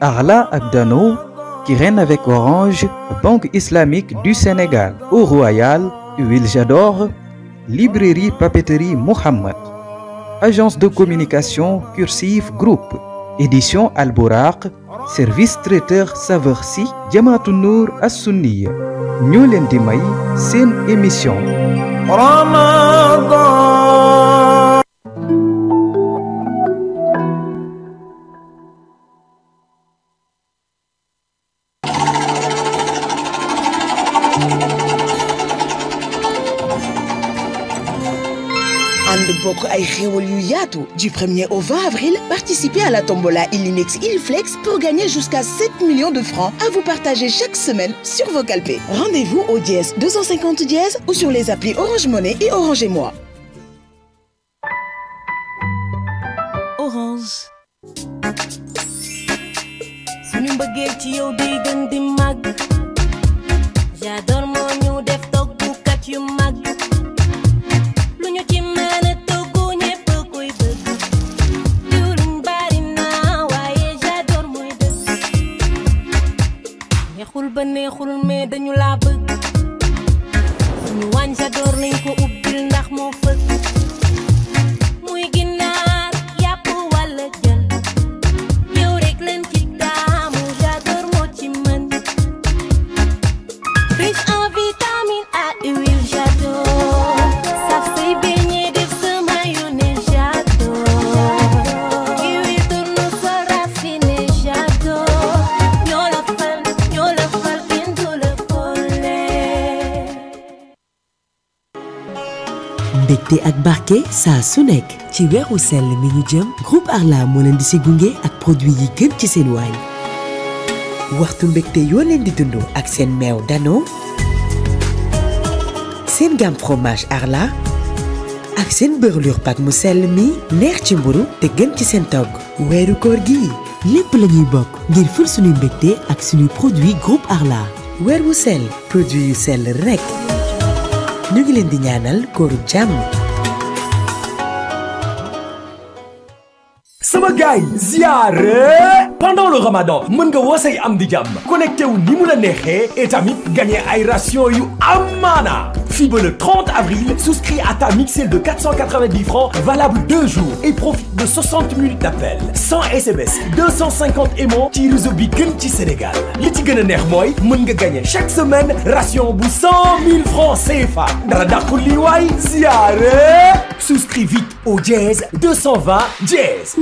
Arla Abdano, qui règne avec Orange, Banque islamique du Sénégal, au Royal, Huile J'adore, Librairie Papeterie Mohammed, Agence de communication Cursive Group, Édition Alborak, Service traiteur Saversi, Diamatou Nour Assouni. sunni Emission. émission. Réoluyatu. Du 1er au 20 avril, participez à la tombola Illinex Ilflex pour gagner jusqu'à 7 millions de francs à vous partager chaque semaine sur vos calpés. Rendez-vous au dièse 250 dièse ou sur les applis Orange Monnaie et Orange et Moi. Orange. ba neexul mais dañu laa bëgg suñu sa door lañ ko ubbil ndax moo fëgg muy ginnaaw. mbégte ak barke saa su nekk ci weeru sell mi ñu jëm groupe Arla di si gunge ak produit yi gën ci seen waañ waxtu mbégte yoo leen di dund ak seen meew dano seen gamme fromage Arla ak seen beurlure pak mu sell mi neex ci mburu te gën ci seen togg weeru koor gi lépp la ñuy bokk ngir ful suñuy mbégte ak suñuy produit groupe Arla weer wu sell produit yu sell rekk ñu ngi leen di ñaanal kooru jàmm sama gaay ziare pendant le ramadan mën nga woo say am di jàmm connecté wu ni mu la neexee et tamit gagné ay ration yu amaana Suivez le 30 avril, souscris à ta Mixel de 490 francs, valable 2 jours et profite de 60 minutes d'appel. 100 SMS, 250 aimants Tiruzobi nous Sénégal. Les ci gagner chaque semaine ration bout 100 000 francs CFA. Radar dàqul ziare. Souscris vite au Jazz 220 Jazz.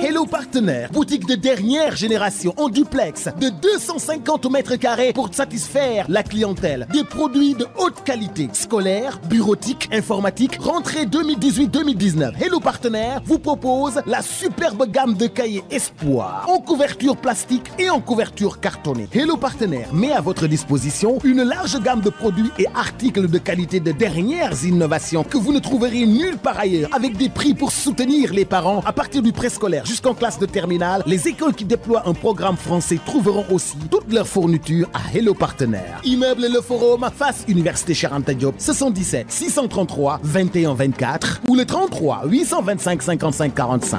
Hello Partenaire, boutique de dernière génération en duplex de 250 mètres carrés pour satisfaire la clientèle. Des produits de haute qualité, scolaire, bureautique, informatique, Rentrée 2018-2019, Hello Partenaire vous propose la superbe gamme de cahiers Espoir en couverture plastique et en couverture cartonnée. Hello Partenaire met à votre disposition une large gamme de produits et articles de qualité de dernières innovations que vous ne trouverez nulle par ailleurs, avec des prix pour soutenir les parents à partir du préscolaire jusqu'en classe de terminale, les écoles qui déploient un programme français trouveront aussi toute leur fourniture à Hello Partenaire. Immeuble Le Forum à face Université Charente Diop, 77 633 21 24 ou le 33 825 55 45.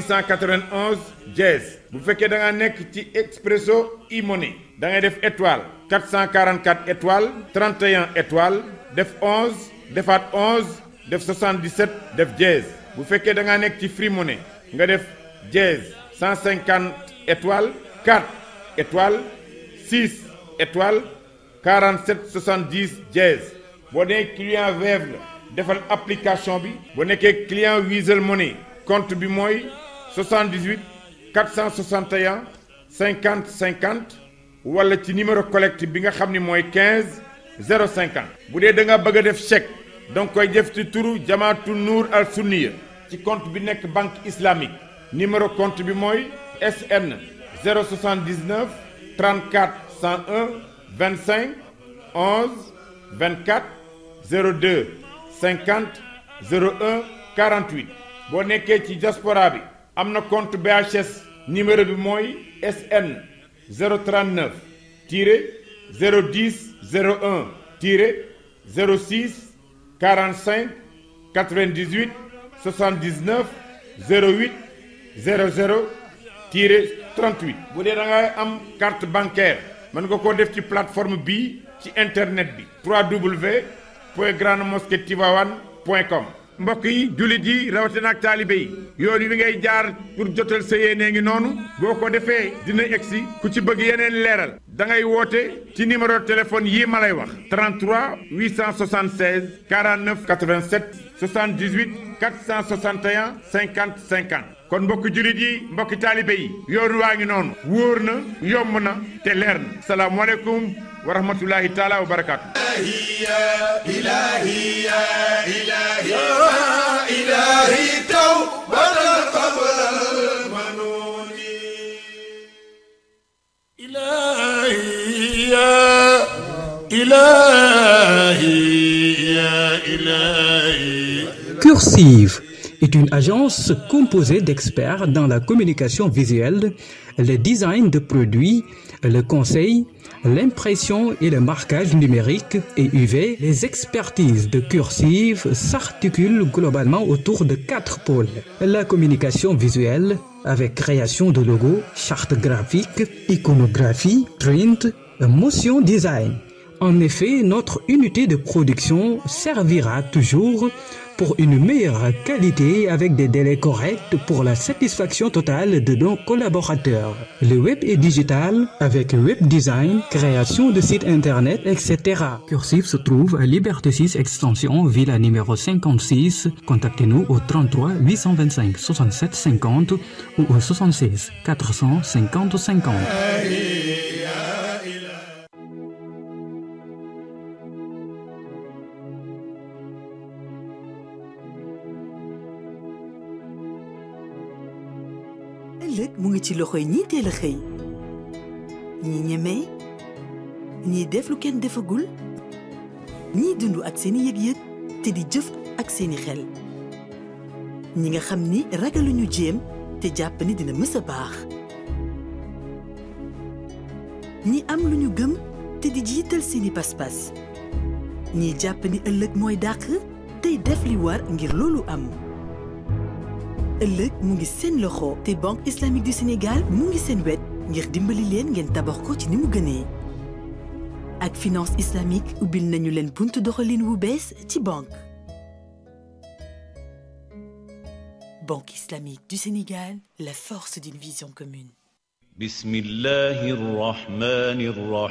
691 jazz. Vous faites que vous un Expresso e-money Vous étoiles étoile 444 étoiles. 31 étoiles, def 11 11 def 77 def Vous faites que dans un Free Money def jazz. 150 étoiles. 4 étoiles. 6 étoiles. 47 70 Jazz. Vous avez client application Vous client Weasel Money compte 78 461 50 50 wala ci numéro collectif bi nga ni 15 050. bu dee da nga bëgg def chèque Donc, koy def ci jamaatu Nour al Sunniya ci compte bi banque islamique numéro compte bi SN 079 34 101 25 11 24 02 50 01 48 Bonne nekkee ci diaspora bi am un compte BHS numéro bi SN 039 010 01 06 45 98 79 08 00 38 Vous avez une carte bancaire pouvez nga plateforme internet bi mbokk yi jullit yi rawatina ak taalibe yi yoon wi ngay jaar pour jotal sa yéene ngi noonu boo ko defee dina egsi ku ci bëgg yeneen leeral da ngay woote ci numéro téléphone yii ma lay wax 33 876 49 87 78 461 50 50 kon mbokki jullit yi mbokki taalibe yi yoon waa ngi noonu wóor na yomb na te leer na salaamaaleykum wa rahmatulahi taala wa barakaatu Cursive est une agence composée d'experts dans la communication visuelle, le design de produits, le conseil, l'impression et le marquage numérique et UV. Les expertises de cursive s'articulent globalement autour de quatre pôles. La communication visuelle avec création de logos, chartes graphiques, iconographie, print, motion design. En effet, notre unité de production servira toujours pour une meilleure qualité avec des délais corrects pour la satisfaction totale de nos collaborateurs. Le web est digital avec web design, création de sites internet, etc. Cursive se trouve à Liberté 6 extension Villa numéro 56. Contactez-nous au 33 825 67 50 ou au 76 450 50. mu ngi ci loxoy ñii teel a xëy ñi ñeme ñii def lu kenn defagul ñii dund ak seeni yëg-yëg te di jëf ak seeni xel ñi nga xam ni ragaluñu jéem te jàpp ni dina mës a baax ñi am lu ñu gëm te di jiital seeni pas-pas ñii jàpp ni ëllëg mooy dàq tey def li war ngir loolu am ëllëg mu ngi seen loxo te banque islamique du Sénégal mu ngi seen wet ngir dimbali leen ngeen tabax ko ci ni mu gënee. ak finance islamique ubbil nañu leen buntu doxalin wu bees ci banque. Banque islamique du Sénégal, la force d'une vision commune. بسم الله الرحمن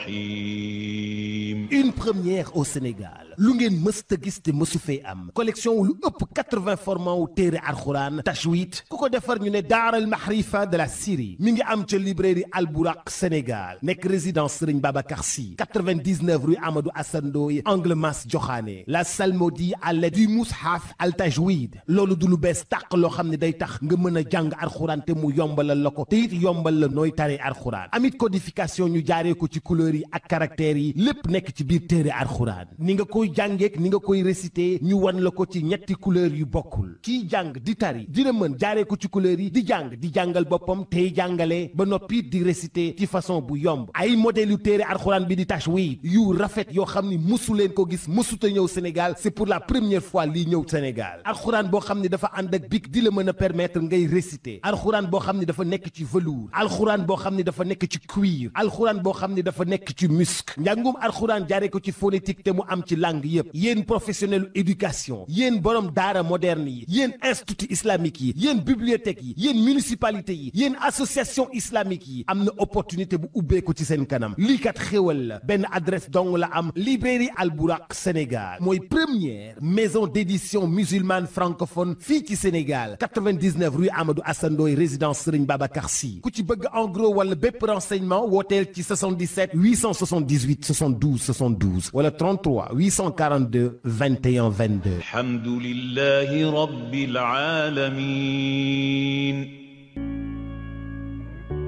الرحيم une première au Sénégal lu ngeen mësta gis te mësu fee am collection lu ëpp 80 formats wu téere alxuraan tajwid ku ko defar ñu ne daaral mahrifa de la Syrie mi ngi am ca librairie Alburaq Sénégal nekk résidence Serigne Babacar Sy 99 rue Amadou Assane Ndoye angle Mass Diokhane la salmodie à l'aide du mushaf al tajwid loolu du lu bees tàq loo xam ne day tax nga mën a jàng alxuraan te mu yombalal la ko te it yombal la nooy koy tare Quran, amit codification ñu jaaree ko ci couleur yi ak caractère yi lepp nekk ci biir téere alxuraan ni nga koy jàngeek ni nga koy réciter ñu wan la ko ci ñetti couleur yu bokul ki jàng di tari dina mën jaaree ko ci couleur yi di jàng di jangal bopom te jangalé ba nopi di réciter ci façon bu yomb ay modèle yu Al Quran bi di tajwid yu rafet yo xamni ni musu ko gis musuta ñew Sénégal c'est pour la première fois li ñew Sénégal Al Quran xam ne dafa and ak bic di la mën permettre ngay réciter alxuraan boo xam ne dafa nekk ci velours alxuraan alxuraan boo xam dafa nek ci cuir alxuraan bo xamni dafa nek ci muscle njàngum alxuraan jaaree ko ci phonétique te mu am ci langue yépp yéen professionnel éducation yéen borom daara moderne yi yéen institut islamique yi yéen bibliothèque yi yéen municipalité yi yéen association islamique yi am opportunité bu ko ci sen kanam li kat xéwal la benn adresse dong la am librairie Alburaq Sénégal moy première maison d'édition musulmane francophone fi ci Sénégal 99 rue Amadou Assane résidence Serigne Babacar Sy ku ci bëgg gros wala bépp renseignement wooteel 77 878 72 72 wala 33 842 21 22. alhamdulillahi rabbil alamin.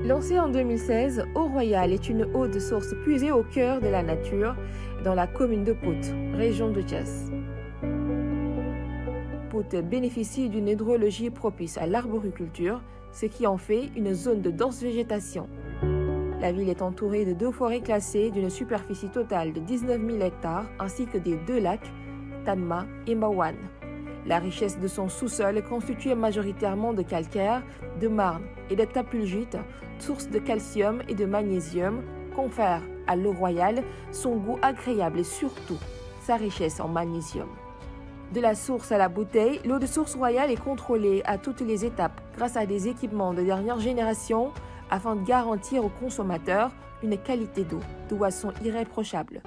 Lancée en 2016, Eau Royale est une eau de source puisée au cœur de la nature, dans la commune de Pout, région de Thiès. Pout bénéficie d'une hydrologie propice à l'arboriculture, ce qui en fait une zone de dense végétation. La ville est entourée de deux forêts classées d'une superficie totale de 19 000 hectares ainsi que des deux lacs, Tanma et Mawan. La richesse de son sous-sol est constituée majoritairement de calcaire, de marne et de tapulgite, source de calcium et de magnésium, confère à l'eau royale son goût agréable et surtout sa richesse en magnésium. De la source à la bouteille, l'eau de source royale est contrôlée à toutes les étapes grâce à des équipements de dernière génération afin de garantir aux consommateurs une qualité d'eau de boisson irréprochable.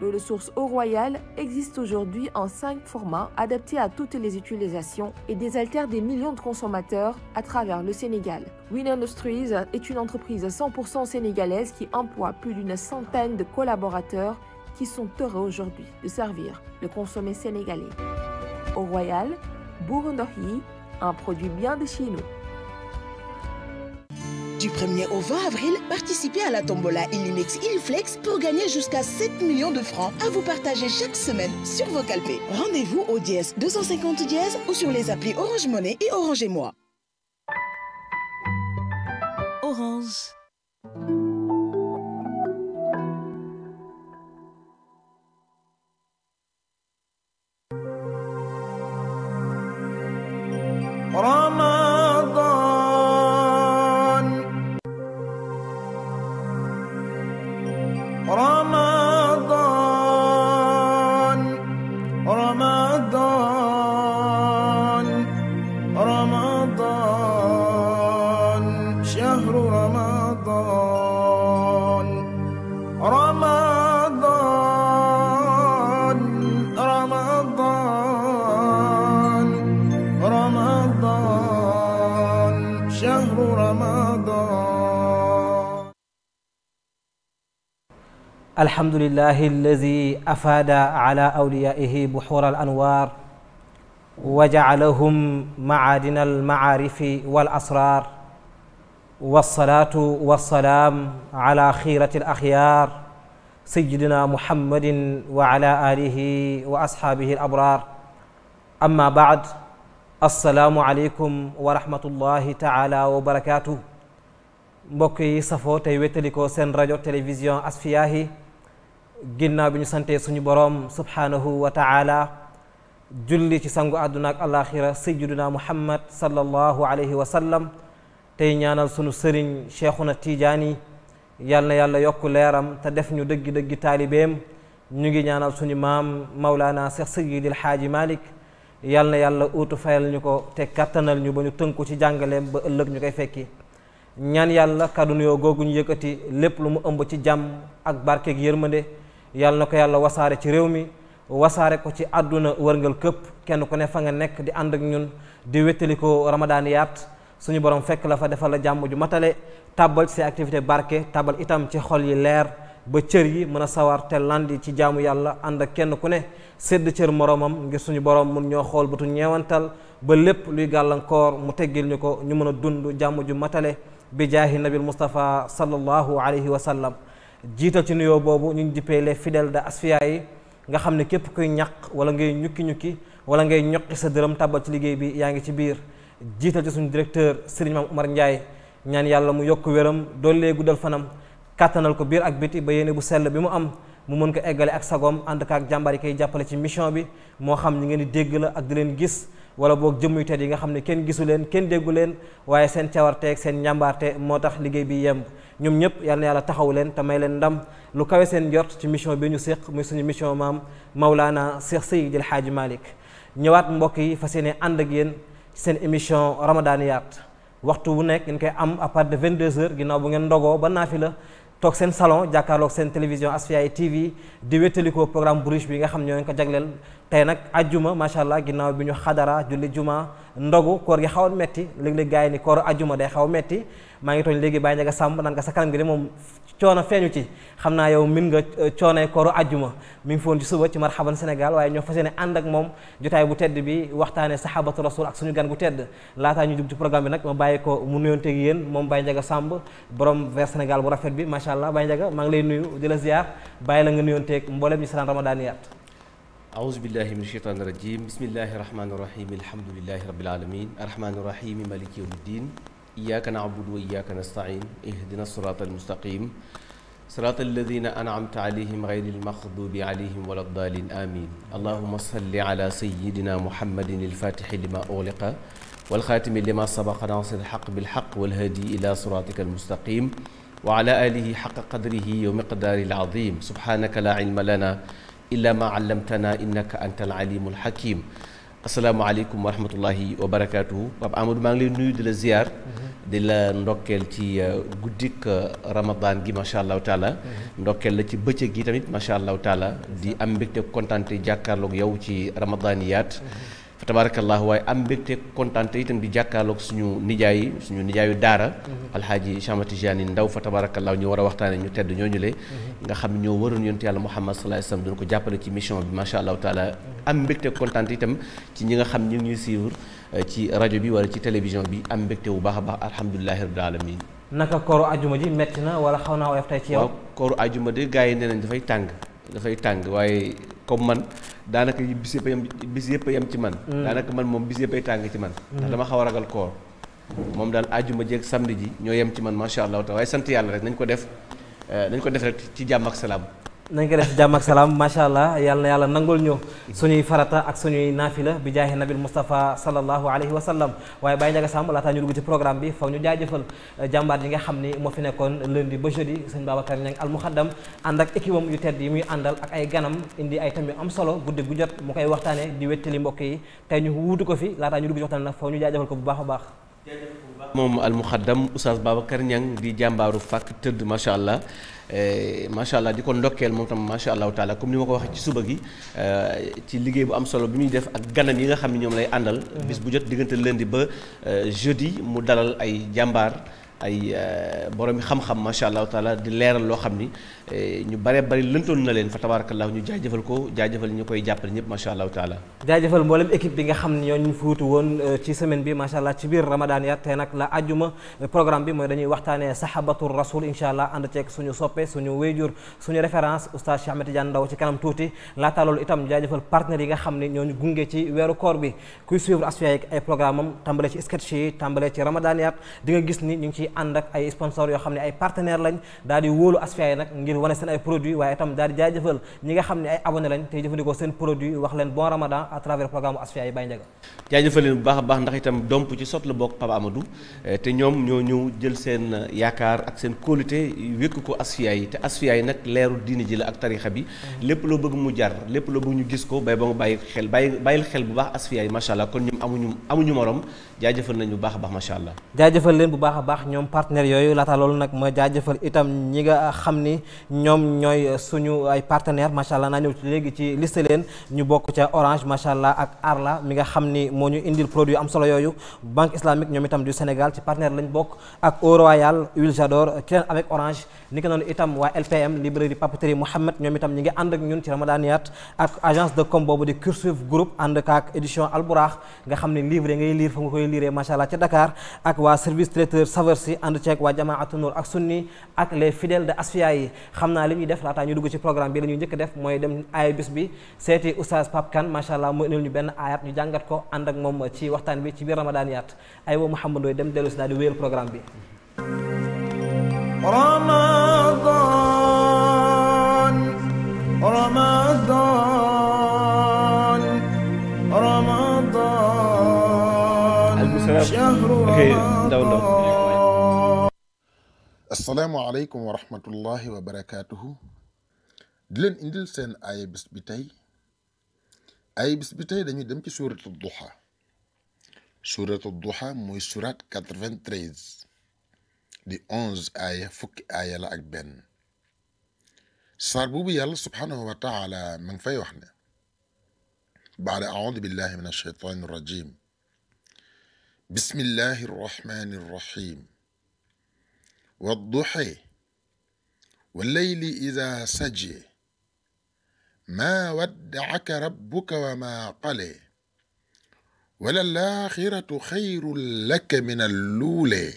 L'eau de source eau royale existe aujourd'hui en cinq formats adaptés à toutes les utilisations et désaltère des millions de consommateurs à travers le Sénégal. Win Industries est une entreprise 100% sénégalaise qui emploie plus d'une centaine de collaborateurs qui sont heureux aujourd'hui de servir le consommé sénégalais. Au Royal, Burundi, un produit bien de chez nous. Du 1er au 20 avril, participez à la tombola Illimix Ilflex pour gagner jusqu'à 7 millions de francs à vous partager chaque semaine sur vos calpés. Rendez-vous au dièse 250 dièse ou sur les applis Orange Monnaie et Orange et Moi. Orange. رمضان رمضان رمضان رمضان شهر رمضان الحمد لله الذي أفاد على أوليائه بحور الأنوار وجعلهم معادن المعارف والأسرار والصلاة والسلام على خيرة الأخيار سيدنا محمد وعلى آله وأصحابه الأبرار أما بعد السلام عليكم ورحمة الله تعالى وبركاته mbokk صفوتي safoo سن wéttalikoo تلفزيون أسفياهي ginnaaw bi ñu santee suñu boroom subhaanahu wa taala julli ci sangu àdduna ak alaxira sayyiduna muhammad sallallahu alayhi wa sallam tey ñaanal sunu sëriñ cheikhuna tijaani yal na yàlla yokk leeram te def ñu dëgg-dëgg taalibeem ñu ngi ñaanal suñu maam maulana cheikh sayyidil xaaji malik yal na yàlla uutu fayal ñu te kattanal ñu ba ñu tënku ci jàngaleem ba ëllëg ñu koy fekki ñaan yàlla kaddu nuyoo googu ñu yëkkati lépp lu mu ëmb ci jàmm ak barkeeg yërmande yàlla na ko yàlla wasaare ci réew mi wasaare ko ci àdduna wërngal këpp kenn ku ne fa nga nekk di ànd ak ñun di wéttali ko ramadaaniyaat suñu borom fekk la fa defal la jàmm ju matale tàbbal ci activité barke tàbbal itam ci xol yi leer ba cër yi mën a sawar te ci jaamu yàlla ànd ak kenn ku ne sédd cër moromam ngir suñu borom mun ñoo xool bëtu ñeewantal ba lépp luy gàllankoor mu teggil ñu ko ñu mën a dund jàmm ju matale bi jaahi nabil Mustafa sallallahu alayhi wa sallam jiital ci nuyoo boobu ñu ngi dippee les fidel de Asfiya yi nga xam ne képp kuy ñaq wala ngay ñukki ñukki wala ngay ñoqi sa dërëm tàbbal ci liggéey bi yaa ngi ci biir jiital ci suñu directeur Serigne Mame Ndiaye ñaan yàlla mu yokk wéram doollee guddal fanam kàttanal ko biir ak biti ba yéene bu sell bi mu am mu mën ko eggale ak sagoom ànd ak jàmbaar yi koy jàppale ci mission bi moo xam ñi ngeen ni dégg la ak di leen gis wala boog jëmm yu tedd yi nga xam ne kenn gisu leen kenn déggu leen waaye seen cawarteeg seen njàmbaarte moo tax liggéey bi yemb ñoom ñëpp yal yàlla taxaw leen te may leen ndam lu kawe seen jot ci mission bi ñu séq muy suñu mission maam Maulana Cheikh Seydi El Hadji Malick ñëwaat mbokk yi fas yéene ànd ak yéen seen émission ramadaniyaat waxtu bu nekk ngeen koy am à partir de 22h ginnaaw bu ngeen ndogoo ba naafi la toog seen salon jàkkaarloog seen télévision Asfiyahi TV di wétalikoo programme bu riche bi nga xam ñoo ngi ko jagleel tey nag ajjuma macha allah ginnaaw bi ñu xadara julli juma ndogu koor gi xaw a metti léeg-léeg gaa yi ni koor ajjuma day xaw a metti maa ngi tooñ léegi bàyyi a sàmm naan nga sa kanam gi de moom coono feeñu ci xam naa yow min nga euh, coonoy kooru ajjuma mu ngi foon ci suba ci marhaban Sénégal waaye ñoo fas yéene ànd ak moom jotaay bu tedd bi waxtaane sahabatu rasul ak suñu gan gu tedd laataa ñu jub ci programme bi nag ma bàyyi ko mu nuyonteeg yéen moom Baye Ndiaga Samb borom vers Sénégal bu rafet bi macha allah Baye Ndiaga maa ngi lay nuyu di la ziar bàyyi la nga nuyonteeg mboolem ñi salaan ramadaaniyaat aouzu billahi min asheytaani rajim bismillahi rahmaani rahim alhamdulilahi rabil alamin arrahmaani rahim maliki yawmiddin إياك نعبد وإياك نستعين اهدنا الصراط المستقيم صراط الذين أنعمت عليهم غير المغضوب عليهم ولا الضالين آمين اللهم صل على سيدنا محمد الفاتح لما أغلق والخاتم لما سبق ناصر الحق بالحق والهدي إلى صراطك المستقيم وعلى آله حق قدره ومقدار العظيم سبحانك لا علم لنا إلا ما علمتنا إنك أنت العليم الحكيم asalaamaaleykum wa rahmatullahi wa barakaatuhu Pape Amadou maa ngi lay nuyu di la ziar. di la ndokkeel ci guddik Ramadan gi macha allahu taala. ndokkeel la ci bëccëg gi tamit macha allahu taala. di am mbégte kontaan te jàkkaarloog yow ci Ramadaniyaat. fa tabaarakallaahu waaye am mbégte kontaan tam di jàkkaarloog suñu nijaay suñu nijaayu daara. Mhm. alxaaji Cheikh Ahmad Tidiane Ndaw fa tabaarakallaahu ñu war a waxtaanee ñu tedd ñooñu le mhm. nga xam ñoo waroon yonent yàlla Muhammad sallallaahu alayhi wa sallam doon ko jàppale ci mission bi macha allahu taala mhm. am mbégte kontaan itam ci ñi nga xam ñu ngi ñuy suivre euh, ci rajo bi wala ci télévision bi am mbégte wu baax a baax alhamdulilahi rabbil alamin naka kooru ajuma ji metti na wala xaw naa woyof tey ci yow. waaw yi nee nañ dafay tàng. dafay tàng waaye comme man daanaka bis yëpp yam bis yëpp yam ci man mm. daanaka man moom bis yëppay tàng ci man mm. ndax dama xaw ragal koor moom daal àjjuma jeeg samedi ji ñoo yem ci man macha allah waaye sant yàlla rek nañ ko def eh, nañ ko def rek ci jàmm ak salaam nañ ko def jàmm ak salaam macha allah yàlla na yàlla nangul ñu farata ak suñuy naafila bi jaahi nabil Moustapha sallallahu alayhi wa sallam waaye Baye Ndiaga Samb laataa ñu dugg ci programme bi foog ñu jaajëfal eh, jàmbaar yi nga xam ni moo fi nekkoon lundi ba jeudi sëñ Babacar Niang al muxaddam ànd ak équipe am yu tedd yi muy àndal ak ay ganam indi ay tamit am solo guddi gu jot mu koy waxtaanee di wéttali mbokk yi tey ñu wuutu ko fi laataa ñu dugg ci waxtaan nag ñu jaajëfal ko bu baax a baax. moom al muxaddam Oustaz Babacar Niang di jàmbaaru fàkk tëdd macha allah Eh, macha allah di ko ndokkeel moom tam macha allahu taala comme ni ma ko waxee ci suba gi eh, ci liggéey bu am solo bi muy def ak ganam yi nga xam ne ñoom lay àndal mm-hmm. bis bu jot diggante lundi ba eh, jeudi mu dalal ay jàmbaar ay euh, boromi xam-xam macha allah taala di leeral loo xam ni euh, ñu bare bari lëntoon na leen fa tabaarakallaahu ñu jaajëfal ko jaajëfal ñu koy jàppale ñëpp macha allah taala jaajëfal mboolem équipe bi nga xam ne ñoo ñu fuutu woon euh, ci semaine bi macha allah ci biir Ramadan ya tey nag la ajuma programme bi mooy dañuy waxtaanee sahabatu rasul incha allah ànd ceeg suñu soppe suñu wéyjur suñu référence oustaz Cheikh Ahmed Tidiane Ndao ci kanam tuuti laata loolu nga xam ne ñoo ñu gunge ci weeru koor bi kuy suivre Asfiyahi ak ay programme am tàmbale ci sketch yi tàmbale ànd ak ay sponsor yoo xam ne ay partenaire lañ daal di wóolu Asfiyahi nag ngir wane seen ay produits waaye itam daal di jaajëfal ñi nga xam ne ay abonné lañ tey jëfandikoo seen produit wax leen bon ramadan à travers programme Asfiyahi Baye Ndiaga jaajëfal leen bu baax a baax ndax itam domp ci sot la bokk Papa eh, te ñoom ñoo ñëw jël seen yaakaar ak seen kóolute wékk ko Asfiyahi te Asfiyahi nag leeru diine ji la ak tarixa bi lépp loo bëgg mu jar lépp loo ko bay ba nga bàyyi xel bàyyi bàyyil jaajëfal nañ bu baax baax machallah allah. jaajëfal leen bu baax a baax ñoom partenaires yooyu laata nak nag ma jaajëfal itam ñi nga xamni ñom ñoy suñu ay partenaire machallah allah naa ñëw ci liste leen ñu bok ci Orange machallah allah ak Arla mi nga xamni mo ñu indil produit am solo yoyu Banque Islamique ñom itam du Senegal ci partenaire lañ bok ak Eau Royal Huile jador kene avec Orange ni ko noonu itam wa LPM librairie papeterie mohammed ñom itam ñi nga and ak ñun ci Ramadaniat ak agence de com boobu di Cursive Group and ak edition alburakh nga xamni livre ngay lire fa nga koy lire machallah ci Dakar ak wa service traiteur saversi and ci ak wa jamaatu nur ak sunni ak les fidèles de asfiya yi xamna limuy latanya la ta ñu dugg ci programme bi la ñuy njëkk def moy dem ay bis bi cété oustaz Pape Kane macha ñu ben ayat ñu jangat ko and ak mom ci waxtaan bi ci ramadan yaat ay wa Mouhamadou dem dellu dal di programme bi ramadan ramadan ramadan السلام عليكم ورحمة الله وبركاته دلن اندل سن آي بس بتاي آية بس بتاي آية دانيو دم سورة الضحى سورة الضحى موي سورة 93 دي 11 آية فك آية لأكبن أكبن ساربوبي الله سبحانه وتعالى من فيوحنا بعد أعوذ بالله من الشيطان الرجيم بسم الله الرحمن الرحيم والضحى والليل إذا سجى ما ودعك ربك وما قلى وللآخرة خير لك من اللولى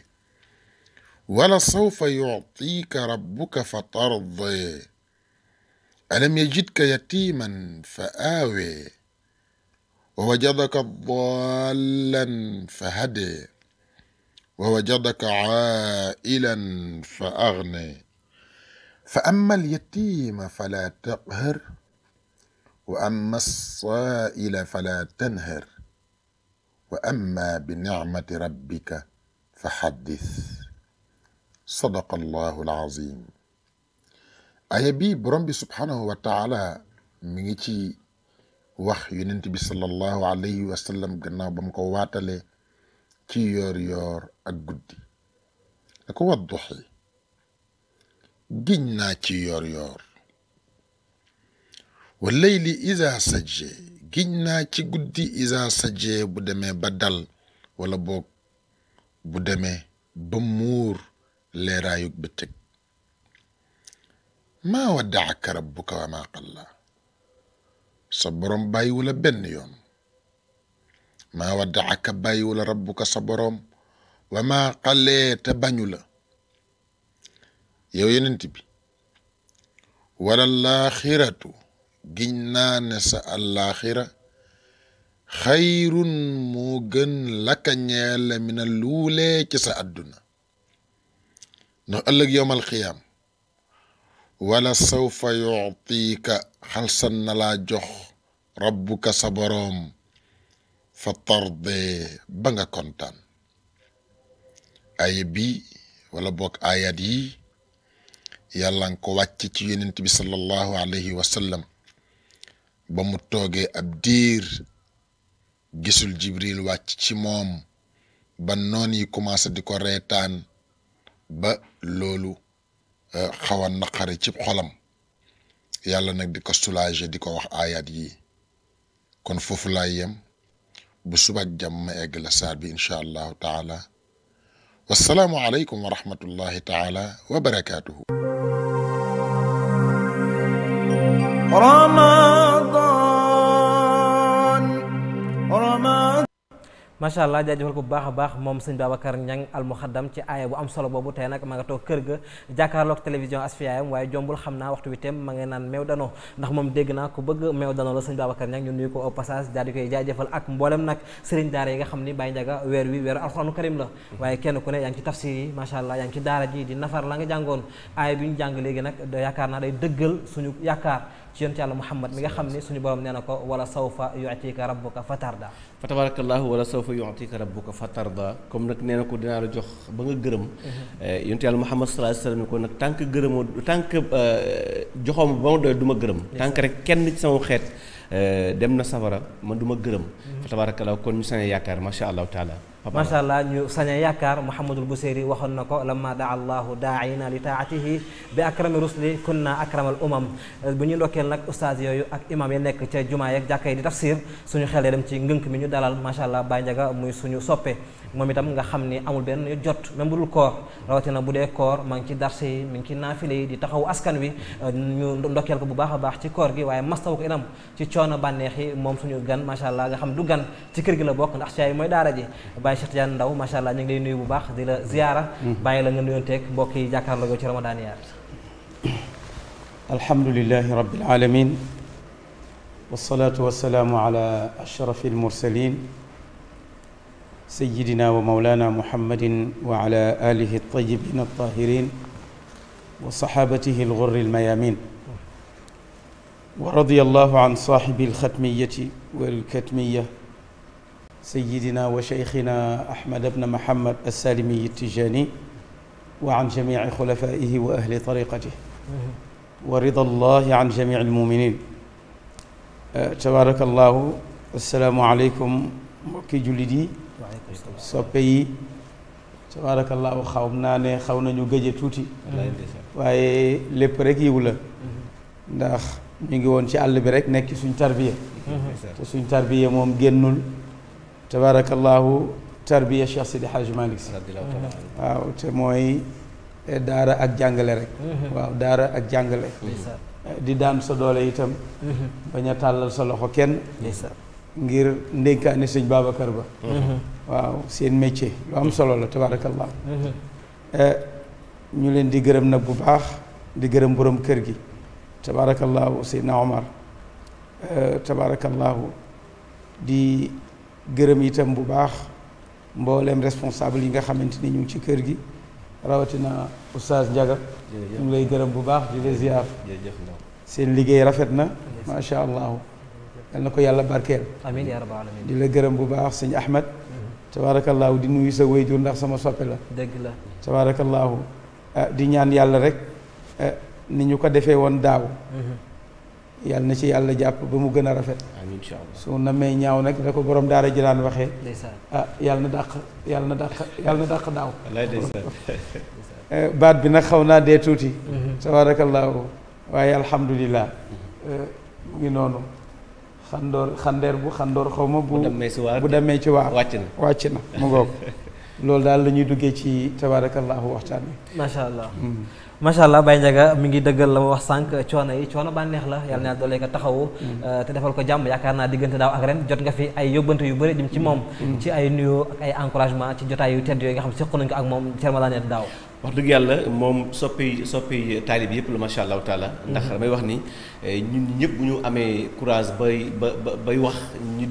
ولسوف يعطيك ربك فترضى ألم يجدك يتيما فآوي ووجدك ضالا فهدي ووجدك عائلا فأغني فأما اليتيم فلا تقهر وأما الصائل فلا تنهر وأما بنعمة ربك فحدث صدق الله العظيم أيبي برمبي سبحانه وتعالى من wa wax yonent bi sallallahu alayhi wa gannaaw ba mu ko waatalee ci yoor-yoor ak guddi da ko wadduxi giñ naa ci yoor-yoor wa layli iza sajje giñ naa guddi iza sajje bu demee ba dal wala boog bu demee ba muur leeraayug bëccëg maa waddaaka rabbuka wa maa qalla صبرم باي بن بنيهم ما ودعك باي ربك صبرم وما قليت بنيلا يو ينتبي ولا الآخرة جنان سأل الآخرة خير موغن لك نيال من الأولى كسا أدنا نقلق يوم القيام ولا سوف يعطيك خلصا لا جوخ rabbuka sa boroom fa tarde ba nga bi wala bokk ayat yi yàlla nga ko wàcc ci yonent bi sallallahu alayhi wa sallam ba mu tooge ab diir gisul jibril wàcc ci moom ba noon yi commencé di ko ba loolu eh, xaw a naqari ci xolam yàlla nag di ko soulager di ko wax ayat yi kon fofu laa yem bu subaak jam ma egg la saar bi incha allahu taala wassalaamu alaykum wa rahmatullahi taala wa Ramadan. macha allah jaajëfal ko bu baax a baax moom sëñ Babacar Niang almuxaddam ci aaya bu am solo boobu tey nag ma nga toog kër ga jàkkaarloog télévision asfiyaayam waaye jombul xam naa waxtu wi ma ngay naan meew dano ndax moom dégg naa ku bëgg meew dano la sëñ Babacar Niang ñu nuyu ko au passage daal di ak mboolem nag sëriñ daara yi nga xam ni Baye Ndiaga weer wi weeru alxuraanu karim la waaye kenn ku ne yaa ngi ci tafsir yi macha allah جنت على محمد ميغا خامني سوني بوروم نينكو ولا سوف يعطيك ربك فتردا فتبارك الله ولا سوف يعطيك ربك فتردا كوم نك نينكو دينا لا جوخ باغا گرم يونت على محمد صلى الله عليه وسلم كون نك تانك گرم تانك جوخوم بون دو دوما گرم تانك رك كين نيت سامو خيت دمنا سفرا ما دوما گرم فتبارك الله كون ني سان ياكار ما شاء الله تعالى masyaallah allah ñu sañe yakar muhammadul Busiri waxoon nako ko lamma daa allahu daaina li taatihi bi akrami rusli kunna akramal umam eh, bu ñu ndokkeel nag ustaas yooyu ak imam ya ya yi nek ci juma yak di tafsir suñu xel ya dem ci ngeunk mi ñu dalal masyaallah allah ndaga muy suñu soppe moom nga xamni amul ben jot même bu koor rawatina bu dee koor ma ngi ci darse mi ngi nafilé di taxaw askan wi eh, ñu ndokel ko bu baaxa baax ci koor gi waye mastaw ko inam ci banexi yi suñu gan masyaallah nga xam du gan ci kër gi la bok ndax ci ay moy daara ji Baye Cheikh Tidiane Ndaw macha allah ñu ngi lay nuyu bu baax di la ziyaara bàyyi la nga nuyoonteeg mbokk yi jàkkaarloo ci Ramadaniyaat alhamdulilahi rabbil alamin wasalaatu wasalaamu ala ashrafi almursalin sayidina wa maulana muhammadin wa ala alihi altayibin altahirin wa saxaabatihi alxurri almayamin ورضي الله عن صاحب الختمية والكتمية سيدنا وشيخنا أحمد بن محمد السالمي التجاني وعن جميع خلفائه وأهل طريقته ورضا الله عن جميع المؤمنين أه، تبارك الله السلام عليكم كي جلدي سبي تبارك الله خاومنا خاونا نيو گاجي توتي واي لپ رك يولا داخ ميغي وون سي الله بي رك نيك سون تربيه سون تربيه موم گينول tabaarakallaahu tarbiya Cheikh Sidi Hadj Malick si waaw te mooy eh, daara ak jàngale rek mm-hmm. waaw daara ak jàngale eh, di daan sa doole itam mm-hmm. bañ a tàllal sa loxo kenn ngir ndénkaane sëñ Babacar ba mm-hmm. waaw seen métier lu am solo la tabaarakallah eh, ñu leen di gërëm nag bu baax di gërëm borom kër gi tabaarakallahu Seydina Omar tabaarakallahu di gërëm itam bu baax mbooleem responsable yi nga xamante ni ñu ngi ci kër gi rawatina oustaz Ndiaga ñu ngi lay gërëm bu baax di la ziar seen liggéey rafet na macha allah yal na ko yàlla barkeel amiin yaa rabbal aalamiin di la gërëm bu baax sëñ Ahmed mm-hmm. tabaarakallaahu di nuyu sa wayjur ndax sama soppe la dëgg la tabaarakallaahu eh, di ñaan yàlla rek eh, ni ñu ko defee woon daaw mm-hmm. yàlla na ci yàlla jàpp ba mu gën a rafet su may ñaaw nag da ko boroom daara ji daan waxee a ah, yàlla na dàq yàlla na dàq yàlla na dàq daaw eh, baat bi nag xaw naa dee tuuti mhm. tabaarakallaahu waaye alhamdulilah eh, mu ngi noonu xandoor xandeer bu xandoor xaw ma bu bu demee ci waar wàcc na wàcc na mu loolu daal la ñuy duggee ci tabaarakallaahu waxtaan wi macha macha allah Baye Ndiaga mi ngi dëggal la ma wax sànq coono yi coono bànneex la yàlla na doole ko taxawu mm. euh, te defal ko jàmm yaakaar naa diggante daaw ak ren jot nga fi ay yóbbante yu bëri jëm ci moom mm. Mm. ci ay nuyoo ak ay encouragement ci jotaay yu tedd yooyu nga xam sequ nañ ak moom ci ramadaanee daaw wax dëgg yàlla moom soppi soppi taalib yëpp la macha taala mm-hmm. ndax wax ni eh, ñun ñëpp bu ñu courage bay ba bay wax ñi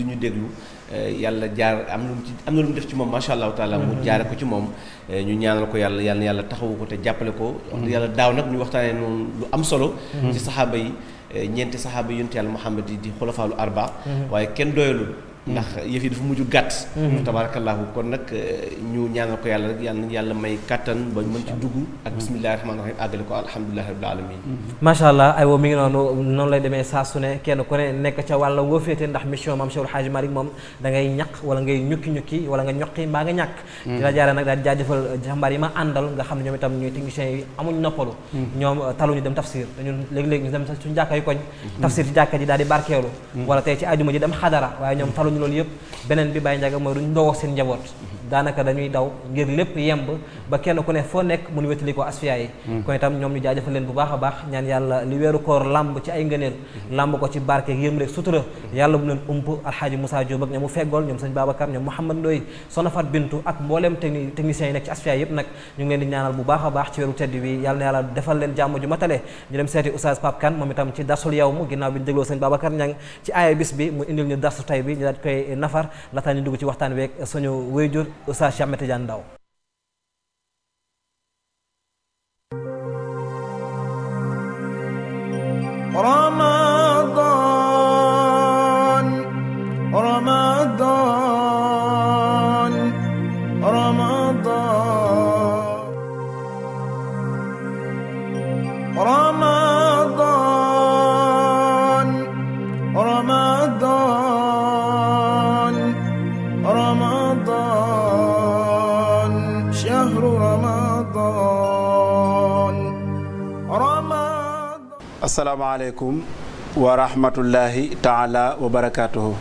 Eh, yàlla jaar am lu ci am na lu mu def ci moom macha allahu taala mu mm-hmm. jaare ko ci moom eh, ñu ñaanal ko yàlla yàlla yàlla taxawu ko te jàppale ko wax mm-hmm. yàlla daaw nag ñu waxtaanee noonu lu am solo mm-hmm. ci saxaaba yi eh, ñeenti saxaaba yonent yàlla Muhammad yi di xulafaalu arba waaye kenn doyalul ndax mm. yëf yi dafa mujj gàtt. Mm-hmm. tabaarakallaahu kon nag eh, ñu ñaanal ko yàlla rek yàlla nañu yàlla may kattan ba mën ci dugg. Mm-hmm. ak bismillaahi rahmaani rahiim àggale ko alhamdulilaahi rabbil aalamiin. Mm-hmm. macha allah aywa mi ngi noonu noonu lay demee saa su kenn ku ne nekk ca wàll woo féete ndax mission maam Cheikh Alhaaji Malick moom da ngay ñaq wala ngay ñukki ñukki wala nga ñoqi mbaa nga ñàkk. di la nag daal di jaajëfal jàmbaar yi ma àndal nga xam ne ñoom itam ñooy techniciens yi amuñ noppalu. ñoom eh, taluñu dem tafsir dañu léeg-léeg ñu dem suñu jàkka yu koñ tafsir ci jàkka ji daal di barkeelu wala tey ci àjjuma ji dem xadara mënuñu loolu yëpp beneen bi bàyyi njaga mooy duñ dogoo seen njaboot danaka dañuy daw ngir lepp yemb ba kenn ku ne nek mu ñu wétali ko asfiya yi mm. ko itam ñom ñu jaajëfal leen bu baaxa baax ñaan yalla li weeru koor lamb ci ay ngëneel mm. lamb ko ci barke yemb rek sutura mm. yalla mu leen ump alhaji musa Diop ak ñoom mu feggool ñoom sëñ Babacar Ndoy Bintu ak mbollem technicien yi ci asfiya yëpp nak ñu ngi leen di ñaanal bu baaxa baax ci weeru tedd wi yalla yalla defal leen jamm ju matalé ñu dem seeti Oustaz pap kan mom itam ci dasul yow mu ginnaaw bi ñu dégloo Ñang ci bis bi mu indil ñu dasu tay bi ñu daal koy nafar lataa ñu dugg ci waxtaan wek suñu Oustaz Cheikh Ahmed Tidiane Ndao asalaamaaleykum wa rahmatullahi taala wa barakaatuhu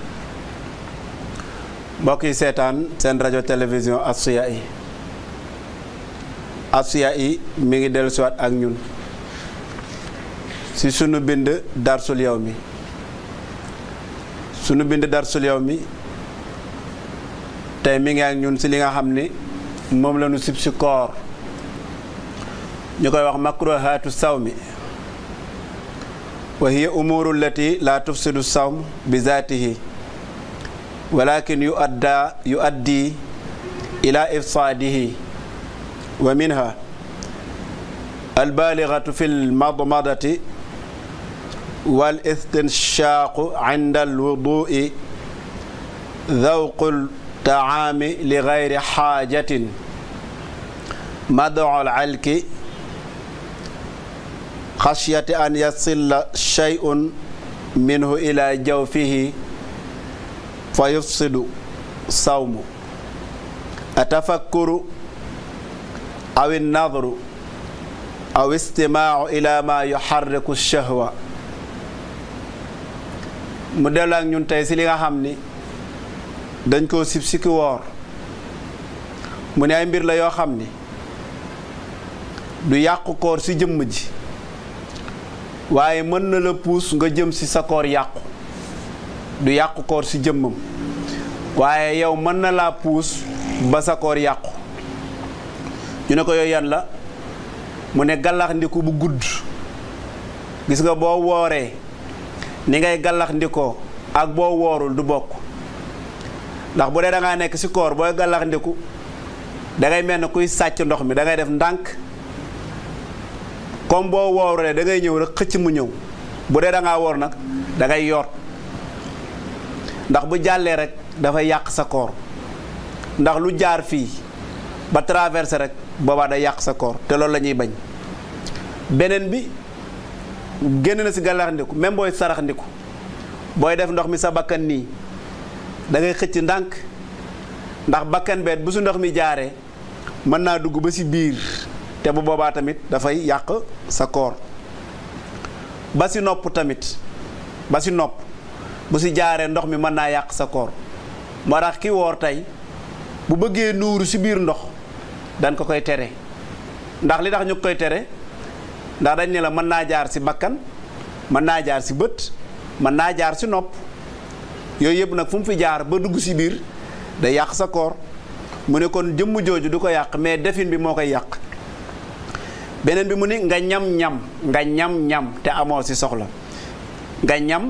mbokk yi seetaan seen rajo télévision Asfiya yi Asfiya yi mi ngi dellusiwaat ak ñun si sunu bind darsul yow mi sunu bind darsul yow mi tey mi ngi ak ñun si li nga xam ni moom la ñu sib si koor ñu koy wax makruhaatu saw mi وهي أمور التي لا تفسد الصوم بذاته ولكن يؤدى يؤدي إلى إفساده ومنها البالغة في المضمضة والاستنشاق عند الوضوء ذوق الطعام لغير حاجة مدع العلك xasiyati an yasilla shay'un minhu ila jawfihi fa yufsidu sawmu atafakkuru aw innadru aw istimaau ila ma yuxarriku shahwa mu dellu ak ñun tey si li nga xam ni dañ koo sib si mu ne ay mbir la yoo xam ni du yàqu koor si jëmm ji waaye mën na la puus nga jëm si sa koor yàqu du yàqu koor si jëmmam waaye yow mën na laa puus ba sa koor yàqu ñu ne ko yooyu yan la mu ne gallaxndiku bu gudd gis nga boo wooree ni ngay gallaxndikoo ak boo woorul du bokk ndax bu dee da nekk si koor booy gallaxndiku dangay mel ne kuy sàcc ndox mi da ngay def ndànk comme boo wooree da ngay ñëw rek xëcc mu ñëw bu dee da ngaa woor nag da ngay yor ndax bu jàllee rek dafay yàq sa koor ndax lu jaar fii ba traverse rek boobaa day yàq sa koor te loolu la ñuy bañ beneen bi génn na si gàllaxndiku même booy saraxndiku booy def ndox mi sa bakkan nii dangay xëcc ndànk ndax bakkan beet bu su ndox mi jaaree mën naa dugg ba si biir te bu boba tamit fay yak sa koor ba si nopp tamit ba si nopp bu si jaare ndox mi man na yak sa koor moo ki wor tay bu bëggee nuru si bir ndox dan ko koy tere ndax li tax ñuk koy tere ndax dañ ne la mana na jaar si bakkan man na jaar si bët man na jaar si nopp yoy yeb nak fu mu fi jaar ba dugg si bir da yak sa koor mu ne kon jëm jooju du ko yak mais defin bi mo koy yak beneen bi mu ni nga ñam-ñam nga ñam-ñam te amoo si soxla nga ñam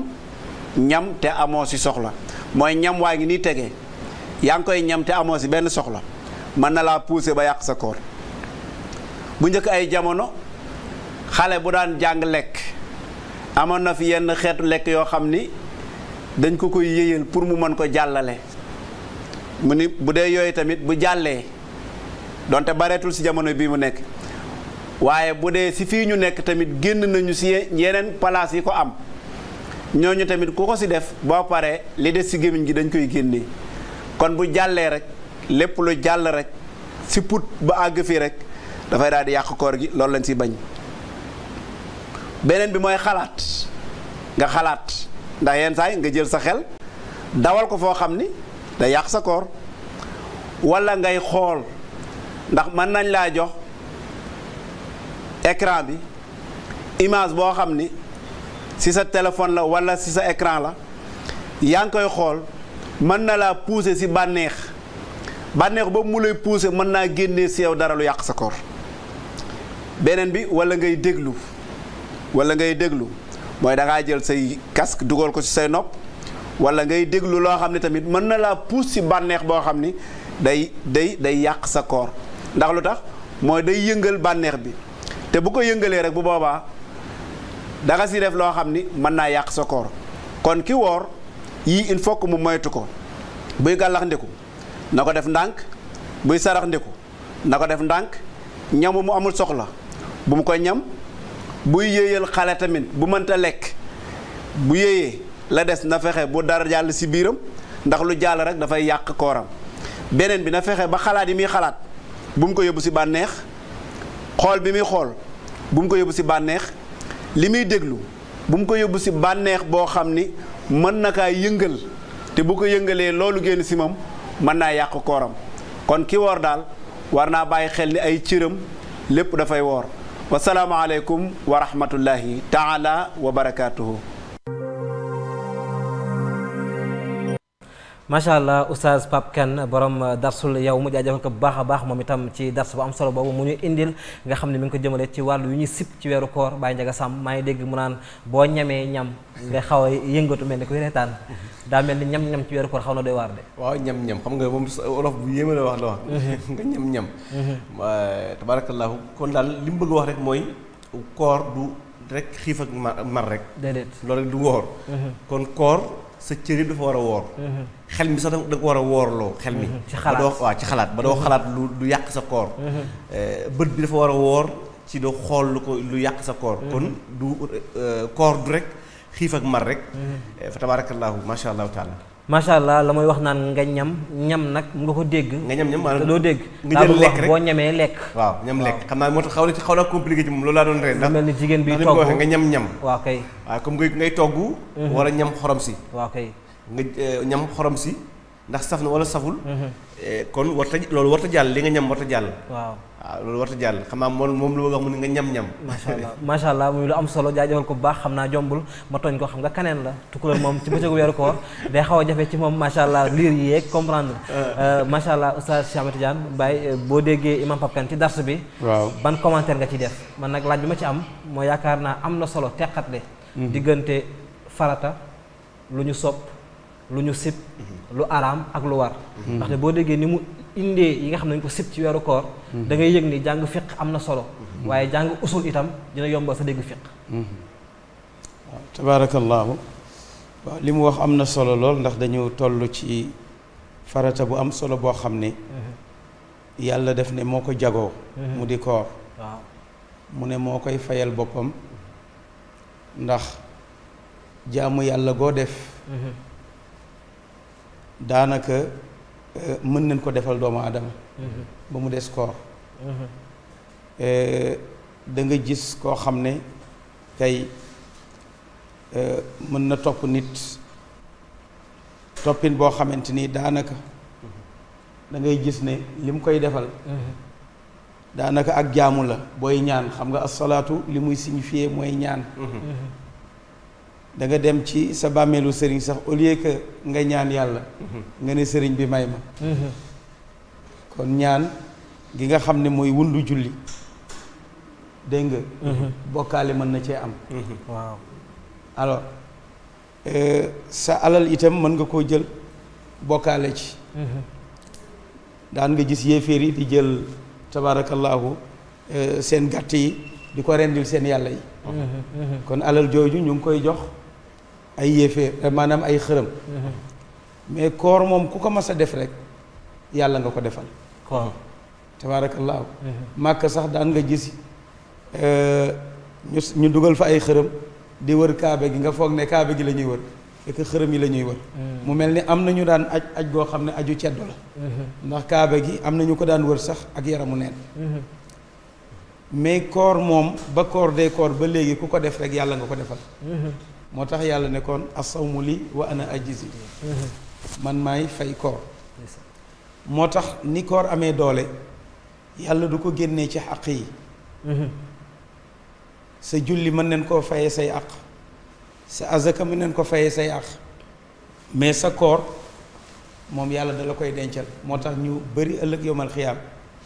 ñam te amoo si soxla mooy ñam waa ngi nii tegee yaa ngi koy ñam te amoo si benn soxla mën na laa pousser ba yàq sa koor bu njëkk ay jamono xale bu daan jàng lekk amoon na fi yenn xeetu lekk yoo xam ni dañ ko koy yéyal pour mu mën ko jàllale mu ni bu dee yooyu tamit bu jàllee donte bareetul si jamono bii mu nekk waaye bu dee si fii ñu nekk tamit génn nañu si yeneen palaas yi ko am ñooñu tamit ku ko ci def boo paree li des si gémmiñ gi dañ koy génne kon bu jàllee rek lépp lu jàll rek si put ba àgg fii rek dafay daal di yàq koor gi loolu lañ si bañ beneen bi mooy xalaat nga xalaat ndax yenn saay nga jël sa xel dawal ko foo xam ni da yàq sa koor wala ngay xool ndax mën nañ laa jox ecran bi image boo xam ni si sa téléphone la wala si sa ecran la yaa ngi koy xool mën na laa pousser si bànneex bànneex boobu mu lay pousser mën naa génnee seew dara lu yàq sa koor beneen bi wala ngay déglu wala ngay déglu mooy dangaa jël say casque dugal ko ci say nopp wala ngay déglu loo xam ne tamit mën na laa pousse si bànneex boo xam ni day day day yàq sa koor ndax lu tax mooy day yëngal bànneex bi te bu ko yëngalee rek bu boba da nga si def lo xamni man sokor. yaq sa koor kon ki wor yi il faut que mu moytu ko buy galax ndeku nako def ndank buy sarax ndeku nako def ndank ñamu mu amul soxla bu mu koy ñam buy yeyel xalé tamit bu mënta lek bu yeyé la dess na fexé bu dara jall si biram ndax lu jall rek fay yaq kooram benen bi na fexé ba xalaat yi mi xalaat bu mu ko yóbbu ci banex xol bi mi xol bu mu ko yobu ci banex limi déglu bu mu ko yobu ci banex bo xamni man naka yëngal te bu ko yëngalee lolou génn ci mom man na yak koram kon ki wor dal warna baye xel ni ay ciirem lépp da fay wor wa rahmatullahi taala wa barakatuh macha allah oustaz Pape Kane eh, borom eh, darsul yow mu jaajëfal ko bax bax mom itam ci dars bu am solo bobu mu ñu indil nga xamni mi ngi ko jëmele ci walu yu ñu sip ci wéru koor bay Ndiaga sam may dégg mu naan bo ñame ñam nga xaw yeengatu melni mel ni koy reetaan daa mel ñam-ñam ci wéru koor xawna doy war de waaw ñam-ñam xam nga mom olof bu yéme la wax la wax mhm. nga ñam-ñam mhm. tabarakallah kon dal lim bëgg wax rek moy koor du rek xif ak mar rek dedet lool rek du wor mhm. kon koor sa cër yi dafa war a woor. Mhm. xel mi sax da nga ko war a woorloo xel mi. Mhm. ba doo waaw ci xalaat ba doo mhm. xalaat lu lu yàq sa koor. Eh, bët bi dafa war a woor ci doo xool lu ko lu yàq sa koor. kon du eh, koor du rek xiif ak mar rek. Eh, fa tabaarakallaahu macha allahu taala. macha allah la mooy wax naan nga ñam ñam nag nga ko dégg. nga ñam ñam maanaam te doo dégg. nga jël lekk rek boo ñamee lekk. waaw ñam lekk xam naa moo tax xaw na xaw naa compliqué ci moom loolu laa doon ree. ndax mel ni jigéen bi togg nga ñam ñam. waaw kay waaw comme ngay ngay togg. Mhm. wala ñam xorom si. waaw kay nga eh, ñam xorom si ndax saf na wala saful. Mhm. Eh, kon warta loolu warta jàll li nga ñam warta jàll. waaw. lolu loolu war a mom xamaa moom moom lu wax mu nga ñam-ñam macha allah masya allah muy am solo jaajëfal ko baax xamna jombul ma togn ko xam nga kanen la tukulóor mom ci bëccëgu weeru ko day xaw jafé ci moom macha allah liir yi masya comprendre euh. euh, macha allah oustad Cheikh Ahmed Tidiane Baye euh, boo imam Pape Kane ci dars bi waaw ban commentaire nga ci def man nak laaj bi ma ci am mo yakarna amna solo tekkat solo mhm. digënté farata luñu sop, luñu sip, mhm. lu aram ak lu war mhm. ndaxte bo déggé ni mu indee yi nga xam ne dañu ko sib ci weeru koor mhm. dangay ngay yëg ni jàng fiq am na solo mhm. waaye jàng usul itam dina yombal sa dégg fiq mhm. waaw tabaarakallaahu waaw li mu wax am na solo lool ndax dañu toll ci farata bu am solo boo xam ne yàlla def ne moo ko jagoo mu di koor mu ne moo koy fayal boppam ndax jaamu yàlla goo def daanaka Euh, mën nañ ko defal doomu aadama mm-hmm. ba mu des koor mm-hmm. euh, da gis koo xam ne tey euh, mën na topp nit toppin boo xamante ni daanaka mm-hmm. da ngay gis ne li mu koy defal daanaka ak jaamu la booy ñaan xam nga asalaatu li muy signifier mooy ñaan da nga dem ci sa bàmmeelu sëriñ sax au lieu que nga ñaan yàlla mhm. nga ne sëriñ bi may ma mhm. kon ñaan gi nga xam ne mooy wundu julli dégg nga mhm. bokkaale mën na cee am waaw euh, sa alal itam mën nga koo jël bokkaale ci daan nga gis yéeféer yi di jël tabaarakallaahu euh, seen gàtt yi di ko rendil seen yàlla yi kon alal jooju ñu ngi koy jox ay yéeféer eh, maanaam ay xërëm mm-hmm. mais koor moom ku ko mas a def rek yàlla nga ko defal tabaarakallaahu mm-hmm. màkk sax daan nga gis eh, ñu ñu dugal fa ay xërëm di wër kaabe gi nga foog ne kaabe gi la ñuy wër fekk xërëm yi la ñuy wër mm-hmm. mu mel ni am na ñu daan aj aj goo xam ne aju ceddo la ndax kaaba gi am na ñu ko daan wër sax ak yaramu neen mais koor moom ba koor dee koor ba léegi ku ko def rek yàlla nga ko defal motax tax yàlla nekkoon asawmu li wa ana ajizi man may fay kor motax ni kor amé dolé yàlla du ko génnee ci àq yi sa julli man nen ko fayé say àq sa azaka man nen ko fayé say àq mais sa kor mom yàlla da la koy dencal motax ñu bari ëlëk yomal xiyam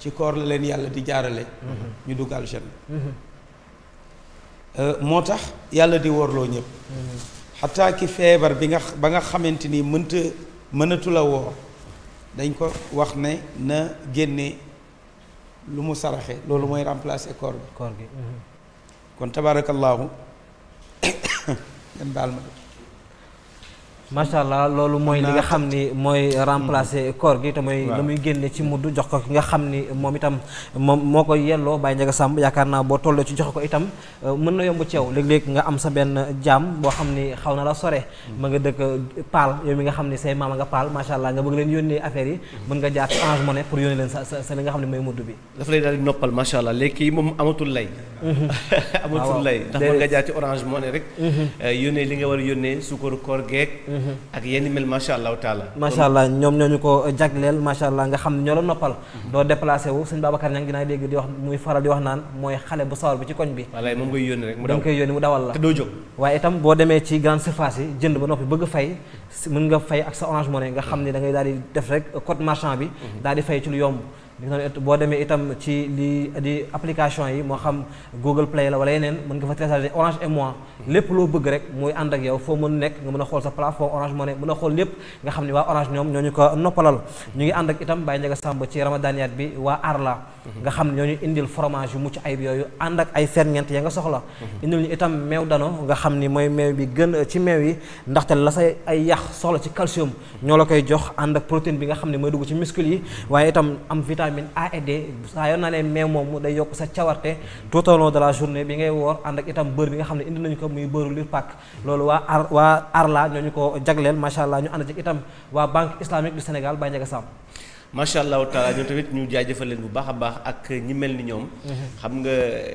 ci kor la len yàlla di jaarale ñu dugg aljanna Euh, moo tax yàlla di woorloo ñëpp xataa ki feebar bi nga ba nga xamante ni mënta mënatula woor dañ ko wax ne na génne lu mu saraxe loolu mooy remplacer koor bi bi mhm. kon tabaarakallaahu ngeen baal ma macha allah loolu mooy li nga xam ni mooy remplacer koor gi te mooy la muy génne ci mudd jox ko ki nga xam ni moom itam moom moo koy yelloo Baye Ndiaga Samb yaakaar naa boo tolloo ci joxe ko itam euh, mën na yomb ceew léeg-léeg nga am sa benn jaam boo xam ni xaw na la sore mm. ma nga dëkk euh, paal yow mi nga xam ni say maama nga paal macha allah nga bëgg leen yónnee affaire yi mm. mën nga jaar ci Orange Money pour yónnee leen sa sa li nga xam ne mooy mudd bi dafa lay daal di noppal macha allah léegi moom amatul lay mm-hmm. amatul lay ndax mën nga jaar ci Orange Money mm-hmm. euh, ak yenn mel macha allahu taala. macha allah ñoom ñoo ñu ko jagleel macha allah nga xam ne ñoo la noppal. Mhm. doo déplacé wu sëñ Babacar dinaa dégg di wax muy faral di wax naan mooy xale bu sawar bi ci koñ bi. wallaay koy yónni rek mu dawal la te doo jóg. waaye itam boo demee ci grande surface yi jënd ba noppi bëgg fay mën nga fay ak sa orange money nga xam ne da ngay di def rek code marchand bi mhm. daal di fay ci lu yomb boo demee itam ci li di application yi mo xam Google Play la wala yeneen mën nga fa télécharger Orange et moi lépp loo bëgg rek muy ànd ak yow foo mën nekk nga mën a sa plateforme Orange Money mën a xool lépp nga xam ni waa Orange ñoom ñoo ñu ko noppalal ñu ngi ànd ak itam Baye Ndiaga Samb ci ramadaniyat bi wa Arla nga xam ne ñoo ñu indil fromage yu mucc ayib yooyu ànd ak ay ferñeent ya nga soxla indil ñu itam meew dano nga xam ni mooy meew bi gën ci meew yi ndaxte la say ay yax soxla ci calcium ñoo la koy jox ànd ak protéine bi nga xam moy mooy dugg ci muscle yi waaye itam am vitamine vitamine A et yoon naa ne meew moom mu day yokk sa cawarte tout de la journée bi ngay woor ànd ak itam bër bi nga xam ne indi nañu ko muy bëru lir pak loolu waa ar waa arla ñoo ñu ko jagleel macha allah ñu ànd ak itam waa banque islamique du Sénégal Baye Ndiaga Samb allahu taala ñoom tamit ñu jaajëfal leen bu baax a baax ak ñi mel ni ñoom. Mhm. xam nga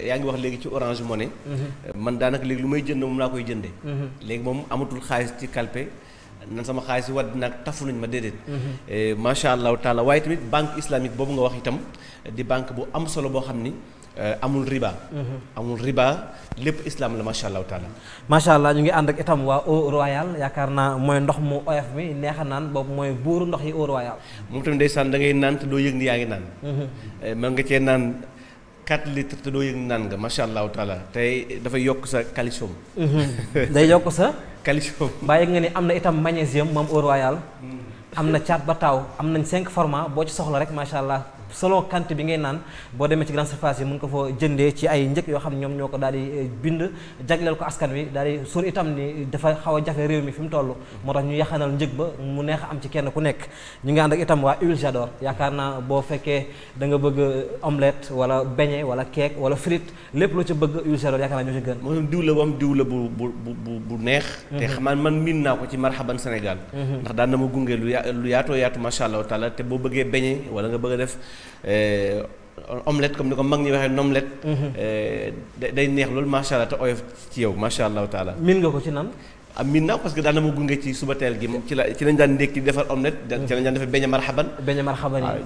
yaa ngi wax léegi ci orange money. Mhm. man daanaka léegi lu may jënd moom laa koy jëndee. Mhm. léegi moom nan sama xaalis wadd nag tafu nañ ma déedéet. Mhm. Eh, macha allahu taala waaye tamit banque islamique boobu nga wax itam di banque bu am solo boo xam ni. Eh, amul riba. Mhm. amul riba lépp islam la macha allah taala. macha allah ñu ngi ànd ak itam waa eau royal yaakaar naa mooy ndox mu oyof mi neex a naan boobu mooy buuru ndox yi eau royal. moom tamit ndeysaan da ngay naan te doo yëg ni yaa ngi naan. Mhm. Eh, mën nga cee naan 4 litres te doo yëg naan nga macha allahu taala tey dafay yokk sa calcium. Mhm. day yokk sa. calcium bàyyi nga ni am na itam magnésium moom au royal. Mm. am na caat ba taaw am nañ 5 format boo ci soxla rek macha allah. solo quantité bi ngay nan bo demé ci grande surface yi mën ko fo jëndé ci ay ñëk yo xam ñom ñoko ñoo di eh, bind jagleel ko askan wi daal di itam ni dafa xawa jafé réew mi fim tollu motax ñu yaxanal ñëk ba mu neex am ci kenn ku nekk ñu ngi and ak itam wa huile j'adore yakarna bo féké da nga bëgg omelette wala beignet wala cake wala frite lepp loo ci bëgg huile j'adore yakarna ñu ci gën moom diw la bu am diw la bu bu bu bu neex mhm. te xamaan man min na ko ci marhaban Sénégal mhm. ndax da na ma gunge lu ya-, yaato yaatu taala te bo bëggé beignet wala nga bëgg def Euh, omelette comme ni ko mag ñi waxee nomlette. Mhm. Euh, day neex loolu macha allah te oyof ci yow macha allahu taala. min nga ko ci nan. am ah, min naa parce que daan na ma gunge ci suba teel gi ci la ci lañ daan ndékki defar omelette. ci lañ daan defar beñe marxaban. beñe marxaban yi ah,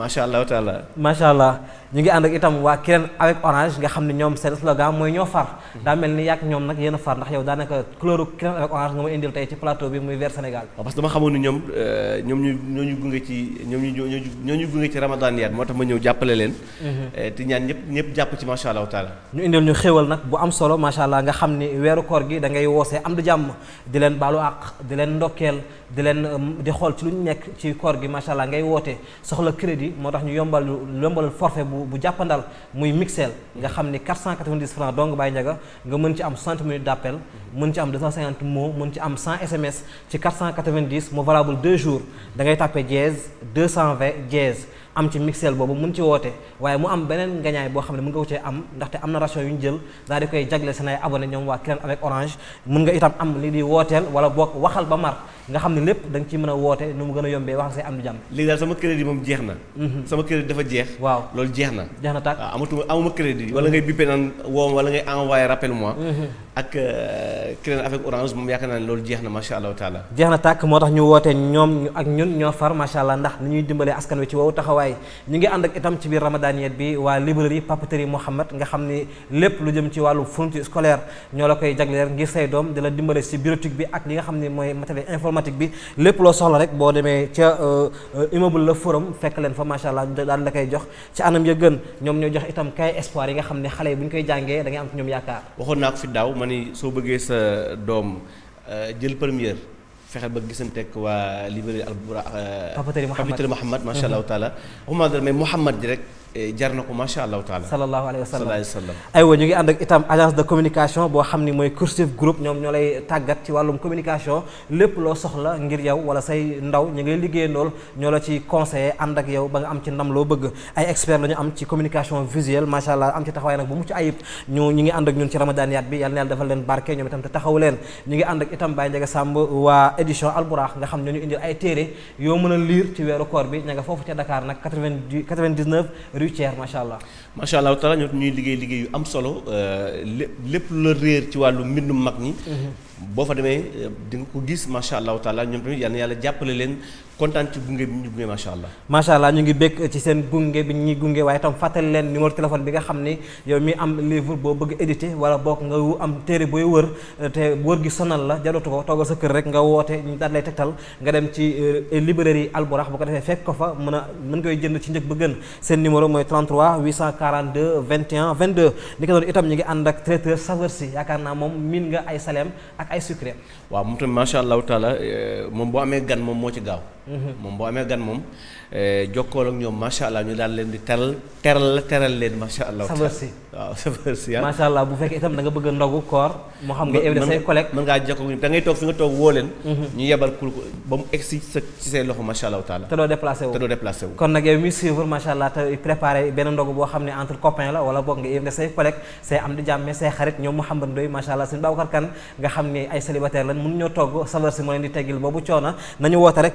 macha allahu taala. macha allah. ñu ngi ànd ak itam waa Kirène avec Orange nga xam ne ñoom seen slogan mooy ñoo far mhm. daa mel ni yàgg ñoom nag yéen a far ndax yow daanaka couleur Kirène avec Orange nga ma indil tey ci plateau bi muy vert Sénégal parce que dama xamoon ni ñoom euh, ñoom ñu ñoo ñu gunge ci ñoom ñu ñoo ñu gunge ci ramadan yaat moo tax ma ñëw jàppale leen te mhm. euh, ñaan ñëpp ñëpp jàpp ci macha allah taala ñu indil ñu xéwal nag bu am solo macha allah nga xam ni weeru koor gi da ngay woosee am du jàmm di leen baa àq di dilen di um, xol ci lu ñu nekk ci koor gi machallah ngay woté soxla crédit motax ñu yombal yombal forfait bu bu muy Mixel nga xamni 490 francs donc bay ñaga nga mën ci am 60 minutes d'appel mën ci am 250 mots mën ci am 100 SMS ci 490 mo valable 2 jours da ngay tapé dièse 220 dièse am ci mixel bobu mën ci woote waye mu am benen ngañay bo xam mën nga ko ci am ndaxte amna na ration yuñu jël da di koy jaglé sama ay abonné ñom wa Kirane avec Orange mën nga itam am li di wotel wala bok waxal ba mar nga xam lepp dang ci mëna a nu mu gëna yombé yombee wax say am jam li dal sama crédit mom jeexna mhm. sama crédit dafa jeex waaw loolu jeexna jeexna tak ah, amatu amuma crédit wala ngay bipé nan woom wala ngay envoyer rappel moi mhm. ak euh, Kirane avec Orange mom yaakaar naa ne loolu jeex taala jeexna tak motax ñu woote ñom ak ñun ño far machallah ndax ni ñuy dimbalé askan wi ci woowu taxawaay ñi ngi and ak itam ci biir ramadaniyat bi wa librairie papeterie mohammed nga xamni lepp lu jëm ci walu fonti scolaire ñoo la koy jagleel ngir say dom di la dimbale si bureautique bi ak li nga xamni moy matériel informatique bi lepp lo soxla rek bo démé ci immeuble le forum fekk len fa machallah allah daan la koy jox ci anam ya gën ñom ñoo jox itam kay espoir yi nga xamni xalé buñ koy jàngee da ngay am ci ñom yaakaar waxon naa ko fi daw mani so bëggé sa dom euh, jël première fexe ba gisanteeg waa librairie al Buraq. Papeterie Mouhamad Papeterie Mouhamad macha allah taala waxuma dara mais Mouhamad ji rek. Eh, jar na ko macha allahu taala. sallallahu alayhi wa sallam sallam. aywa ñu ngi ànd ak itam agence de communication boo xam ni mooy Cursive Group ñoom ñoo lay tàggat ci wàllum communication lépp loo soxla ngir yow wala say ndaw ñu ngay liggéeyandool ñoo la ci conseiller ànd ak yow ba nga am ci ndam loo bëgg ay experts la ñu am ci communication visuelle macha allah am ci taxawaay nag bu mucc ayib ñu ñu ngi ànd ak ñun ci ramadaniyaat bi yàlla na yàlla defal leen barke ñoom itam te taxaw leen ñu ngi ànd ak itam Baye Ndiaga Samb waa édition Alburax nga xam ne ñu indil ay téere yoo mën a lire ci weeru koor bi ña nga foofu ca Dakar nag 99 routière macha allah. macha allah taala ñoom ñuy liggéey liggéeyu am solo euh, lépp lépp la réer ci wàllu mbindum mag ñi. Mm-hmm. bo fa demé euh, di nga ko gis ma sha Allah taala ñom tamit yalla yalla jappalé len leen ci gungé bi ñu ma sha allah. ma sha allah ñu ngi békk ci seen gungé bi ñi gungé waye tam fàttali len numéro téléphone bi nga xam yow mi am livre bo bëgg éditer wala bok nga am téré boy wër té wër gi sonal la jalootu ko toogal sa kër rek nga woté ñu daal lay tektal nga dem ci euh, librairie alburah bu ko défé fekk ko fa mëna mën koy jënd ci ñëk bu gën seen numéro moy 33 842 21 22 ni ko doon itam ñu ngi and ak traiteur saveur si yaakaar naa moom nga ay salem ak ay sucré waaw moom tamit macha allahu taala eh, moom boo amee gan moom moo ci gaaw Mm-hmm. moom boo amee gan moom eh, jokkool ak ñoom macha ah. allah bu fekkee itam da nga bëgg a ndogu koor. mu xam nga éviter say mm-hmm. say loxo macha allah te doo déplacé wu kon nag yow mi suivre macha allah te préparé benn ndogu boo xam ne entre copains la wala boog nga éviter say collègues say am di jàmme say xarit ñoom Mouhamed Ndoye macha allah suñu Babacar Kane nga xam ne ay célibataire lañ mënuñoo togg sabar si moo leen di teggil boobu coona nañu woote rek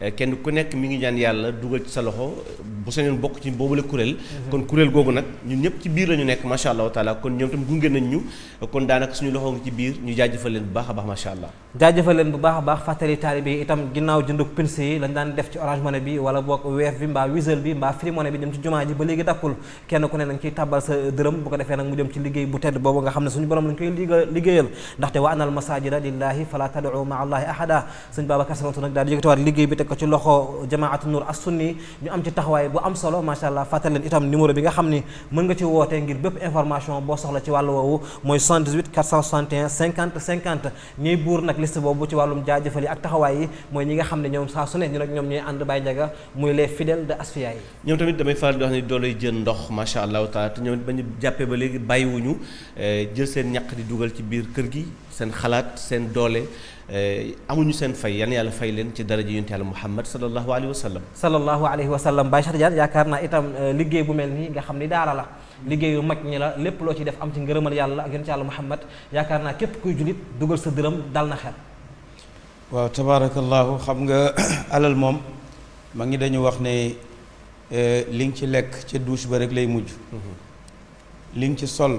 Eh, kenn ku nekk mi ngi ñaan yàlla dugal ci sa loxo bu sañoon bokk ci boobule kuréel kon kuréel googu a baax macha allah jaajëfal bu a baax ne nañ ciy tàbbal sa dërëm bu ko defee nag mu jëm ci liggéey bu tedd boobu nga xam ne suñu borom lañ koy liggéeyal ndaxte wa anal masajida lillahi fala ma allahi ahada sëñ Babacar Santo nag daal di yëkkatiwaat liggéey bi ko ci loxo jamaatu nur as sunni ñu am ci taxawaay bu am solo macha allah fàttali leen itam numéro bi nga xam ni mën nga ci woote ngir bépp information boo soxla ci wàllu woowu mooy 78 461 50 50 ñiy buur nag liste boobu ci wàllum jaajëfal yi ak taxawaay yi mooy ñi nga xam ne ñoom saa su ne ñu nag ñoom ñooy ànd Baye Ndiaga muy les fidèles de Asfiya yi ñoom tamit damay faral di wax ni doolay jën ndox macha allah taala te ñoom it ba ñu jàppee ba léegi bàyyiwuñu eh, jël seen ñaq di dugal ci biir kër gi seen xalaat seen doole amuñu seen fay yan yàlla fay leen ci daraja yonent yàlla Muhammad sallallahu alayhi wa sallam sallallahu alayhi wa sallam Baye yaakaar naa itam liggéey bu mel nii nga xam ni daara la liggéeyu mag ñi la lépp loo ci def am ci ngërëmal yàlla ak yonent yàlla Muhammad yaakaar naa képp kuy julit dugal sa dërëm dal na xel waaw tabaarakallahu xam nga alal moom ma ngi dañu wax ne li ci lekk ca douche ba rek lay mujj li ci sol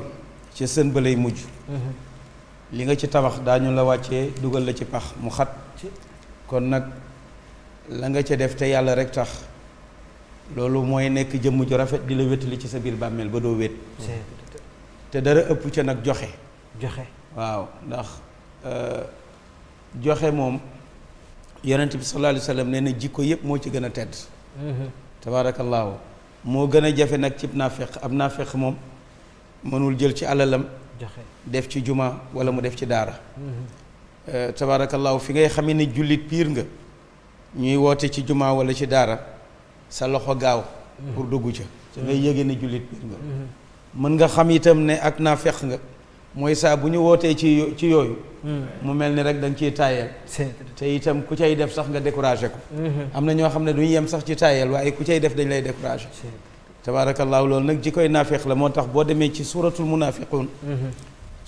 ca sën ba lay mujj li nga ci tabax daañu la wàccee dugal la ci pax mu xat kon nag la nga ca def te yàlla rek tax loolu mooy nekk jëmm ju rafet di la wétali ci sa biir bàmmeel ba doo wét te dara ëpp ca nag joxe joxe waaw ndax euh, joxe moom yonent bi sallallahu alayhi wa sallam nee na jikko yépp moo ci gën a tedd mm-hmm. tabaarakallaahu moo gën a jafe nag cib naafeq ab naafeq moom mënul jël ci alalam joxe def ci juma wala mu def ci daara mm-hmm. euh, tabaarakallaahu fi ngay xamee ni jullit piir nga ñuy woote ci juma wala ci daara sa loxo gaaw mm-hmm. pour dugg ca su mm-hmm. ngay yëgee ni jullit piir nga mën nga xam itam ne ak naa feq nga mooy saa bu ñu wootee ci ci yooyu mu mel ni rek da nga ciy taayeel te itam ku cay def sax nga découragé ko am na ñoo xam ne duñu yem sax ci taayeel waaye ku cay def dañ lay découragé tabaarakallaahu loolu nag ji koy naafeq la moo tax boo demee ci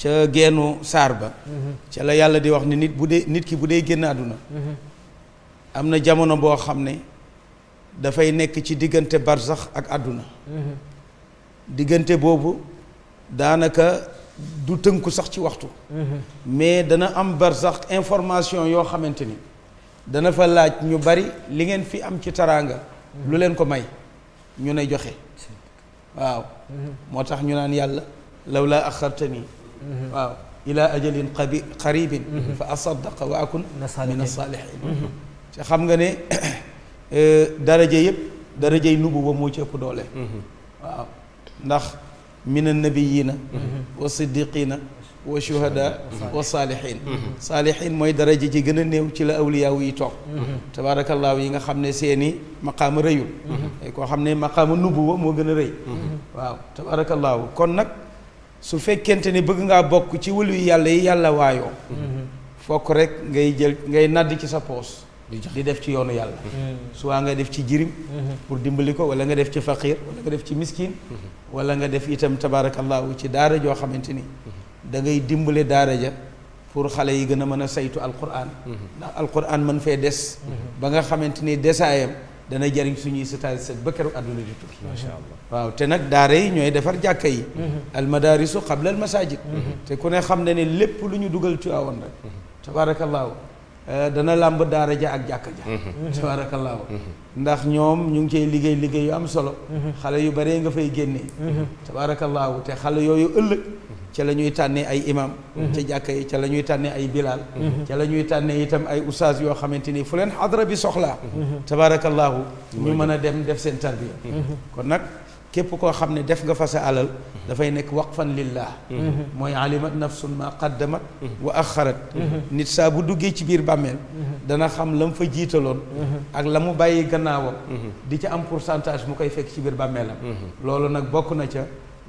ca geenu saar ba mhm. ca la yàlla di wax ni nit bu de nit ki bu dee génn àdduna mhm. am na jamono boo xam ne dafay nekk ci diggante barsax ak àdduna mhm. diggante boobu daanaka du tënku sax ci waxtu mais dana am barsax information yoo xamante ni dana fa laaj ñu bari li ngeen fi am ci taraanga lu leen ko may ñu ne joxe waaw moo tax ñu naan yàlla law laa axartani waaw ilaa ajalin qabi qaribin fa asaddaqa wa akun min as-saalihin te xam nga ne daraja yëpp darajay nubuwa moo ci ëpp doole waaw ndax min annabiyina wa siddiqina wa shuhada wa saalihin saalihin mooy daraja ji gën a néew ci la awliyaaw yi toog tabaarakallaahu yi nga xam ne seeni maqaama rëyul koo xam ne maqaama nubuwa moo gën a rëy waaw tabaarakallaahu kon nag su fekkente ne bëgg ngaa bokk ci wëlu yàlla yi yàlla waayoo mhm. fokk rek ngay jël ngay nadd ci sa poos di def ci yoonu yàlla mhm. soit nga def ci jirim mhm. pour dimbali ko wala nga def ci faqir wala nga def ci miskin wala nga def itam tabaarakallaahu ci daara joo xamante ni da ngay dimbale daara ja pour xale yi gën a mën a saytu alquran ndax alquran mën fee des ba nga xamante ni desaayam dana jariñ suñuy sëtaat sët ba keroog àdduna di tukki macha allah waaw te nag daara yi ñooy defar jàkka yi mhm. almadaarisu qabla almasajid mhm. te ku ne xam ne ne lépp lu ñu dugal Tiwaawan rek mhm. tabaarakallaahu Eh, dana làmb daara ja ak jàkka ja mhm. tabaarakallaahu ndax ñoom ñu ngi cay liggéey liggéey yu am solo mhm. xale yu bare nga fay génnee mhm. tabaarakallaahu te xale yooyu ëllëg ca la ñuy tànnee ay imam ca jàkka yi ca la ñuy tànnee ay bilaal ca la ñuy tànnee itam ay oustaz yoo xamante ni fu leen xadra bi soxlaa tabaarakallaahu ñu mën a dem def seen tarbiya kon nag كيف كو خامني ديف غا فاسا علال دا فاي نيك وقفا لله موي علمت نفس ما قدمت واخرت نيت سا بو دوجي سي بير بامل دا نا خام لام فا جيتالون اك لامو باي غناوا دي تي ام بورسانتاج مو كاي فيك سي بير بامل لولو نك بوكو نا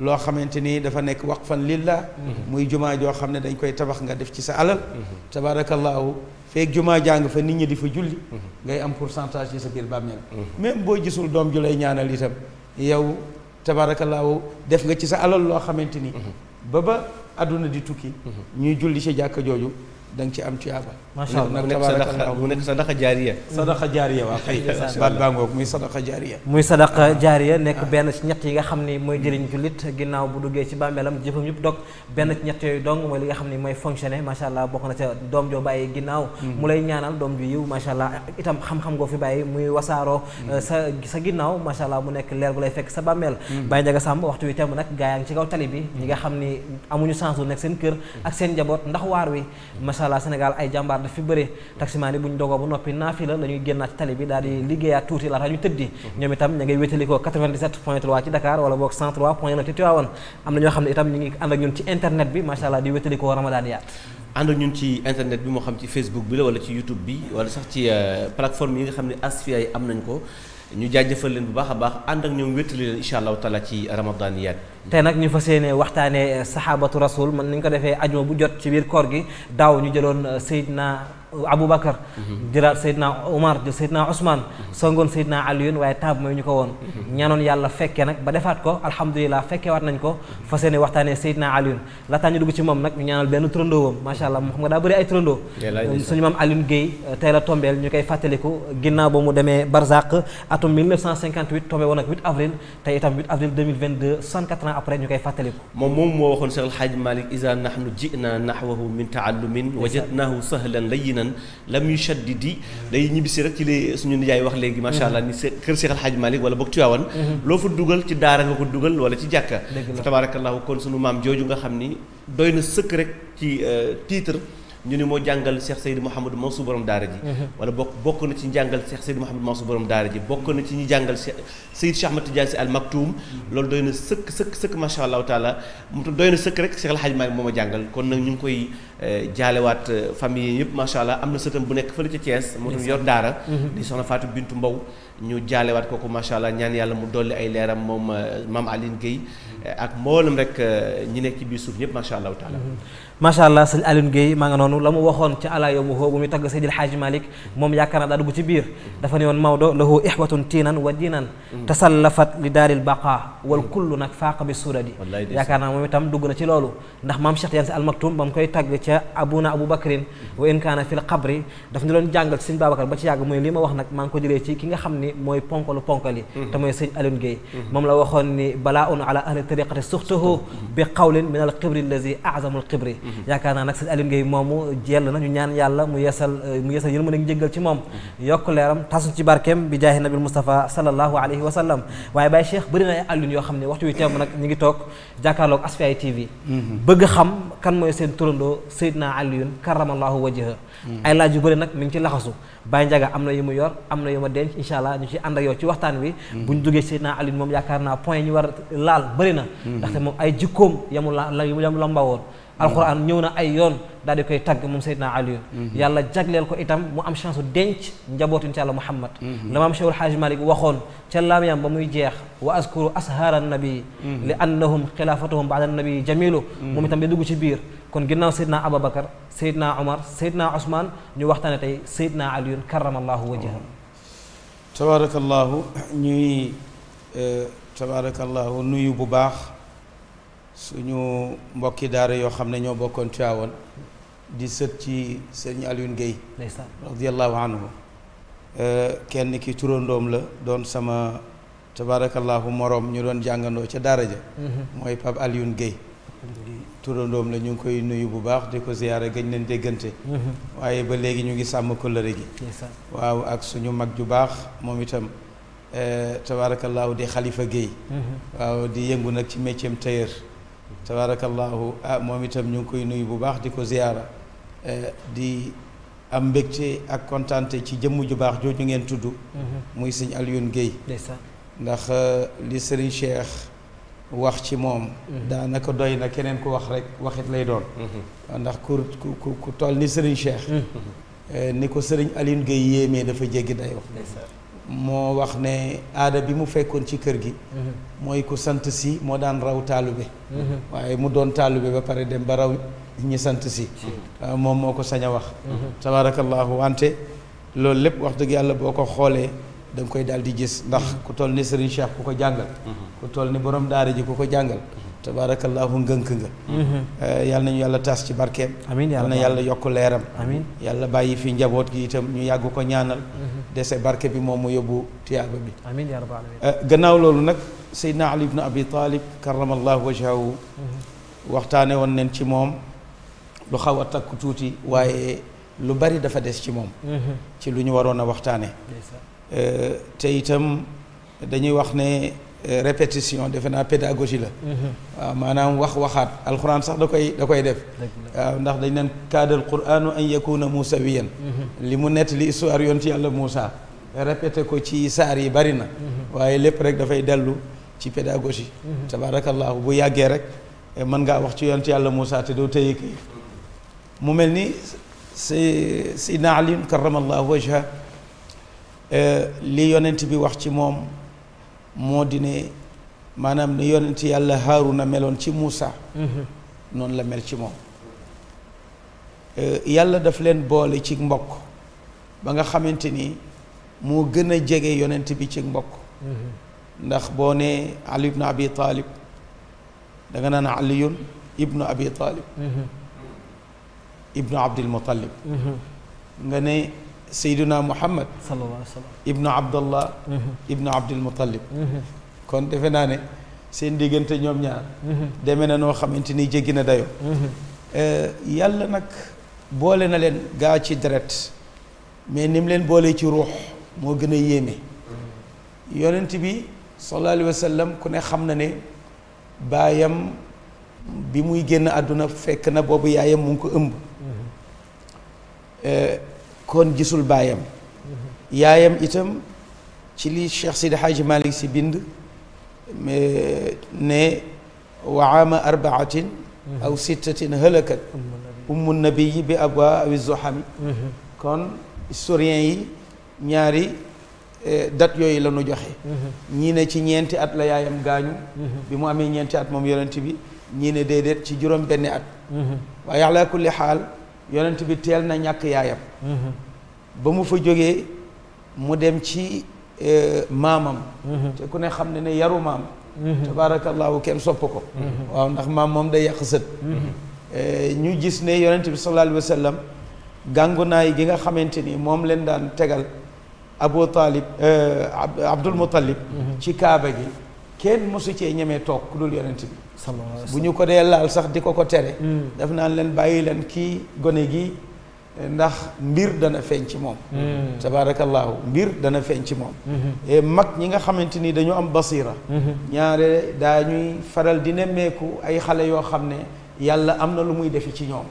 لو خامنتيني دا فا نيك وقفا لله موي جمعه جو خامني دا نكاي تابخ غا ديف سي علال تبارك الله fek juma jang fa nit ñi di fa julli mhm. ngay am pourcentage ci sa bir bammel mhm. même boy gisul dom julay ñaanal itam yow tabaarakallaahu def nga ci sa alal loo xamante ni mhm. ba ba àdduna di tukki mhm. ñuy julli si jàkka jooju da nga ci am tuyaaba macha allah mu nekk sadaqa benn ci ñett yi xam ni mooy jëriñ jullit ginnaaw bu duggee ci bàmmeelam jëfam yëpp dog benn xam ni mooy fonctionné macha allah bokk na ca doom joo bàyyi ginnaaw mm-hmm. mu lay ñaanal doom ju yiw macha allah itam xam-xam ngoo fi bàyyi muy wasaaroo mm-hmm. uh, sa sa ginnaaw macha allah mu nekk leer gu lay fekk sa bàmmeel mm-hmm. bàyyi njaga sàmb waxtu wi temm nag gaa yaa ngi ci kaw tali bi ñi nga xam ni amuñu chance nekk seen kër ak seen njaboot ndax waar wi macha allah Sénégal ay jàmbaar daf fi bëri taximaan yi bu ñu dogoo bu noppi naafi la la ñuy génnaat ci tali bi daal di liggéeyaat tuuti laata ñu tëddi ñoom itam ña ngay wétalikoo ci Dakar wala boog 103 point 9 am na ñoo xam ne itam ñu ngi ànd ak ñun ci internet bi macha allah di wétalikoo ramadaan yaat ànd ak ñun ci internet bi moo xam ci Facebook bi la wala ci YouTube bi wala sax ci euh, plateforme yi nga xam ne Asfiyahi am nañ ko ñu jaajëfal leen bu baax a baax ànd ak ñoom wéttali leen incha allahu taala ci ramadaniyat tey nag ñu fas yéene waxtaanee saxaabatu rasul man ni ñu ko defee ajuma bu jot ci biir koor gi daaw ñu jëloon seyt uh, Seydina Aboubacar jëlaat Seydina Omar jël Seydina Ousmane songoon Seydina Alioune waaye taab mooy ñu ko woon ñaanoon yàlla fekke nag ba defaat ko alhamdulilah fekke waat nañ ko fas yéene waxtaanee Seydina Alioune laataa ñu dugg ci moom nag ñu ñaanal benn turandoowam macha allah moom xam nga daa bëri ay turandoo suñu maam Alioune Guèye tey la tombeel ñu koy fàttaliku ginnaaw ba mu demee Barzak atum 1958 tombé woon ak 8 avril tey itam 8 avril 2022 64 ans après ñu koy fàttaliku moom moom moo waxoon Cheikh El Hadj Malick iza nahnu ji'na nahwahu min ta'allumin wajadnahu sahlan layyinan nan lam yu shaddidi day ñibbisi rek ci li suñu nijaay wax léegi macha allah ni kër Seex Alxaaj Malik wala boog Tiwaawan mhm. loo fa dugal ci daara nga ko dugal wala nga xam ni doy na sëkk rek ci euh, titre ñu ni moo jàngal Cheikh Seydi Mouhamadou Mansour borom daara ji mhm. wala bokk bokk na ci njàngal Cheikh Seydi Mouhamadou Mansour borom daara ji bokk na ci ñi jàngal Seydi Cheikh Ahmad Tidiane Sy Al Maktoum mhm. loolu doy na sëkk sëkk sëkk macha allahu taala mu doy na sëkk rek Cheikh El Hadj moo ma jàngal kon nag ñu ngi koy jaalewaat famille yi yëpp macha allah am na sëtam bu nekk fële ca Thiès moo tam yor daara di soxna Fatou Bintou Mbow ñu jaalewaat kooku macha allah ñaan yàlla mu dolli ay leeram moom mam Aline Guèye ak mboolem rek ñi nekk ci biir suuf ñëpp macha allahu taala macha allah sëñ Aline Guèye maa nga noonu la mu waxoon àla yow hoo bu muy tagg Seydil Hadji malik moom yaakaar na daa dugg ci biir dafa ne woon mawdo lahu ihwatun tiinan wa diinan tasallafat li daaril baqa wal kullu nag faaqa bi suuradi yaakaar naa moom itam dugg na ci loolu ndax maam Cheikh Tidiane Al Maktoum ba mu koy tagg ca abuna abu bakrin wa in kaana fi l qabri daf ñu doon jàngal ci sëñ Babacar ba ci yàgg mooy li ma wax nag maa ngi ko jëlee ci ki nga xam ni mooy ponkalu ponkali te mooy sëñ Alioune Guèye moom la waxoon ni balaa un ala ahli tariqati suxtuhu bi qawlin min al qibri allazi azamul qibri yaakaar naa nag sëñ Alioune Guèye moomu jell na ñu ñaan yàlla mu yeesal mu yeesal yéen mën a njëggal ci moom yokk leeram tasuñ ci barkeem bi jaahi nabil Mustafa sallallahu alayhi wa sallam waaye Baye Cheikh bëri na ay Alioune yoo xam ne waxtu wi teem nag ñu ngi toog jàkkaarloog Asfiyahi TV bëgg xam kan mooy seen turandoo Seydina Aliyun karamallahu wajhahu ay laaj yu bëri nag mu ngi ci laxasu Baye Ndiaga am na yu mu yor am na yu ma denc incha allah ñu ci ànd ak yow ci waxtaan wi hmm. bu ñu jógee Seydina Aliyun moom yaakaar naa point yi ñu war laal bëri na hmm. ndaxte moom ay jikkoom yamu la yamu woon القران نيونا اي يون دا ديكاي تاغ موم سيدنا علي يالا جاغليل كو ايتام مو ام شانس دنج نجابوت ان شاء الله محمد لمام شيخ الحاج مالك واخون تي لام يام باموي جيخ واذكر اسهار النبي لانهم خلافتهم بعد النبي جميل موم تام بيدوغو سي بير كون غيناو سيدنا ابو بكر سيدنا عمر سيدنا عثمان ني وقتاني تاي سيدنا علي كرم الله وجهه تبارك الله ني تبارك الله نيو بو باخ suñu mbokki daara yoo xam ne ñoo bokkoon Tiwaawan di sët ci sëñ Alioune Guèye radiallahu anhu euh, kenn ki turandoom la doon sama tabaarakallahu moroom ñu doon jàngandoo ca daara ja mhm. mooy Pape Alioune Guèye turandoom la ñu ngi koy nuyu bu baax di ko ziyaara gëj nañ déggante mhm. waaye ba léegi ñu ngi sàmm kóllëre gi waaw ak suñu mag ju baax moom itam euh, tabaarakallahu di xalifa Guèye mhm. waaw di yëngu nag ci métier tailleur tabaarakallaahu ah moom itam ñu ngi koy nuyu bu baax di ko ziyaara eh, di am mbégte ak kontaante ci jëmm ju baax jooju ngeen tudd mm-hmm. muy sëñ Alioune Guèye ndax eh, li sëriñ Cheikh wax ci moom mm-hmm. daanaka doy na keneen ku wax rek waxit lay doon mm-hmm. ndax ku ku ku toll ni sëriñ Cheikh eh, ni ko sëriñ Alioune Guèye yéemee dafa jéggi dayoo moo wax ne aada bi mu fekkoon ci kër gi mhm. mooy ku sant si moo daan raw taalube mhm. waaye mu doon taalube ba pare dem ba raw ñi sant si moom moo ko sañ a wax mhm. tabaarakallaahu wante loolu lépp wax dëgg yàlla boo ko xoolee da koy daal di gis ndax ku toll ni Serigne Cheikh ku ko jàngal ku toll ni borom daara ji ku ko jàngal tabaarakallaahu ngënk nga mhm. eh, yàlla nañu yàlla taas ci barkeem yàlla na yàlla yokk leeram yàlla bàyyi fi njaboot gi itam ñu yàgg ko ñaanal mhm. dese barke bi moom mu yóbbu tiyaaba bi eh, gannaaw loolu nag seydna ali ibnu abi taalib karamallahu wajhahu mhm. waxtaane woon nañ ci moom lu xaw a takku tuuti waaye lu bari dafa des ci moom ci lu ñu waroon a waxtaane eh, te itam dañuy wax ne répétition defe naa pédagogie la. waaw maanaam wax waxaat alxuraan sax da koy da koy def. waaw ndax dañ naan kaadal quraanu an yakuna musawiyan li mu nett li histoire yonti yàlla Moussa. répété ko ci saar yi bari na. waaye lépp rek dafay dellu ci pédagogie. tabaarakallaahu bu yàggee rek mën ngaa wax ci yonti yàlla Moussa te doo tëye kii mu mel ni si Sidna Ali karamallahu wajha li yonent bi wax ci moom. modine manam ne yonenti yàlla haruna melon ci Moussa non la mel ci mom euh yàlla daf len bolé ci mbokk ba nga xamanteni mo gëna jégué yonenti bi ci mbokk ndax boo ne Ali ibn Abi Talib da nga nan ali ibn Abi Talib ibn abd al Muttalib nga ne سيدنا محمد صلى الله عليه وسلم ابن عبد الله ابن عبد المطلب كون ديفناني سين ديغنتي نيوم نيار ديمنا نو خامتيني جيغينا دايو ا اه، يالا نك بولنا لين غا سي دريت مي نيم لين بولي سي روح مو غنا ييمي يونتي بي صلى الله عليه وسلم كوني خامنا ني بايام بي موي ген ادونا فكنا بوبو يايام مونكو امب kon gisul baayam yaayam itam ci li Cheikh Sidi Hadji Malick si bind ne wa aama arbaatin aw sittatin hëlëkat ummu nabiyi bi abwa awi zohami kon historien yi ñaari date yooyu la nu joxe ñii ne ci ñeenti at la yaayam gaañu bi mu amee ñeenti at moom yonent bi ñii ne déedéet ci juróom benni at waaye ala kulli xaal yonent bi teel na ñàkk yaayam ba mu fa jógee mu dem ci euh, maamam te ku ne xam ne ne yaru maam tabaarakallaahu kenn sopp ko waaw ndax maam moom day yàq sët euh, ñu gis ne yonent bi sallallaahu alayhi gàngunaay gi nga xamante ni moom leen daan tegal Abu Talib euh, Abdul Muttalib ci kaaba gi kenn mosu cee ñemee toog ku dul yonent bi bu ñu ko dee laal sax di ko ko tere mm. def naa leen bàyyi leen kii gone gi ndax mbir dana feeñ ci moom mm. tabaarakallaahu mbir dana feeñ ci moom mm-hmm. mag ñi nga xamante ni dañu am basiira mm-hmm. ñaare daa faral di nemmeeku ay xale yoo xam ne yàlla am na lu muy defi ci ñoom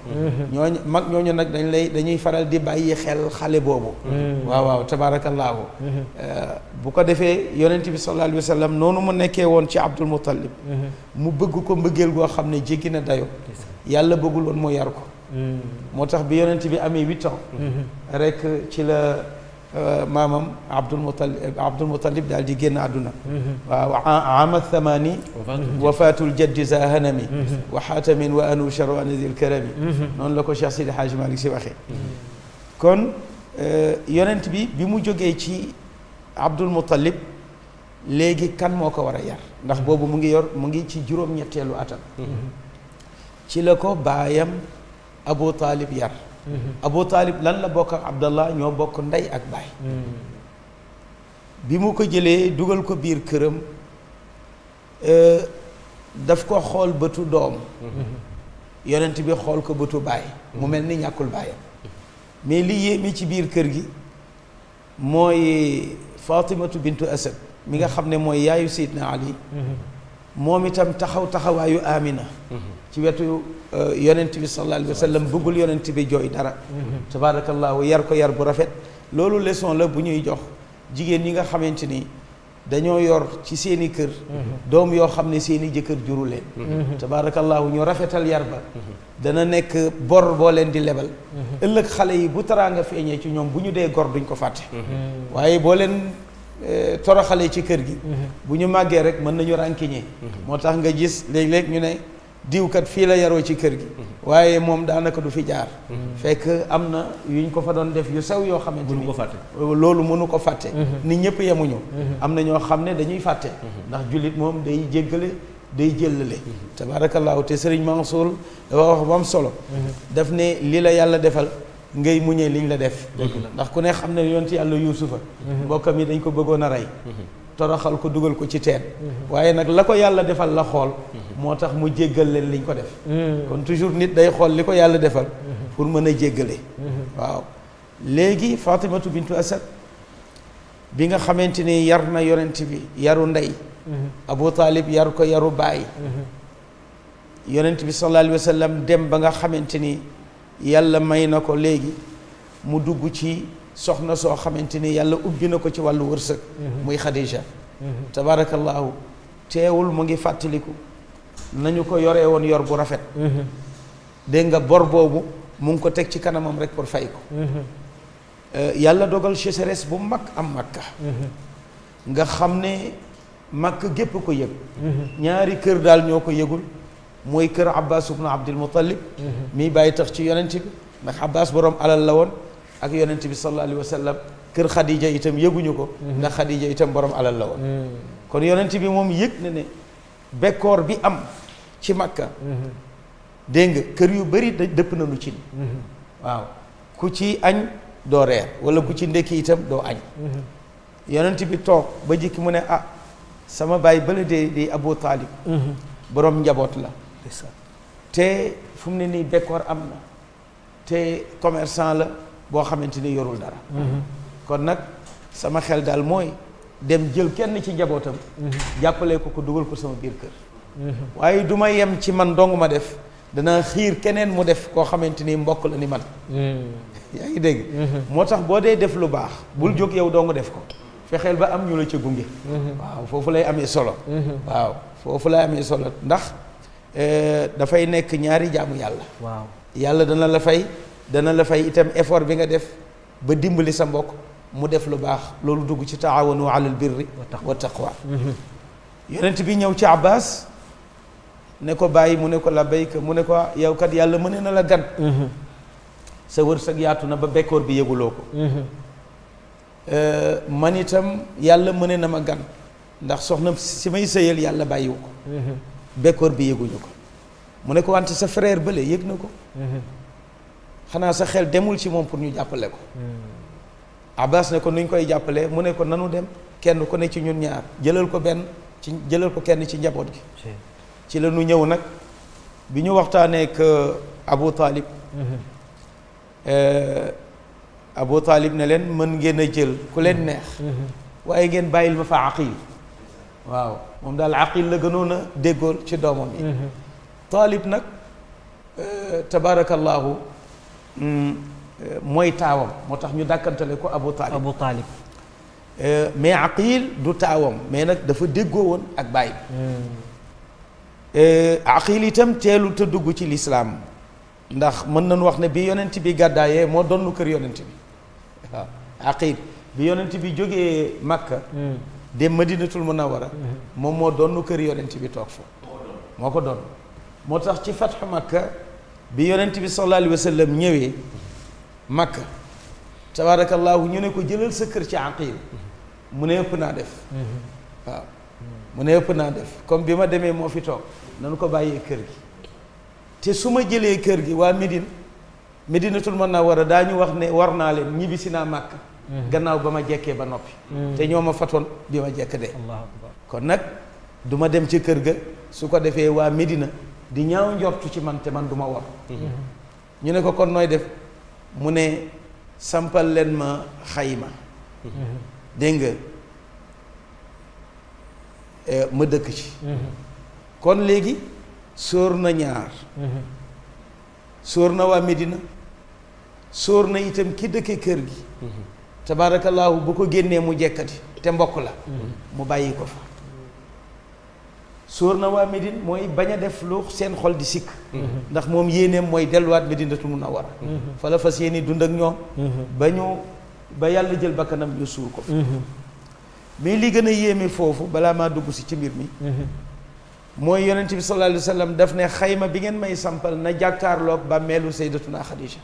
ñooñu mag ñooñu nag dañ lay dañuy faral di bàyyi xel xale boobu mm-hmm. waaw waaw tabaarakallaahu mm-hmm. euh, bu ko defee yonent bi sallallahu alayhi wa sallam noonu mu nekkee woon ci Abdul Muttalib mm-hmm. mu bëgg ko mbëggeel goo xam ne jéggi na dayo yàlla bëggul woon mu yar ko moo tax bi yonent bi amee huit ans ci la آه، ما عبد المطلب عبد المطلب دال دي ген ادنا عام الثماني وفاة الجد زاهنمي وحاتم وانوشر وان ذي الكرم نون لكو شيخ سيدي حاج مالك سي واخي كون آه، يونت بي بي عبد المطلب لغي كان موكو ورا يار بوبو موغي يور موغي تي جوروم نيتلو اتام تي لكو بايام ابو طالب يار Mm-hmm. Abu Talib lan la bokk ak Abdallah ñoo bokk ndey ak baay mm-hmm. bi mu ko jëlee dugal ko biir këram euh, daf ko xool bëtu doom mm-hmm. yonent bi xool ko bëtu baay mu mel ni ñàkkul baayam mais li yéeme ci biir kër gi mooy Fatimatu bintu Asad mi nga xam ne mooy yaayu Seydina Ali moom itam taxaw taxawaayu Amina. ci wetu euh, yonent bi sallallahu alayhi wa sallam bëggul yonent bi jooy dara. tabaarakallaahu yar ko yar bu rafet. loolu leçon la bu ñuy jox jigéen ñi nga xamante ni dañoo yor ci seen i kër. doom yoo xam ne seen i jëkkër juru leen. tabaarakallaahu ñu rafetal yar ba. dana nekk bor boo leen di lebal. ëllëg xale yi bu taraanga feeñee ci ñoom bu ñu dee gor duñ ko fàtte. waaye boo leen. Eh, toroxale ci kër gi bu ñu màggee rek mën nañu rànkiñee moo tax nga gis léeg-léeg ñu ne diwkat fii la yaroo ci kër gi waaye moom daanaka du fi jaar fekk am na yuñ ko fa doon def yu sew yoo xamante ni loolu mënu ko fàtte mhm. nit ñëpp yemuñu mhm. am na ñoo xam ne dañuy fàtte mhm. ndax jullit moom day jéggale day jëllale tabaarakallaahu te sëriñ Mansour dafa wax ba am solo daf ne li la yàlla defal ngay muñee liñ la def ndax ku ne xam ne yonti yàlla yuusufa mhm. mbokkam yi dañ ko bëggoon a rey mhm. toroxal ko dugal ko ci teen mhm. waaye nag la ko yàlla defal la xool moo tax mu jéggal leen liñ ko def kon toujours nit day xool li ko yàlla defal pour mën a jéggale waaw léegi fatimatu bintu asad bi nga xamante ni yar na yonent bi yaru ndey abu taalib yar ko yaru baay yonent bi sallallahu alayhi wa sallam dem ba nga xamante ni yàlla may na ko léegi mu dugg ci soxna soo xamante ni yàlla ubbi na ko ci wàllu wërsëg mhm. muy Xadija mhm. tabaarakallaahu teewul mu ngi fàttaliku nañu ko yore woon yor bu rafet mhm. dégg nga bor boobu mu ngi ko teg ci kanamam rek pour fay ko euh, yàlla dogal sécheresse bu mag am Makka nga xam ne Makka gépp ko yëg ñaari kër daal ñoo ko yëgul mooy kër Abbas ibnu Abdul Muttalib mii bàyyi tax ci yonent bi ndax Abbas borom alal la woon ak yonent bi sallallahu alayhi wa sallam kër Khadija itam yëguñu ko ndax Khadija itam borom alal la woon kon yonent bi moom yëg na ne bekkoor bi am ci Makka dégg nga kër yu bëri dëpp nañu ci waaw ku ci añ doo reer wala ku ci ndekki itam doo añ yonent bi toog ba jikki mu ne ah sama baay bële dee di Abu Taalib borom njaboot la te fu mu ne nii décor am na te commerçant la boo xamante ni yorul dara mhm. kon nag sama xel daal mooy dem jël kenn ci njabootam mhm. jàppale ko ko dugal ko sama biir kër mhm. waaye du ma yem ci man dong ma def dana xiir keneen mu def koo xamante ni mbokk la ni man yaa dégg moo tax boo dee def lu baax bul jóg yow dong def ko fexeel ba am ñu la ca gunge waaw foofu lay amee solo waaw foofu lay amee solo ndax Eh, dafay nekk ñaari jaamu yàlla. waaw yàlla dana la fay dana la fay itam effort bi nga def ba dimbali sa mbokk mu def lu baax loolu dugg ci taawanu alal birri wa taqwa mhm. yonent bi ñëw ci Abbas ne ko bàyyi mu ne ko labbayka mu ne ko yow kat yàlla mën na la gan. Mhm. sa wërsëg yaatu na ba bekkoor bi yëguloo ko. Mhm. Eh, man itam yàlla mën na ma gan ndax soxna si may sëyal yàlla bàyyiwu ko. bekkoor bi yëguñu ko mu ne ko wante sa frère bële yëg na ko mhm. xanaa sa xel demul ci moom pour ñu jàppale ko mhm. Abbas ne ko nuñ koy jàppale mu ne ko nanu dem kenn ku ne ci ñun ñaar jëlal ko benn ci jëlal ko kenn ci njaboot gi ci la ñu ñëw nag bi ñu waxtaanee ak euh, Abu Talib mhm. euh, Abu Talib ne leen mën ngeen a jël ku leen neex waaye ngeen bàyyil ma fa aqil واو موم دال عقيل لا غنونا ديغول سي دومام طالب نك تبارك الله موي تاوام موتاخ ني داكانتاليكو ابو طالب ابو طالب ا مي عقيل دو تاوام مي نك دا فا ديغوون اك باي ا عقيل تام تيلو تدغو سي الاسلام ndax man nañ wax ne bi yonent bi gadaye mo donu keur yonent bi wa aqib bi yonent bi joge makka mhm. de madinatul munawara moom moo doon kër yonent bi toog fa moo ko doon moo tax ci fatxu makka bi yonent bi sallallahu alayhi ñëwee makka tabaarakallaahu ñu ne ko jëlal sa kër ci aqil mu ne ëpp naa def mu ne ëpp naa def comme bi ma demee moo fi toog nanu ko bàyyee kër gi te su ma jëlee kër gi waa Médine Médinatul Munawwara daa ñu wax ne war naa leen ñibbisi naa Màkka gannaaw ba ma jekkee ba noppi mm. te ñoo ma fatoon bi ma jekk dee kon nag du ma dem ci kër ga su ko defee waa Medina di ñaaw njortu ci man te man duma ma mm-hmm. ñu ne ko kon nooy def mu ne sampal leen ma xayma mm-hmm. dégg nga eh, ma dëkk ci mm-hmm. kon léegi sóor na ñaar sóor na waa Medina sóor na itam ki dëkke kër gi tabaarakallaahu bu ko génnee mu jekkati te mbokk la mu bàyyi ko fa sóor na waa Médine mooy bañ a def lu seen xol di sikk ndax moom yéeneem mooy delluwaat Médinatul Munawwara fa la fas yéene dund ak ñoom ba ñu ba yàlla jël bakkanam ñu suur ko fa mais li gën a yéeme foofu balaa maa dugg si ci mbir mi mooy yonent bi sallallahu alayhi wa daf ne xayma bi ngeen may sampal na jàkkaarlook bàmmeelu sayyidatuna Xadija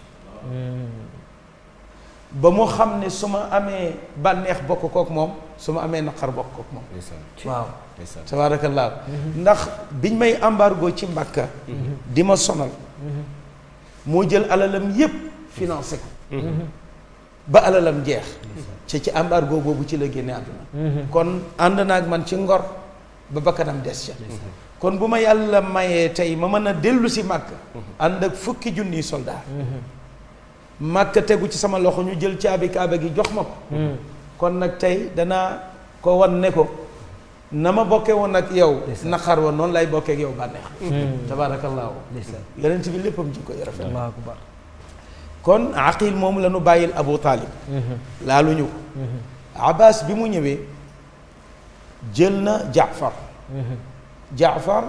ba mu xam ne su ma amee bànneex bokk kook moom su ma amee naqar bokk kook moom waaw tabaarakallaahu mm-hmm. ndax biñ may embargo ci Mbàkka mm-hmm. di ma sonal mm-hmm. moo jël alalam yépp financé ko ba alalam jeex ci ci embargo boobu ci la génne àdduna kon ànd naa ak man ci ngor ba bakkanam des ca kon bu ma yàlla mayee tey ma mën a dellu si Mbàkka ànd ak fukki junniy soldaar màkk tegu ci sama loxo ñu jël caabi kaaba gi jox ma ko hmm. kon nag tey danaa ko wan ne ko na ma bokkee woon ak yow naqar woon noonu lay bokkee ak yow bànneex hmm. tabaarakallaahu yonent bi léppam jikko yi rafet kon aqil moom la ñu bàyyil Abu Taalib hmm. laalu ñu ko Abbas bi mu ñëwee jël na Jaafar Jaafar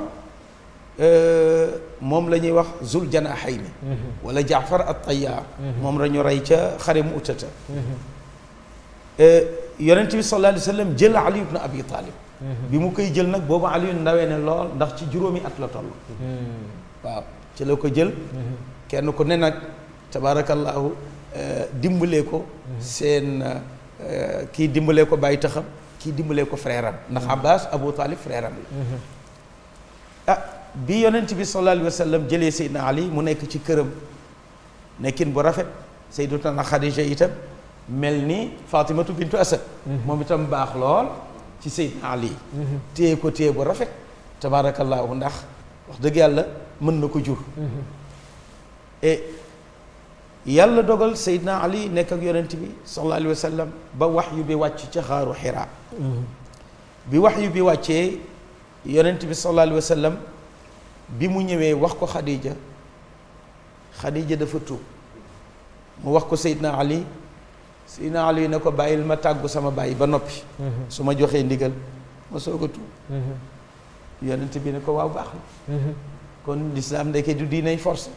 moom la ñuy wax zul janaahayni wala jaafar at tayyaar moom la ñu ca xare mu utata yonent bi sallallahu alayhi wa jël ali ibn abi talib bi mu koy jël nag boobu ali ndawee ne lool ndax ci juróomi at la toll waaw ci la ko jël kenn ku ne nag tabaarakallaahu dimbalee ko seen kii dimbalee ko bàyyi taxam kii dimbalee ko frère ndax abbas abou talib frère la ah bi yonent bi sallallahu alayhi wasallam jele sayyidina Ali mu nek ci këram nekine bu rafet sayyidatuna khadija itam melni Fatimatu bintu Asad moom itam bax lol ci sayyidina Ali téye ko téye bu rafet tabarakallah ndax wax deug yàlla mën nako jur e yàlla dogal sayyidina Ali nek ak yonent bi sallallahu alayhi wasallam ba wahyu bi wàcc ci kharu hira bi wahyu bi wacce yonent bi sallallahu alayhi wasallam bi mu ñëwee wax ko Khadija Khadija dafa tuub mu wax ko seyd Seydina Ali Seydina Ali ne ko bàyyil ma tàggu sama bàyyi ba noppi. Mhm. su ma joxee ndigal ma soog a tuub. Mhm. yonent bi ne ko waaw baax na. Mhm. kon lislaam ndeke du diinay force.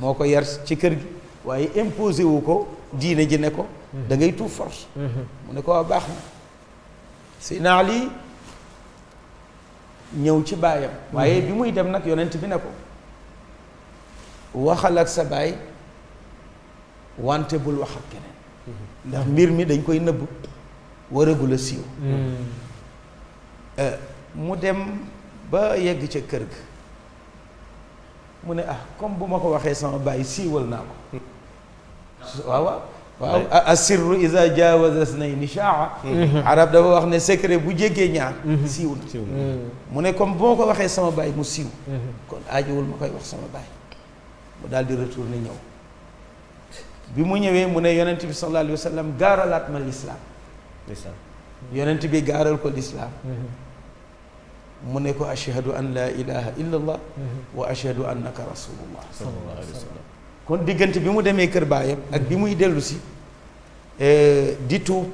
moo ko yar ci kër gi. waaye imposé wu ko diine ji ne ko. da ngay tuub force. mu ne ko waaw baax na Seydina Ali. ñëw ci baayam waaye mhm. bi muy dem nag yonent bi ne ko waxal ak sa baay wante bul wax ak keneen mhm. ndax mbir mi dañ koy nëbb waragul a siiw mhm. euh, mu dem ba yegg ca kër gi mu ne ah comme bu ma ko waxee sama baay siiwal naa ko waaw waaw asirru isa jaawaza isnayni shaa arab dafa wax ne secret bu jéggee ñaar siiw na mu ne comme boo ko waxee sama baay mu siiw kon aajowul ma koy wax sama baay mu daal di retourné ñëw bi mu ñëwee mu ne yonent bi sallallahu alayhi wa sallam gaaralaat ma lislaam yonent bi gaaral ko lislaam mu ne ko ashhadu an laa ilaha illa allah wa ashhadu annaka rasulullah sallallahu alayhi wa sallam kon diggante bi mu demee kër baayam ak bi muy dellusi si e, di tuub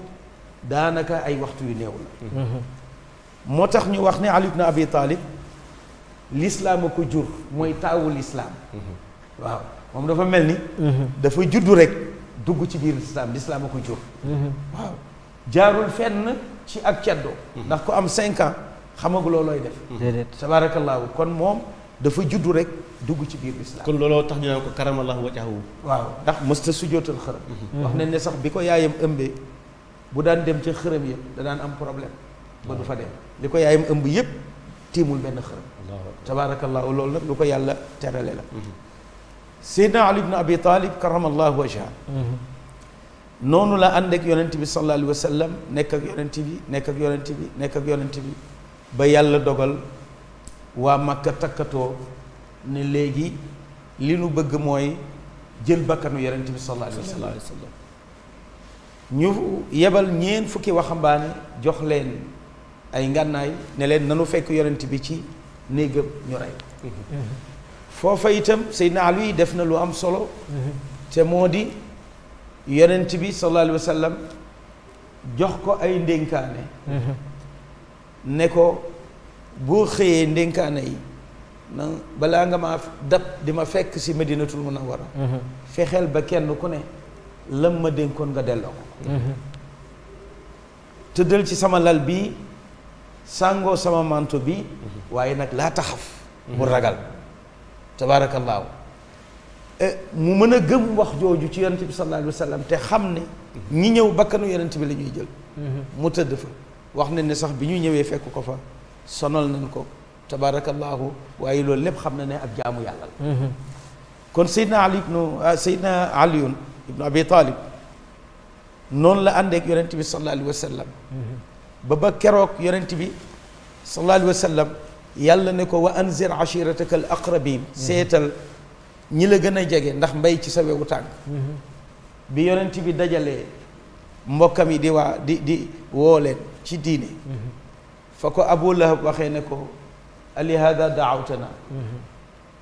daanaka ay waxtu yu néew la mm-hmm. moo tax ñu wax ne Ali ibn Abi Talib lislaam a jur mooy taawu lislaam mm-hmm. waaw moom dafa mel ni mm-hmm. dafa juddu rek dugg ci biir lislaam lislaam a ko jur waaw jaarul fenn ci ak ceddo ndax ku am cinq ans xamagu loolooy def tabaarakallaahu kon moom dafa juddu rek dugg ci biir lislaam kon looloo tax ñu naan ko karamallahu wajhahu waaw ndax mësta sujjootal xërëm mhm. wax nañ ne sax bi ko yaayam ëmbee bu daan dem ca xërëm ya da daan am problème ba du fa dem li ko yaayam ëmb yëpp tiimul benn xërëm tabaarakallaahu loolu nag lu ko yàlla terale la mhm. seydna ali ibn abi talib karamallahu wajha mhm. noonu la ànd ak yonent bi sallallahu alayhi wa sallam nekk ak yonent bi nekk ak yonent bi nekk ak yonent bi ba yàlla dogal waa Makka takkatoo ne léegi li nu bëgg mooy jël bakkanu yonent bi sallallahu alayhi wa sallam ñu yebal ñeen fukki waxambaane jox leen ay ngànnaay ne leen nanu fekk yonent bi ci néegam ñu rey foofa itam Seydina Ali yi def na lu am solo te moo di yonent bi sallallahu alayhi wa jox ko ay ndénkaane ne ko boo xëyee ndénkaane yi balaa nga ma dab di ma fekk si Madinatul Munawwara mhm. fexeel ba kenn ku ne lam ma dénkoon nga delloo ko mhm. tëddal ci sama lal bi sàngoo sama manto bi mhm. waaye nag laa taxaf bu ragal tabaarakallaahu e, mu mën a gëm wax jooju ci yonent bi sallallaahu alayhi wa te xam ne ñi ñëw bakkanu yonent bi la ñuy jël mu tëdd fa wax ne ne sax bi ñuy ñëwee fekk ko fa sonal nañ ko tabaarakallaahu waaye loolu lépp xam na ne ab jaamu yàlla kon Seydina Ali ibn Seydina Aliyun ibnu Abi Talib non la àndeek yonent bi sallallahu alayhi wa sallam ba ba keroog yonent bi sallallahu alayhi wa yàlla ne ko wa anzir ashirataka al aqrabin seetal ñi la gën a jege ndax mbay ci sa wewu bi yonent bi dajalee mbokkam di waa di di woo ci diine fa ko abu lahab waxee ne ko ali hada daawtana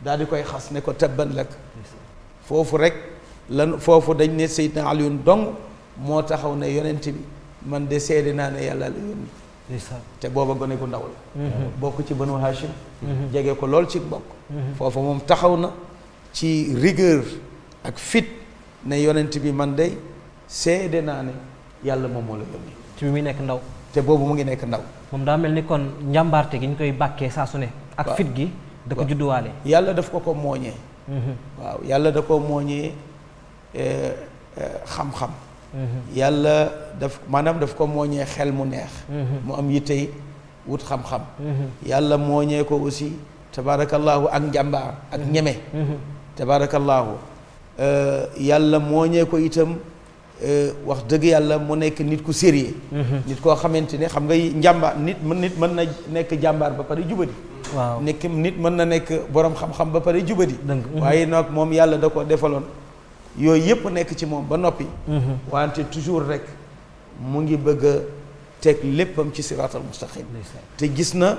daal di koy xas ne ko tabban lak foofu rek lan foofu dañ ne Seydina Aliyun dong moo taxaw ne yonent bi man de seede naa te booba gone gu ndaw bokk ci Banu Hashim jege ko lool ci bokk foofu moom taxaw na ci rigueur ak fit ne yonent bi man de seede naa yàlla moom moo la yónni ci bi muy nekk ndaw te boobu mu ngi nekk ndaw mom da melni kon njambarte giñ koy bakke sa suné ak fit gi da ko judduwaale. yàlla daf ko ko moñé waaw yàlla da ko moñé euh xam xam-xam. yàlla daf manam daf ko moñé xel mu neex. mu am yité wut xam-xam. yàlla moñé ko aussi tabaarakallaahu ak njambar ak ñeme. euh yàlla moñé ko itam. Euh, wax dëgg yàlla mu nekk nit ku sérieux mhm. nit koo xamante ne xam nga njàmbaar nit nit mën na nekk jàmbaar ba pare jubadi waaw nekk nit mën na nekk boroom xam-xam ba pare jubadi mhm. waaye nag moom yàlla da ko defaloon yooyu yëpp nekk ci moom ba noppi mhm. wante toujours rek mu ngi bëgg a teg léppam ci siraatal mustaqim te gis na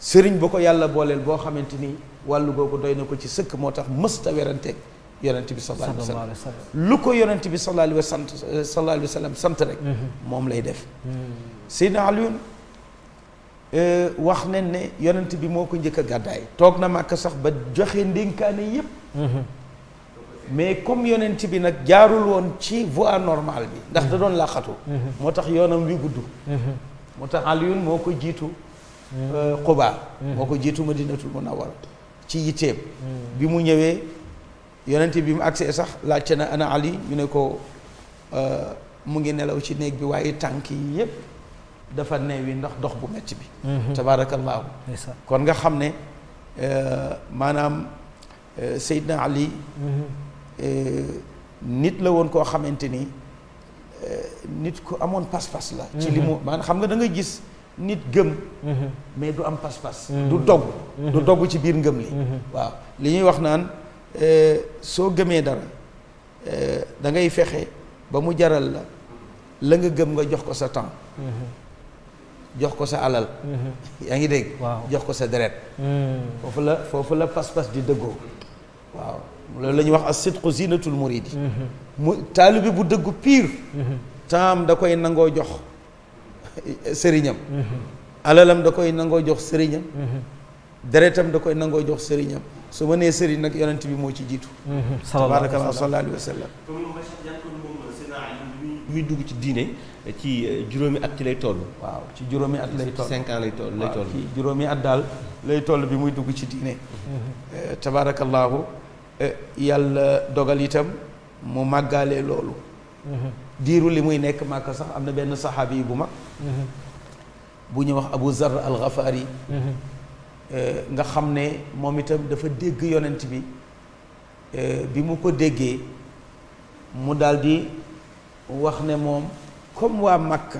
sëriñ ba ko yàlla booleel boo xamante ni wàllu googu doy na ko ci sëkk moo tax mës ta weranteeg yonent bi sallallahu alayhi wa sallam lu ko yonent bi sallallahu alayhi wa sant sallallahu alayhi sant rek mhm. moom lay def mhm. Seydina Alioune euh, wax nañ ne yonent bi moo ko njëkk a gàddaay toog na Màkka sax ba joxe ndénkaane yépp mhm. mais comme yonent bi nag jaarul woon ci voie normal bi ndax da doon làqatu moo tax yoonam wi gudd moo tax Alioune moo ko jiitu euh, Quba moo ko jiitu Madinatul Munawwara ci yitteem bi mu ñëwee yonent bi mu agsee sax laajte na ana Ali ñu ne ko euh, mu ngi nelaw ci néeg bi waaye tànk yi yépp dafa neewi ndax dox bu metti bi mhm. tabaarakallaahu kon nga xam ne euh, maanaam euh, Seydina Ali mhm. nit la woon koo xamante ni nit ku amoon pas-pas la ci li mu mhm. maanaam xam nga da gis nit gëm mais du am pas-pas du dogg du dogg ci biir ngëm li waaw li ñuy wax naan Euh, soo gëmee dara euh, da ngay fexe ba mu jaral la la nga gëm nga jox ko sa temps mm-hmm. jox ko sa alal mm-hmm. yaa ngi dégg jox ko sa deret mm-hmm. foofu la foofu la pas-pas di dëggoo waaw loolu la wax ak sidqu zinatul muridi mu taalibe bu dëggu pire temps da koy nangoo jox sëriñam alalam da koy nangoo jox sëriñam deretam da koy nangoo jox sëriñam su ma nee sëriñ nag yonent bi moo ci jiitu. tabaarakallah sallallahu alayhi wa sallam. muy dugg ci diine ci juróomi at ci lay toll. waaw ci juróomi at lay toll cinq ans lay toll lay toll. ci juróomi at daal lay toll bi muy dugg ci diine. tabaarakallahu yàlla dogal itam mu màggaale loolu. diiru li muy nekk màkk sax am na benn saxaabi bu mag. bu ñu wax Abu Zar al Ghafaari. Euh, nga xam ne moom itam dafa dégg yonent bi euh, bi mu ko déggee mu daldi wax ne moom comme waa Makka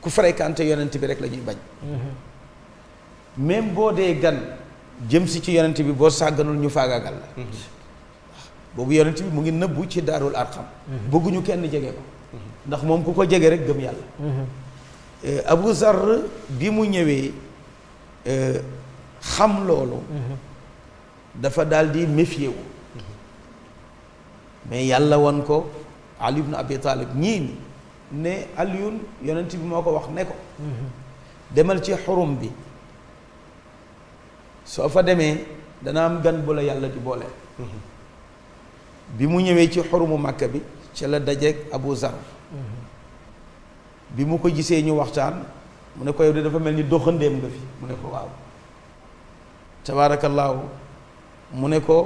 ku fréquenté yonent bi rek la ñuy bañ mm-hmm. même boo dee gan jëm si ci yonent bi boo sàgganul ñu faagaagal la mm-hmm. boobu yonent bi mu ngi nëbbu ci daarul arxam mm-hmm. bëgguñu kenn jege ko ndax moom ku ko jege rek gëm yàlla euh, Abu Zarr bi mu ñëwee xam loolu mhm. dafa daal di mais yàlla wan ko Ali na Abi ñii ni ne Alioun yonent bi moo ko wax ne ko mhm. demal ci xurum bi soo fa demee dana am gan bu la yàlla di boole mhm. bi mu ñëwee ci xurumu màkka bi ca la dajeeg Abu Zar bi mu ko gisee ñu waxtaan mu ne ko yow de dafa mel ni doxandeem nga fi mu ne ko waaw tabaarakallaahu mu ne ko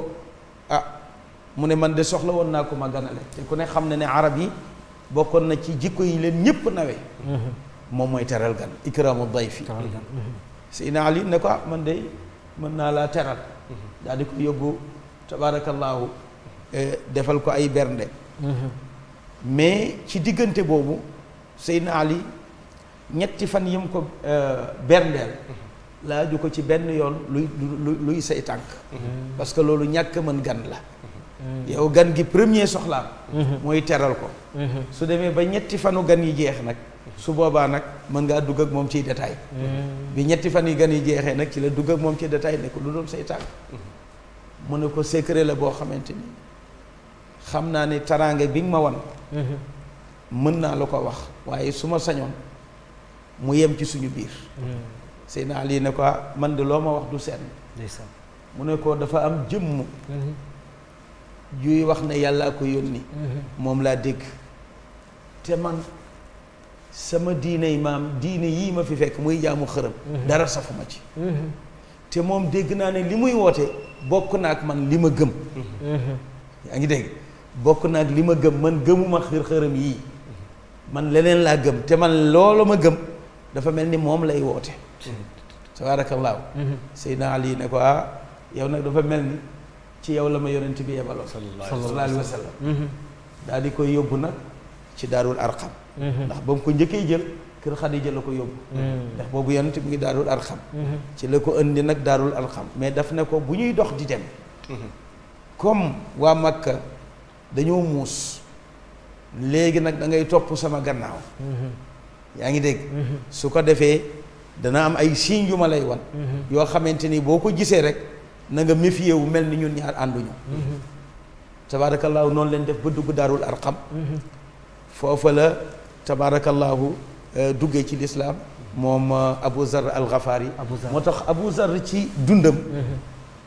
ah mu ne man de soxla woon naa ko ma ganale te ku ne xam ne ne arab yi bokkoon na ci jikko yi leen ñëpp nawe mm-hmm. moom mooy teral gan ikraamu dayfi mm-hmm. Seydina Ali ne ko ah, man de mën naa laa teral mm-hmm. daal ko yóbbu tabaarakallaahu eh, defal ko ay bernde mais ci diggante boobu na Ali ñetti fan yim ko eh, berndeel la joko ci ben yoon luy luy sey tank mhm. parce que lolu ñak man gan la mhm. yow gan gi premier soxla mhm. moy teral ko su demee ba ñetti fanu gan yi jeex nak su boba nak man nga dug ak mom ci détail bi ñetti fan yi gan yi jeexé nak ci la dug ak mom ci détail nek lu doon sey tank mu ne ko secret la xamanteni xamna ni xam bi ma won mën naa la ko wax waye suma sañon mu yem ci suñu bir Seydina Ali ne ko ah, man de loo ma wax du seen mu ne ko dafa am jëmm juy mhm. wax ne yàllaa ko yónni mhm. moom laa dégg te man sama diiney maam diine yii ma fi fekk muy jaamu xërëm mhm. dara safuma ci te moom dégg naa ne li muy woote bokk na ak man li ma gëm yaa ngi dégg bokk naa ak li ma gëm man gëmuma xër xërëm yii man leneen laa gëm te man loolu ma gëm dafa mel ni moom lay woote tabaarakallaahu mhm. Seydina Ali ne ko ah yow nag dafa mel ni ci yow la ma yonent bi yebaloon sallallahu alayhi wa sallam mhm. daal di koy yóbbu nag ci daarul arqam mhm. ndax ba mu ko njëkkee jël kër Xadija la ko yóbbu ndax boobu yonent bi ngi daarul arqam ci la ko indi nag daarul arqam mais daf ne ko bu ñuy dox di dem comme waa Makka dañoo muus léegi nag da ngay topp sama gannaaw yaa ngi dégg su ko defee dana am ay signes yu ma lay wan. Mm-hmm. yoo xamante ni boo ko gisee rek na nga méfier wu mel ni ñun ñaar ànduñu. Mm-hmm. tabaarakallaahu noonu leen def ba dugg daarul arqam. Mm-hmm. foofa la tabaarakallaahu euh, duggee ci lislaam moom euh, Abu Zar al Ghafari. moo tax Abu Zar ci dundam.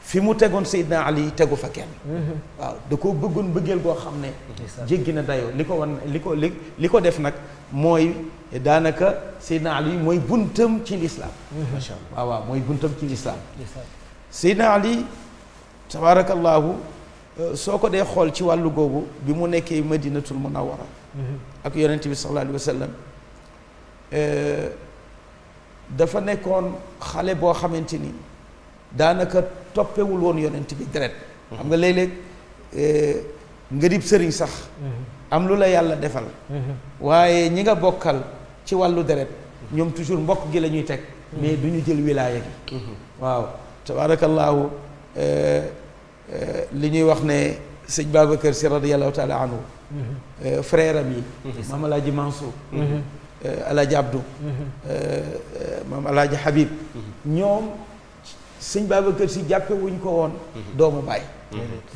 fi mu tegoon Seydina Ali tegu fa kenn. waaw da ko bëggoon bëggeel goo xam ne. jéggi na dayoo li ko wan li ko li li ko def nag mooy daanaka Seydina Ali mooy buntam ci lislaam. macha allah waaw waaw mooy buntam ci lislaam. Seydina Ali tabaarakallaahu soo ko dee xool ci wàllu googu bi mu nekkee Madinatul Munawwara ak yonent bi sallallaahu alayhi wa sallam dafa nekkoon xale boo xamante ni. daanaka toppewul woon yonent bi deret xam nga léeg-léeg eh, nga dib sëriñ sax mhm. am lu la yàlla defal mhm. waaye ñi nga bokkal ci wàllu deret ñoom toujours mbokk gi la ñuy teg mhm. mais du ñu jël wilaaya gi waaw tabaarakallaahu eh, eh, li ñuy wax ne sëñ Babacar si radiyallahu taala anhu frère am yi maam alaaji Mansour alaaji Abdou maam alaaji Habib ñoom sëñ Babacar si jàppe ko woon doomu baay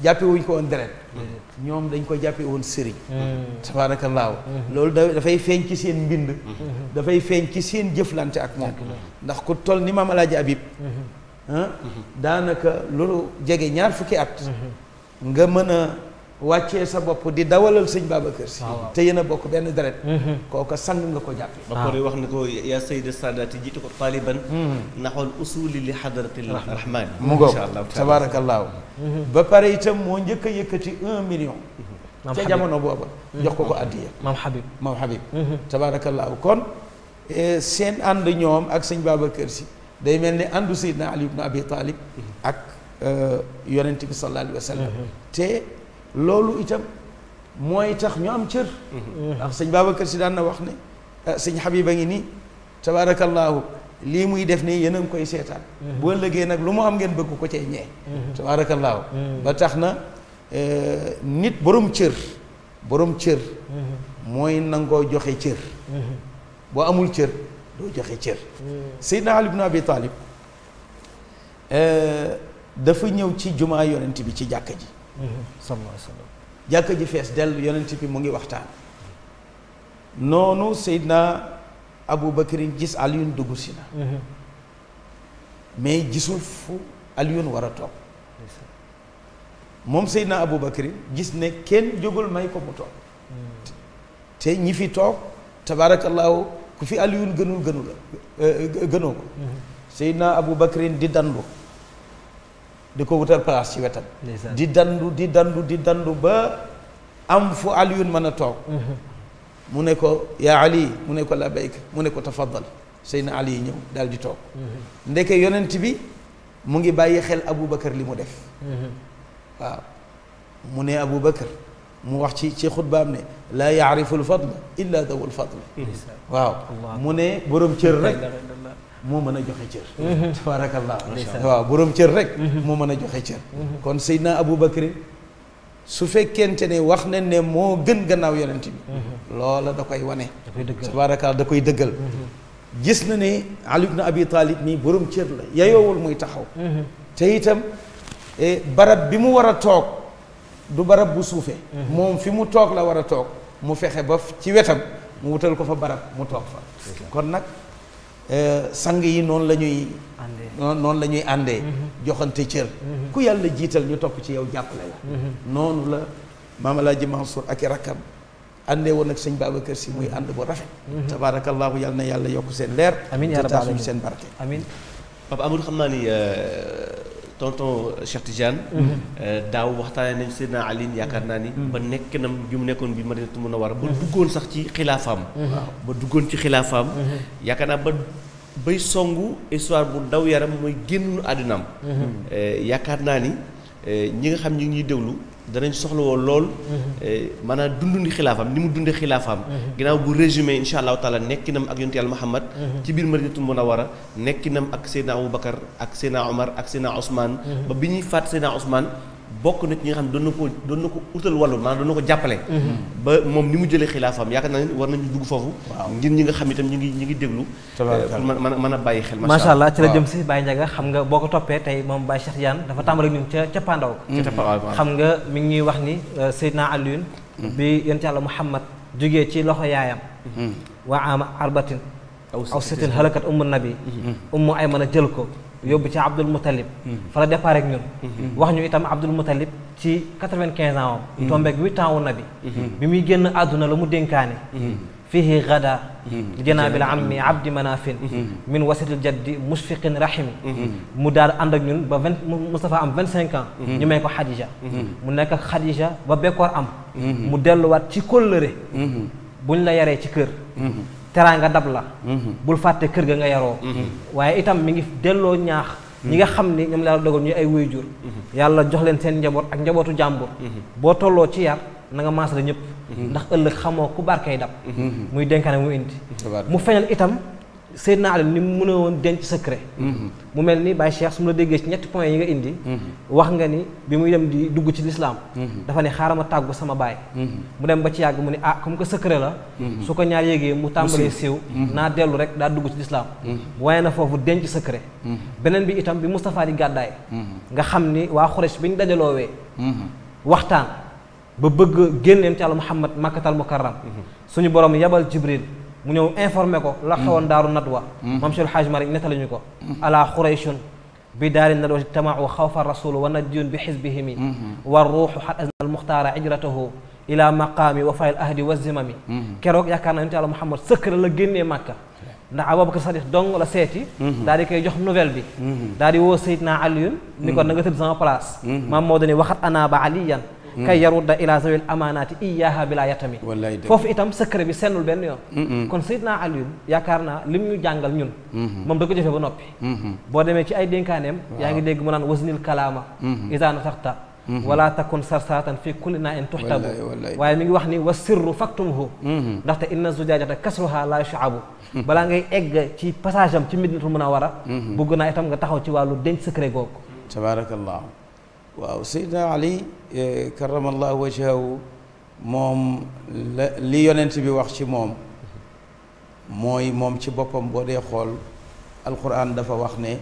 jàppe wuñ ko woon deret ñoom dañ ko jàppe woon sëriñ tabaarakallaahu loolu da dafay feeñ ci seen mbind dafay feeñ ci seen jëflante ak moom ndax ku toll ni maam Alaaji Abib ah, daanaka loolu jege ñaar fukki at nga mën a wàccee sa bopp di dawalal sëñ Babacar si te yéen a bokk benn deret mhm. kooka sang nga ko jàppe ba pare wax na ko yaa sayda saadaati jiitu ko taliban mhm. naxool usuli li xadratil rahmani mu ngoog tabaarakallaahu mhm. ba pare itam moo njëkk a yëkkati million ca jamono booba jox ko ko addiya maam Habib maam Habib tabaarakallaahu kon eh, seen ànd ñoom ak sëñ Babacar si day mel ni àndu Seydina Ali ibn Abi Talib ak eh, yonent bi sallallahu alayhi te loolu itam mooy tax ñu am cër. Mhm. ndax sëñ Babacar si daan na wax ne eh, sëñ Habib a ngi nii tabaarakallaahu lii muy def nii yéen a ngi koy seetaan. Mhm. boo ëllëgee nag lu mu am ngeen bëgg ko cee ñee. Mhm. tabaarakallaahu ba tax na eh, nit boroom cër boroom cër. mooy nangoo joxe cër. boo amul cër doo joxe cër. Seydina Ali ibn Abi Talib eh, dafa ñëw ci jumaa yonent bi ci jàkka ji. sallallahu alayhi wa sallam jàkka ji fees dell yonent bi mu ngi waxtaan noonu Seydina Abu Bakrin gis Alioune dugg si na mhm. mais gisul fu Alioune war a toog moom Seydina Abu Bakrin gis ne kenn jógul may ko mu toog te ñi fi toog tabaarakallaahu ku fi Alioune gënul gënu la euh, gënoo ko mhm. Seydina Abu Bakrin di dandu diko wutal place ci wétal di dandu di dandu di dandu ba am fu aliyun mën tok muné ko ya Ali muné ko labayk mu ne ko tafaddal sayna Ali ñëw dal di tok ndeke yonent bi mu ngi bàyyi xel abou bakkar limu def wa muné abou bakkar mu wax ci ci xutbaam ne laa yaarifu fadl illa dawu fadl wa muné borom cër rek moo mën a joxe cër mhm. tabarakallah waaw boroom cër rek mhm. moo mën a joxe cër mhm. kon Seydina Abu Bakri su fekkente ne wax na ne moo gën gannaaw yonent bi loola da koy wane tabarakallah da koy dëggal gis na ne Ali na Abi Talib nii boroom cër la yayoowul muy taxaw te itam eh, barab bi mu war a toog du barab bu suufee moom fi mu toog la war a toog mu fexe ba ci wetam mu wutal ko fa barab mu toog fa kon nag Eh, sang yi noonu la ñuy noonu la àndee mm-hmm. joxante cër mm-hmm. ku yàlla jiital ñu topp ci yaw jàppale la mm-hmm. noonu la Maam Alaaji Mansour ak i àndee woon ak sëñ kër Si muy ànd bu rafet tabaarakallaahu yàlla na yàlla yokk seen leer amiin te taasuñu seen barke tonton Cheikh Tidiane. Euh, daaw waxtaanee nañ Seydina Ali yaakaar naa ni. ba nekk na bi mu nekkoon bi Madinatu Munawwara ba duggoon sax ci xilaafaam. ba duggoon ci xilaafaam. Mhm. yaakaar naa ba bay songu histoire bu daw yaram mooy génn àddinaam. Mhm. Euh, yaakaar naa ni euh, ñi nga xam ñi ngi ñuy déglu. danañ soxlawoo lool. Mm-hmm. maanaam dundundi xilaafam ni mu dundee xilaafaam. Mm-hmm. ginnaaw bu résumé allah allahu taala nekkinam ak yonent yàlla Muhammad mm-hmm. ci biir Madinatul Munawwara nekkinam ak Seydina Aboubacar ak Seydina Omar ak Seydina Ousmane. ba bi ñuy faat Seydina Ousmane. bokk na ci ñi nga xam ne doon na ko doon na ko utal wàllu maanaam doon na ko jàppale. ba moom ni mu jëlee xilaafam yaakaar naa ne war nañu dugg foofu. ngir ñi nga xam ñu ngi ñu ngi déglu. pour euh, a mën a bàyyi xel. macha allah ci la jëm si Baye xam nga boo ko toppee tey moom Baye Cheikh Diane dafa tàmbali ñun ca ca Pandaw. xam nga mi ngi ñuy wax ni euh, Seydina Alioune. Mm-hmm. bi yonent Yàlla Muhammad jógee ci loxo yaayam. Mm-hmm. waa ama arbatin aw sitin halakat ummu nabi mm-hmm. ummu ay mën a jël ko yóbbu ci Abdul Moutalib. fa la départ ak ñun. wax ñu itam Abdul Moutalib ci quatre-vingt-quinze ans am. tombé ak huit ans wu nabi. bi muy génn àdduna la mu dénkaane. fihi gada. li janaabil ammi abdi manafin. min wasatil jaddi musfiqin rahimi. mu daal ànd ak ñun ba vingt Moustapha am vingt cinq ans. ñu may ko Khadija. mu nekk ak Khadija ba bekkoor am. mu delluwaat ci kóllëre. buñ la yaree ci kër. teraanga dab la mhm. bul faté kër ga nga yaro mhm. waye itam mi ngi delo ñaax ñi nga mhm. xamni ni la dogon ñu ay waajur yalla jox leen seen njabot ak njabotu jàmbur bo tolo ci yar na nga maasale ñep ndax ëlëk xamoo ku barkay dab muy dénkaane mu indi mu feñal itam Seydina Ali ni mëna won a woon denc secret. Mhm. mu melni bay Cheikh su degge ci ñetti point yi nga indi. Mhm. wax nga ni bi muy dem di dugg ci hmm dafa ne xaaral taggu sama sama hmm mu dem ba ci yag mu ni ah comme que secret la. Mhm. su ko ñaar yegge mu tambalé sew na delu rek da dugg ci lislaam waaye na fofu denc secret. benen bi itam bi mustafa di hmm nga xamni wa waa Xurees bi ñu dajaloowee. waxtaan ba bëgg gennem ci àll Muhammad Makkatal Mukarram suñu borom yabal Jibril. mu ñëw informé ko la xewoon daaru nadwa maam Cheikh Alhaaj Malik nettali ñu ko ala qurayshun bi daarin nadwa tamaau xawfa rasul wa najjun bi xisbihimi wa ruuxu xat azna almuxtaara ijratahu ila maqaami wa fayil ahdi wa zimami keroog yaakaar naa yonent Yàlla Muhammad sëkkër la génnee Màkka ndax Abubakar Sadiq dong la seeti daal di koy jox nouvelle bi daal di woo Seydina Aliyun ni ko na nga tëdd sama place maam moo dani waxat ana ba aliyan kay yarudda ila zawil amaanaati iyaha bi laa yatami foofu itam secret bi sennul benn yoon kon Seydina Alioune yaakaar naa lim ñu jàngal ñun mm-hmm. moom da ko jëfe ba noppi mm-hmm. boo demee ci ay dénkaaneem yaa ngi dégg mu naan wasnil kalaama mm-hmm. isaana taxta wala takun sarsaatan fi kulli naa in tuxtabu waaye mi ngi wax ni wa sirru faktumhu ndaxte inna zujaajata kasruha la shuabu balaa ngay egg ci passage am ci midinatul munawara bëgg naa itam nga taxaw ci wàllu denc secret googu tabarakallahu waaw Seydina E, karamallahu wajhahu moom la li yonent bi wax ci moom mooy moom ci boppam boo dee xool alquran dafa wax ne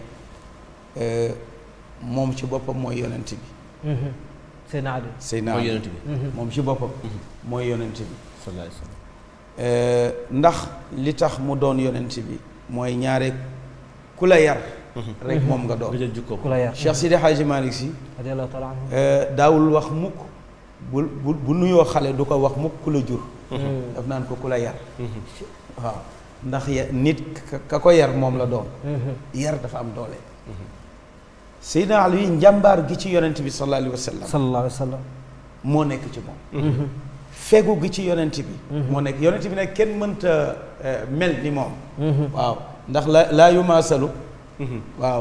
e, moom ci boppam mooy yonent bi mm-hmm. Seydina mm-hmm. ci boppam mm-hmm. mooy e, ndax li tax mu doon yonent bi mooy ñaare ku la yar rek moom nga doon Cheikh Sidi Hadji Malick Sy eh, daawul wax mukk bu bu nuyoo xale du ko wax mukk ku la jur mm-hmm. daf naan ko ku la yar mm-hmm. waaw ndax ya nit ka ko yar moom la doon mm-hmm. yar dafa am doole Seydina Ali njàmbaar gi ci yonent bi sallallahu alayhi wa sallam sallallahu alayhi wa sallam moo nekk ci moom fegu gi ci yonent bi moo nekk yonent bi nag kenn mënta eh, mel ni moom waaw ndax la laa yumaasalu waaw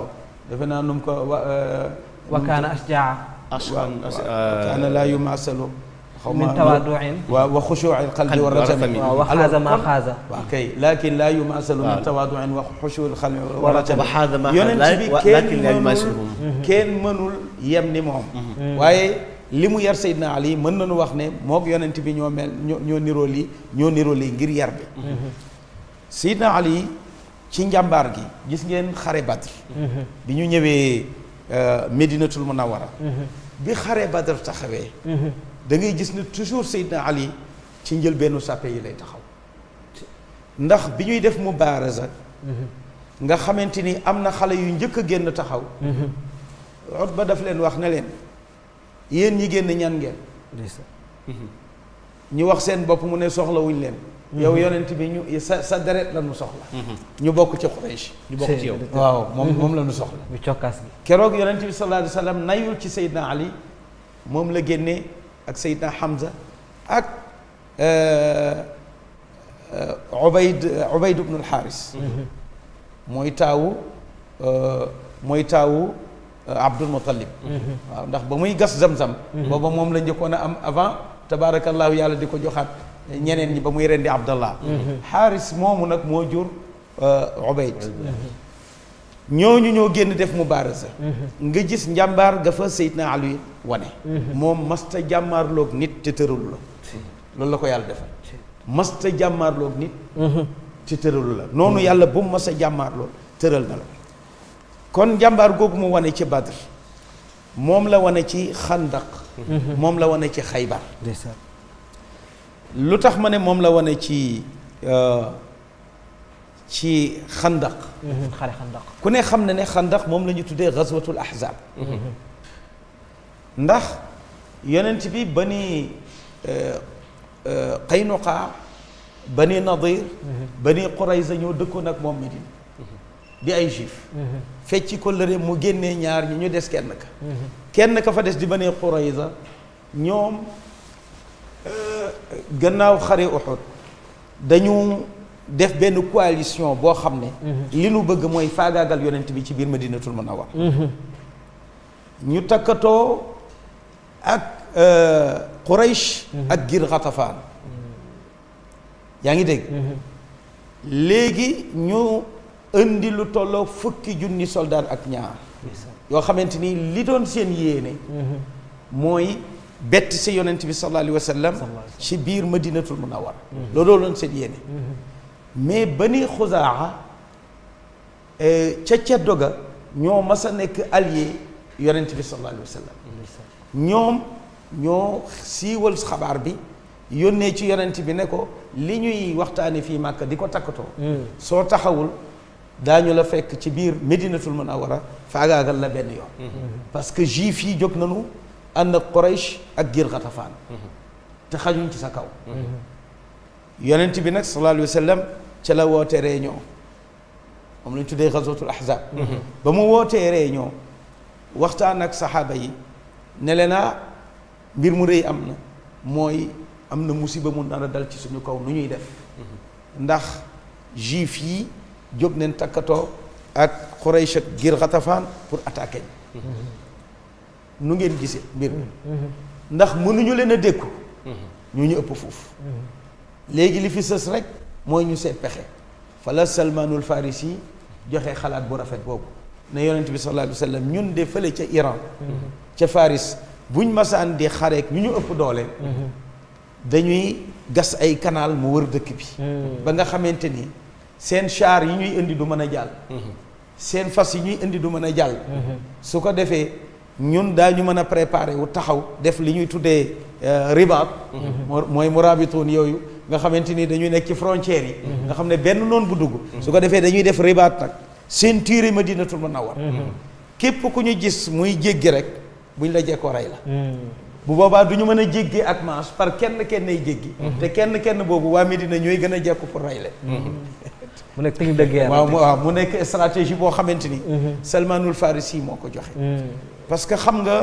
defe naa nu mu ko wa. wakaana asjaa. asxan wakaana laa yumaasalu. xaw ma min tawaaduin. waaw wa xushuuci alqalbi wa ratami. waaw wa xaaza maa xaaza. waaw kay laakin laa yumaasalu. min tawaaduin wa xushuuci alqalbi wa ratami. wa xaaza maa xaaza yonent bi kenn mënul kenn mënul yem ni moom. waaye. li mu yar Seydina Ali mën nañu wax ne moog yonent bi ñoo mel ñoo ñoo niroo lii ñoo niroo lii ngir yar bi. Seydina Ali. ci njàmbaar gi gis ngeen xare Badr bi ñu ñëwee Medinatul Munawwara bi xare Badr taxawee da ngay gis ne toujours Seydina Ali ci njël benn sàppe yi lay taxaw ndax bi ñuy def mubaaraza nga xamante ni am na xale yu njëkk génn taxaw Utba daf leen wax ne leen yéen ñi génn ñan ngeen ñu wax seen bopp mu ne soxlawuñ leen yow mhm. yonent bi ñu sa deret la ñu soxla. Mhm. ñu bokk ci Quraysh moom moom mhm. soxla. bu cokkaas bi keroog yonent bi sallallahu alayhi wa sallam moom la génnee ak Seydina Hamza ak euh, euh, Ubayd Ubayd ibn al-Haris. mooy taawu euh, mooy taawu Abdul Muttalib. waaw ndax ba muy gas zam-zam. booba moom la njëkkoon a am avant tabaarakallahu yàlla di ko joxaat. ñeneen ñi ba muy rendi abdallah xaaris moomu nag moo jur obeyd ñooñu ñoo génn def mubaarasa nga gis njàmbaar ga fa Seydina Ali wane moom masta jàmmaarloog nit te tëralu la loolu la ko yàlla defal masta jàmmaarloog nit te tëralu la noonu yàlla bu mu masta jàmmaarloog tëral na la kon njàmbaar googu mu wane ci Badr moom la wane ci xandaq moom la wane ci xaybar lu tax ma ne moom la wane ci ci xandaq xare xandaq ku ne xam na ne xandaq moom la ñu tuddee gazwatul ahzab ndax yonent bi ba ni qaynuqaa ba ni nadir ba ni qurayza ñoo dëkkoon ak moom Medine di ay juif fecci ko lëre mu génnee ñaar ñi ñu des kenn ka kenn ka fa des di ba ni qurayza ñoom gannaaw xare Uhud dañu def benn coalition boo xam ne. Mhm. li nu bëgg mooy faagaagal yonent bi ci biir ma dinatul Madinatul Munawwar mhm. ñu takkatoo ak euh, Quraysh mhm. ak Gir Xatafaan yaa ngi dégg. léegi ñu indi lu tolloo fukki junni soldaar ak ñaar. yoo xamante ni li doon seen yéene. mooy. بيت سي يونس بي صلى الله عليه وسلم شي بير مدينه المنوره لولو لون سي ديني مي بني خزاعه ا تشا دوغا ньо مسا نيك الي يونس بي صلى الله عليه وسلم ньоم ньо سيول خبار بي يوني تي يونس بي نيكو لي ني وقتاني في مكه ديكو تاكتو سو تخاول داني لا فيك تي بير مدينه المنوره فاغاغال لا بن يوم باسكو جي في جوك نانو ان قريش اجير غطفان تخرج من تساكو يلنتي بنك صلى الله عليه وسلم تلا وترينيو ام لنتو دي غزوه الاحزاب بمو وترينيو وقت انك صحابي نلنا بير موري امنا موي امنا مصيبه مو دانا دال سي سونو كو نوني ديف نداخ جيفي جوب نين تاكاتو ak quraysh ak gir khatafan pour attaquer nu ngeen gisee mbir mi mhm. ndax mënuñu leen a dékku mhm. ñu ñu ëpp foofu mhm. léegi li fi sës rek mooy ñu seet pexe fa la salmaanul farisi joxe xalaat bu rafet boobu ne yonent bi sallallahu alayhi wa ñun de fële ca Iran ca Faris buñ masaan di xareek ñu ñu ëpp doole dañuy gas ay kanaal mu wër dëkk bi ba nga xamante ni seen char yi ñuy indi du mën a jàll seen fas yi ñuy indi du mën a jàll su ko defee ñun ñu mën a préparer wu taxaw def li ñuy tuddee euh, ribaat mm-hmm. mooy murabitoon yooyu nga xamante ni dañuy nekk ci frontières yi mm-hmm. nga xam ne benn noonu bu dugg mm-hmm. su ko defee dañuy def ribaat nag ceinture ma Munawwar képp ku ñu gis muy jéggi rek buñ la jekkoo rey la bu boobaa du ñu mën a jéggi ak manche par kenn kenn ay jéggi te kenn kenn boobu waa Medina ñooy gën a jekku pour rey leen mu nekk waaw mu nekk stratégie boo xamante ni Salmanul Farisi moo ko joxe parce que xam nga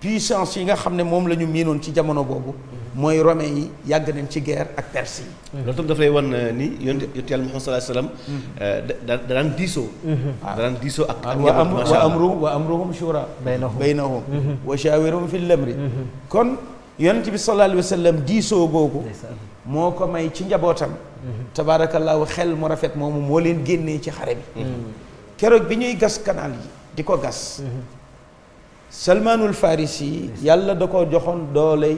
puissance yi nga xam ne moom la ñu miinoon ci jamono boobu mooy romain yi yàgg nañ ci guerre ak perse yi loolu tam daf lay wan ni yonent yonent yàlla Muhammad sallallahu alayhi wasallam da daan diisoo da daan diisoo ak wa amru wa amruhum shura baynahum wa shawiruhum fil amri kon yonent bi sallallahu alayhi wasallam diisoo googu moo ko may ci njabootam tabaarakallaahu xel mu rafet moomu moo leen génnee ci xare bi keroog bi ñuy gas kanaal yi di ko gas salmaanul farisi yàlla da ko joxoon dooley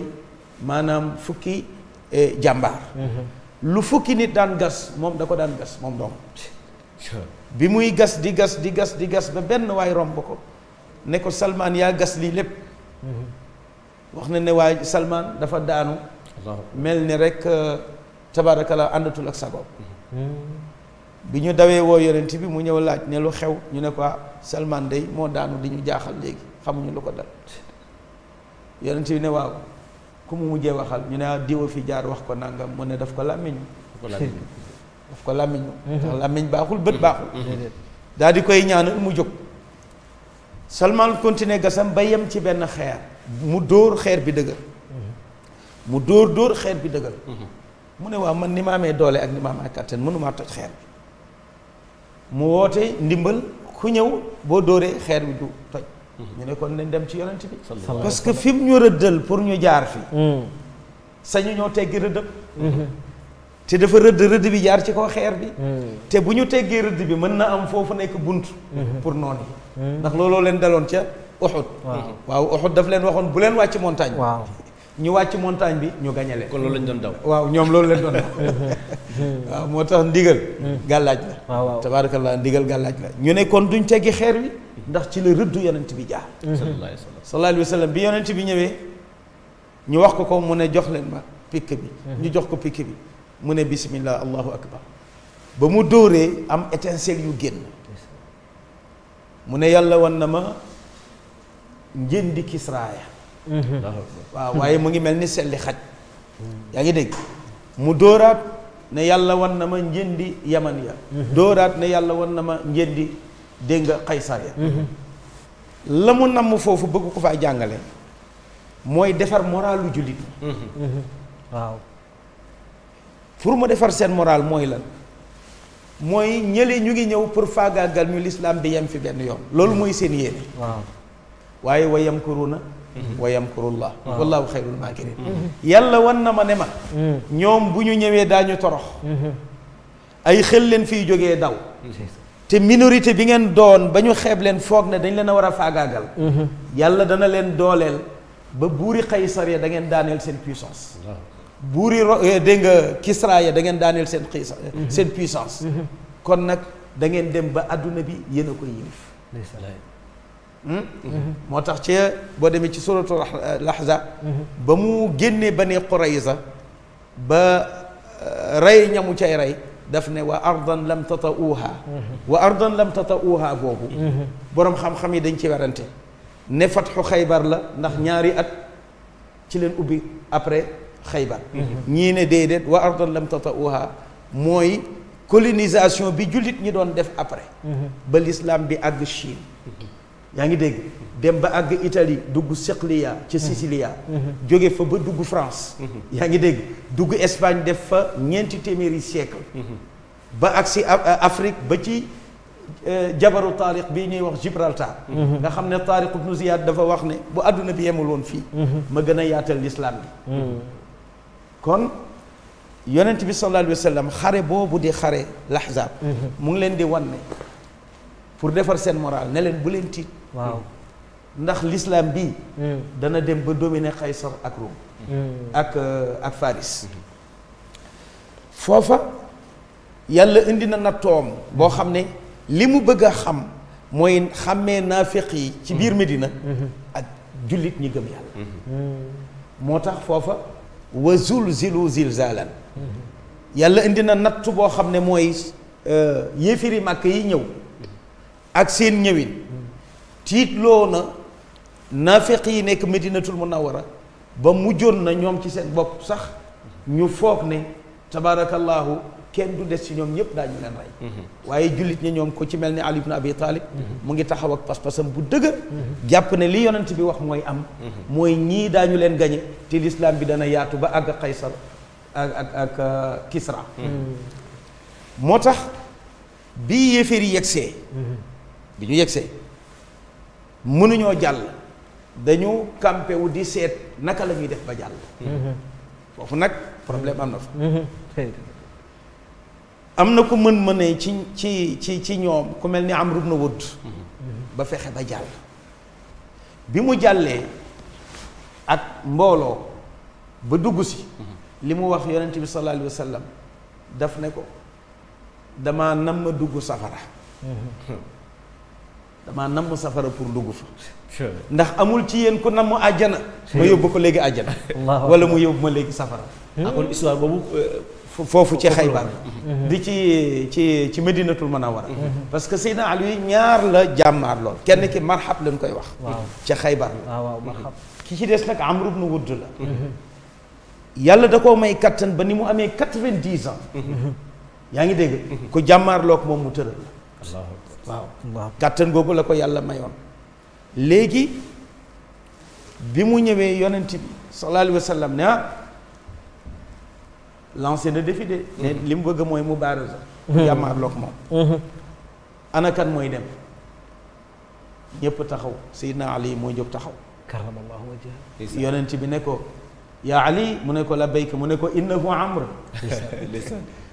maanaam fukki eh, jàmbaar lu fukki nit daan gas moom da ko daan gas moom doom bi muy gas di gas di gas di gas ba benn waay romb ko ne ko salmaan yaa gas lii lépp wax na ne waay salmaan dafa daanu mel ni rek eh, tabaarakala àndatul ak sagoom hmm. bi ñu dawee woo yonent bi mu ñëw laaj ne lu xew ñu ne ko ah, Salman day moo daanu di ñu jaaxal léegi xamuñu lu ko dal yonent ne waaw ku mu mujjee waxal ñu ne ah diwa fi jaar wax ko nangam mu ne daf ko làmmiñu daf ko làmmiñu mhm. làmmiñ baaxul bët baaxul mhm. Mhm. daal di koy ñaanal mu jóg Salman continué gasam ba yem ci benn xeer mu dóor xeer bi dëgër mu dóor dóor xeer bi dëgër mu ne waaw man ni ma amee doole ak ni ma amee kàttan mënumaa toj xeer bi mu woote ndimbal ku ñëw boo dóoree xeer bi du toj mhm. ñu ne kon nañ dem ci yonent bi parce que fi mu ñu rëddal pour ñu jaar fi mm. sañu ñoo teggi rëddam mhm. te dafa rëdd rëdd bi jaar ci kaw xeer bi mm. te bu ñu teggee rëdd bi mën na am foofu nekk bunt mhm. pour noon yi mm. ndax looloo leen daloon ca Uhud waaw Uhud daf leen waxoon bu leen wàcc montagne ñu wàcc montagne bi ñu gañale ko loolu lañ doon daw waaw ñoom loolu leen doon daw waaw moo tax ndigal gàllaaj la waaw ndigal gàllaaj la ñu ne kon duñ teggi xeer wi ndax ci la rëddu yonent bi jaar mhm. sallallahu alayhi wa sallam bi yonent bi ñëwee ñu wax ko ko mu ne jox leen ma pikk bi mhm. ñu jox ko pikk bi mu ne bismillah allahu akbar ba mu dóoree am étincelle yu génn mu ne yàlla wan na ma njëndi kisraaya waaw waaye mu ngi mel ni selli xaj yaa ngi dégg mu dóoraat ne yàlla wan na ma njëndi yaman ya dóoraat ne yàlla wan na ma njëndi dégg nga ya la mu namm foofu bëgg ko faa jàngale mooy defar moralu julit waaw pour mu defar seen moral mooy lan mooy ñëli ñu ngi ñëw pour faagaagal ñu l'islam bi yem fi benn yoon loolu mooy seen yéene waaw waaye wa kuruna ويمكر الله آه. والله خير الماكرين يلا ونا ما نما نيوم بونيو نيوي دانيو تروخ اي خيل لين في جوغي داو تي مينوريتي بي نين دون بانيو خيب لين فوك ني دنج لنا ورا فاغاغال يلا دانا لين دولل با بوري قيصر يا دنج دانيل سين بويسونس بوري دنج كسرا يا دنج دانيل سين قيصر سين بويسونس كون نك دنج ديم با ادونا بي يينا كو ييف ديسالاي moo tax ca boo demee ci suratu laxza ba mu génnee ba ne qurayza ba rey ñamu cay rey daf ne wa ardan lam tata'uha wa ardan lam tata'uha boobu boroom xam-xam yi dañ ci werante ne fatxu xaybar la ndax ñaari at ci leen ubbi après xaybar ñii ne déedéet wa ardan lam tata'uha mooy colonisation bi jullit ñi doon def après ba l'islam bi àgg Chine yaangi deg dem ba ag italy dugg seclia ci mm-hmm. sicilia mm-hmm. joge fa ba dugg france إسبانيا mm-hmm. deg dugg espagne def fa ñenti temeri siècle ba جبر طارق بيني وخ جبرالتار نا خامني طارق بن زياد دا فا واخني بو ادنا بي في ما غنا الاسلام كون يونت بي صلى الله عليه وسلم خاري بو دي خاري لحظه مولين نلن دي واني بور ديفر سين مورال نلن بولين waaw hmm. ndax l'islam bi hmm. dana dem ba dominer Qaysar ak Rome hmm. ak euh, ak Faris foofa yàlla indi na nattoom boo xam ne li mu bëgg a xam mooy xàmmee naafiq yi ci biir Medina ak jullit ñi gëm yàlla moo tax foofa wa zulzilu zilzalan yàlla indi na natt boo xam ne mooy euh, yéefiri màkk yi ñëw ak seen ñëwin tiitloo na naafeq yi nekk Medinatul Munawwara ba mujjoon na ñoom ci seen bopp sax ñu foog ne tabaarakallaahu kenn du des ci ñoom ñëpp daañu leen rey mhm. waaye jullit ñi ñoom ko ci mel ni Ali ibn Abi Talib mhm. mu ngi taxaw ak pas-pasam bu dëgër mhm. jàpp ne li yonent bi wax mooy am mooy ñii daañu leen gañe te lislaam bi dana yaatu ba àgg Qaysar ak ak ak euh, Kisra moo tax bi yéeféer yi yegsee bi ñu yegsee mënuñoo jàll dañu campé di seet naka lañuy def ba jàll mhm. foofu nag problème am na fa mhm. am na ku mën mënee ci ci ci ci ñoom ku mel ni Amr ibn Wudd mhm. ba fexe ba jàll bi mu jàllee ak mbooloo ba dugg si li mu wax yonent bi sallallahu alayhi wa daf ne ko dama nam ma dugg safara hmm. damaa namm safara pour dugg fa ndax amul ci yéen ku namm àjjana ma yóbbu ko léegi àjjana wala mu yóbbu ma léegi safara hmm. akon histoire boobu euh, foofu ci Xaybar mhm. hmm. di ci ci ci Medinatul a hmm. parce que Seydina Ali ñaar la jàmmaar lool kenn ki marxab lañ koy wax ca Xaybar la ki ci des nag Amr ibn Wudd la yàlla da koo may kattan ba ni mu amee quatre-vingt-dix ans yaa ngi dégg ku jàmmaarloog moom mu tëral waaw kàttan googu la ko yàlla mayoon léegi bi mu ñëwee yonent bi sallallahu alayhi ne ah lancé na défi de ne hmm. li mu bëgg mooy mu baaraza hmm. jàmmaarloog moom hmm. anakan mooy dem ñëpp taxaw Seydina Ali moo jóg taxaw karamallahu wajha yonent bi ne ko yaa Ali mu ne ko labbayka mu ne ko innahu amr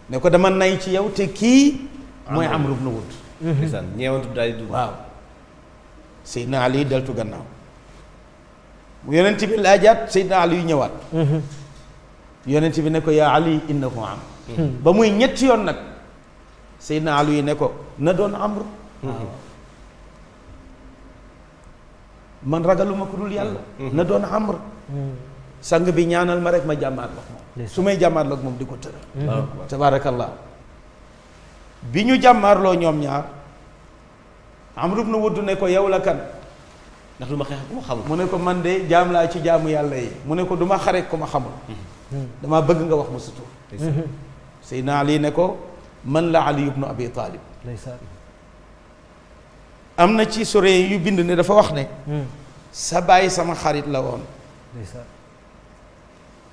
ne ko dama nay ci yow te kii mooy amr ibn Wud Mhm. ndeysaan na daal di dugg waaw Seydina Ali deltu gannaaw mu bi laajaat Seydina Ali ñëwaat mhm. yonent bi ne ko yaa Ali innahu am mhm. ba muy ñetti yoon nag Seydina yi ne ko na doon amru man ragaluma ku dul yàlla na doon amr sang bi ñaanal ma rek ma jàmmaat la su may jàmmaat la moom di ko tëral tabarakallah bi ñu jàmmaarloo ñoom ñaar Amru na Wudd ne ko yow la kan ndax du ma xeex ku ma xamul mu ne ko man de jaam laa ci jaamu yàlla yi mu ne ko duma ma xare ko ma xamul hmm. damaa bëgg nga wax ma sa tur hmm. lii ne ko man la Ali ibn Abi Talib am na ci sore yu bind ne dafa wax ne hmm. sa bàyyi sama xarit la woon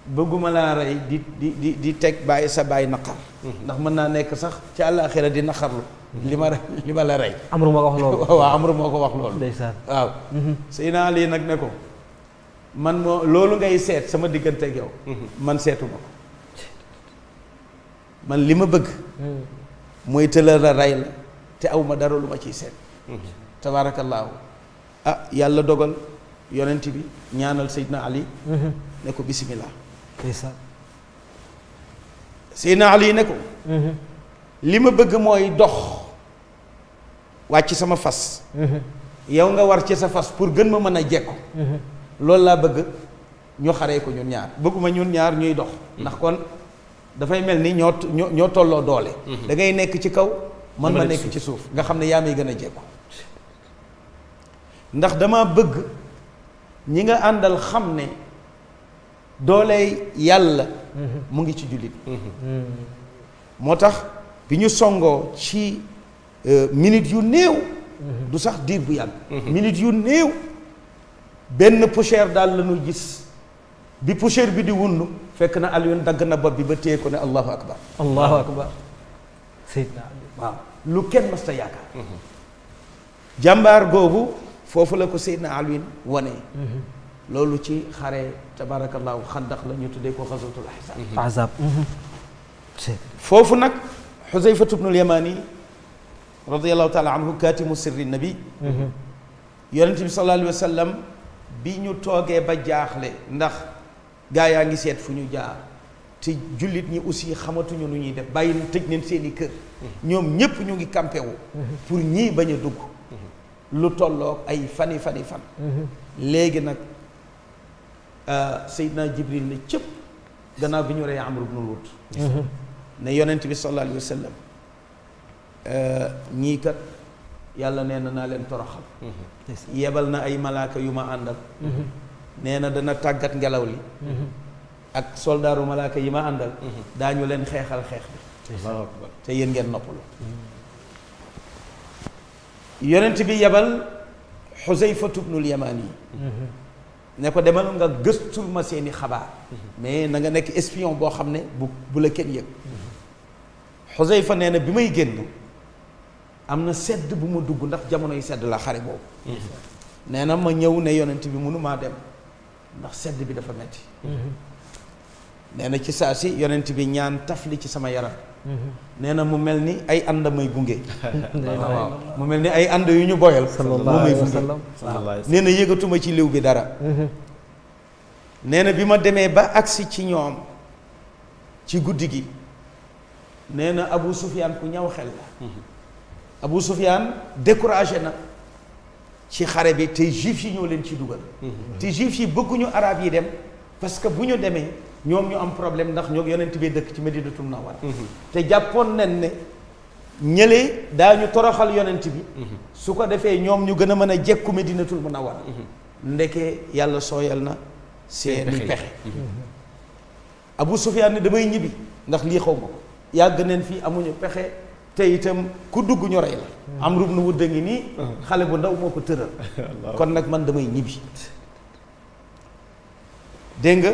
bëgguma laa rey di di di teg bàyyi sa baay naqar hmm. ndax mën naa nekk sax ci àllaaxira di naqarlu hmm. li ma li ma la rey amru moo ko wax loolu waaw amru moo hmm. naa lii nag ne ko man moo loolu ngay seet sama diggante ak yow man seetuma ko man li ma bëgg mooy tëlal la rey la te aw dara lu ma ciy seet tabaarakallaahu ah yàlla dogal yonent bi ñaanal Seydina Ali ne ko bisimilah Seydina yi ne ko mhm. li ma bëgg mooy dox wàcc sama fas mhm. yow nga war ci sa fas pour gën ma mën a jekku mhm. loolu laa bëgg ñu xaree ko ñun ñaar bëgguma ñun ñaar ñuy dox ndax kon dafay mel ni ñoo ñoo tolloo doole da nekk ci kaw mën ma nekk ci suuf nga xam ne yaa may gën a jekku ndax dama bëgg ñi nga àndal xam ne doole yàlla mu ngi ci jullit moo tax bi ñu songoo ci euh, minute yu néew du sax diir bu yàgg minute yu néew benn poussière daal la ñu gis bi poussière bi di wund fekk na Alioune dagg na bopp bi ba téye ko ne allahu akbar allahu akbar seydna waaw lu kenn mas yaakaar jàmbaar googu foofu la ko seydna Alioune wane mhm. loolu ci xare tabarakallah xandax la ñu tuddee ko xasatul ahzab foofu nag xuseyfatu bnul yamaani radiallahu taala anhu kaatimu sirri nabi yonent bi sallallahu alayhi wa sallam bi ñu toogee ba jaaxle ndax gaa yaa ngi seet fu ñu jaar te jullit ñi aussi xamatuñu nu ñuy def bàyyi tëj neen seeni kër ñoom ñépp ñu ngi campé wu pour ñii bañ dugg lu tolloog ay fani fani fan léegi nag Seydina Jibril ne cëpp gannaaw bi ñu rey Amr ibnul Wud ne yonent bi sallallahu alayhi wa sallam ñii kat yàlla nee na naa leen toroxal yebal na ay malaaka yu ma àndal nee na dana tàggat ngelaw li ak soldaaru malaaka yi ma àndal daañu leen xeexal xeex bi te yéen ngeen noppalu yonent bi yebal Xuseyfatu bnul Yamaan yi ne ko demal nga gëstul ma seeni xabaar mais nanga nekk espion boo xam ne bu bu la kenn yëg Xuseyfa nee na bi may génn am na sedd bu ma dugg ndax jamonoy sedd la xare boobu nee na ma ñëw ne yonent bi mënumaa dem ndax sedd bi dafa metti mhm. nee na ci saa si yonent bi ñaan taf li ci sama yaram nee na mu mel ni ay ànd may gunge. waaw mu mel ni ay ànd yu ñu boyal. sallallahu alayhi wa sallam nee na yëgatuma ci liw bi dara. Mm-hmm. nee na bi ma demee ba agsi ci ñoom ci guddi gi nee na Abu Sufyaan ku ñaw xel la. Mm-hmm. Abu Sufyaan découragé na ci xare bi te juif yi ñoo leen ci dugal. Mm-hmm. te juif yi bëgguñu araab yi dem parce que bu ñu demee. ñoom ñu am problème ndax ñoo yonent bi dëkk ci Medinatul Munawwara mhm. te jàppoon nañ ne ñële daañu toroxal yonent bi mhm. su ko defee ñoom ñu gën a mën a jekku Medinatul Munawwara mhm. ndeke yàlla sooyal na seeni pexe Abu Sufyaan ne damay ñibbi ndax lii xaw ma ko yàgg neen fii amuñu pexe te itam ku dugg ñu la am rub nu wudd a ngi nii xale bu ndaw moo ko tëral kon nag man damay ñibbi dégg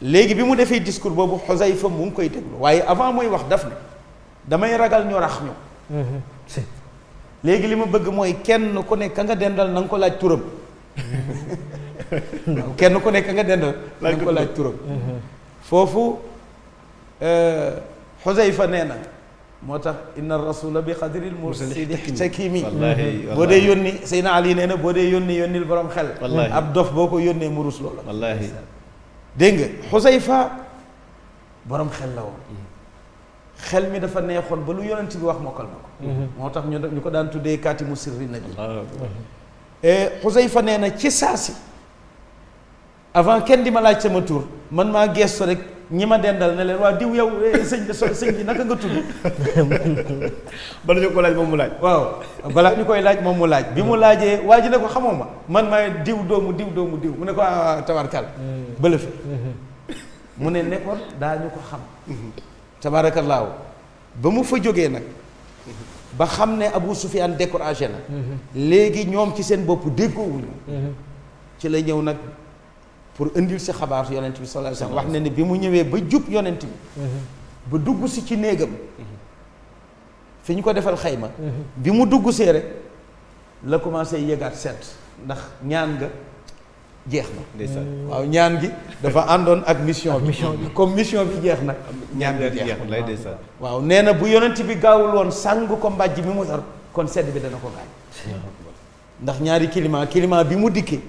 léegi bi mu defee discours boobu Xuzayfa mu ngi koy déglu waaye avant mooy wax daf ne damay ragal ñu rax ñu léegi li ma bëgg mooy kenn ku nekk ka nga dendal na nga ko laaj turam kenn ku nekk ka nga dendal na nga ko laaj turam foofu Xuzayfa nee na moo tax inna rasula bi qadril mursidi xtakimi boo dee yónni Seydina Ali nee na boo dee yónni yónnil borom xel ab dof boo ko yónnee mu rus loola dégg nga fa boroom xel la woon xel mi dafa neexoon ba lu yonent bi wax mokkal na ko mhm. moo tax ñu ñu ko daan tuddee kaati mu sirri na bi fa nee na ci saasi avant kenn di ma laaj sama tur man maa geestu rek ñi ma dendal ne leen waaw diw yow eh, sëñ sëñ bi naka nga tudd. bala ñu waaw balaa ñu koy laaj moom mu laaj. bi mu laajee waa ji ne ko xamoo ma man maay diw doomu diw doomu diw mu ne ko ah tabarkal mm. bële mm-hmm. mu ne nekkoon daa ñu ko xam. Mm-hmm. tabaarakallaahu ba mu fa jógee nag. ba xam ne Abu Sufyaan découragé na. Mm-hmm. léegi ñoom ci seen boppu déggoowuñu ci la ñëw nag. pour indil si xabaar yonent bi sallallahu alayhi wax ne ne bi mu ñëwee ba jub yonent bi ba dugg si ci néegam fi ñu ko defal xayma bi mu dugg see rek la commencé yëgaat seet ndax ñaan nga jeex na waaw ñaan gi dafa àndoon ak mission bi comme mission bi jeex na ñaan nga waaw nee na bu yonent bi gaawul woon sàng ko mbàjj mi mu yor kon sedd bi dana ko gaañ ndax ñaari climat climat bi mu dikkee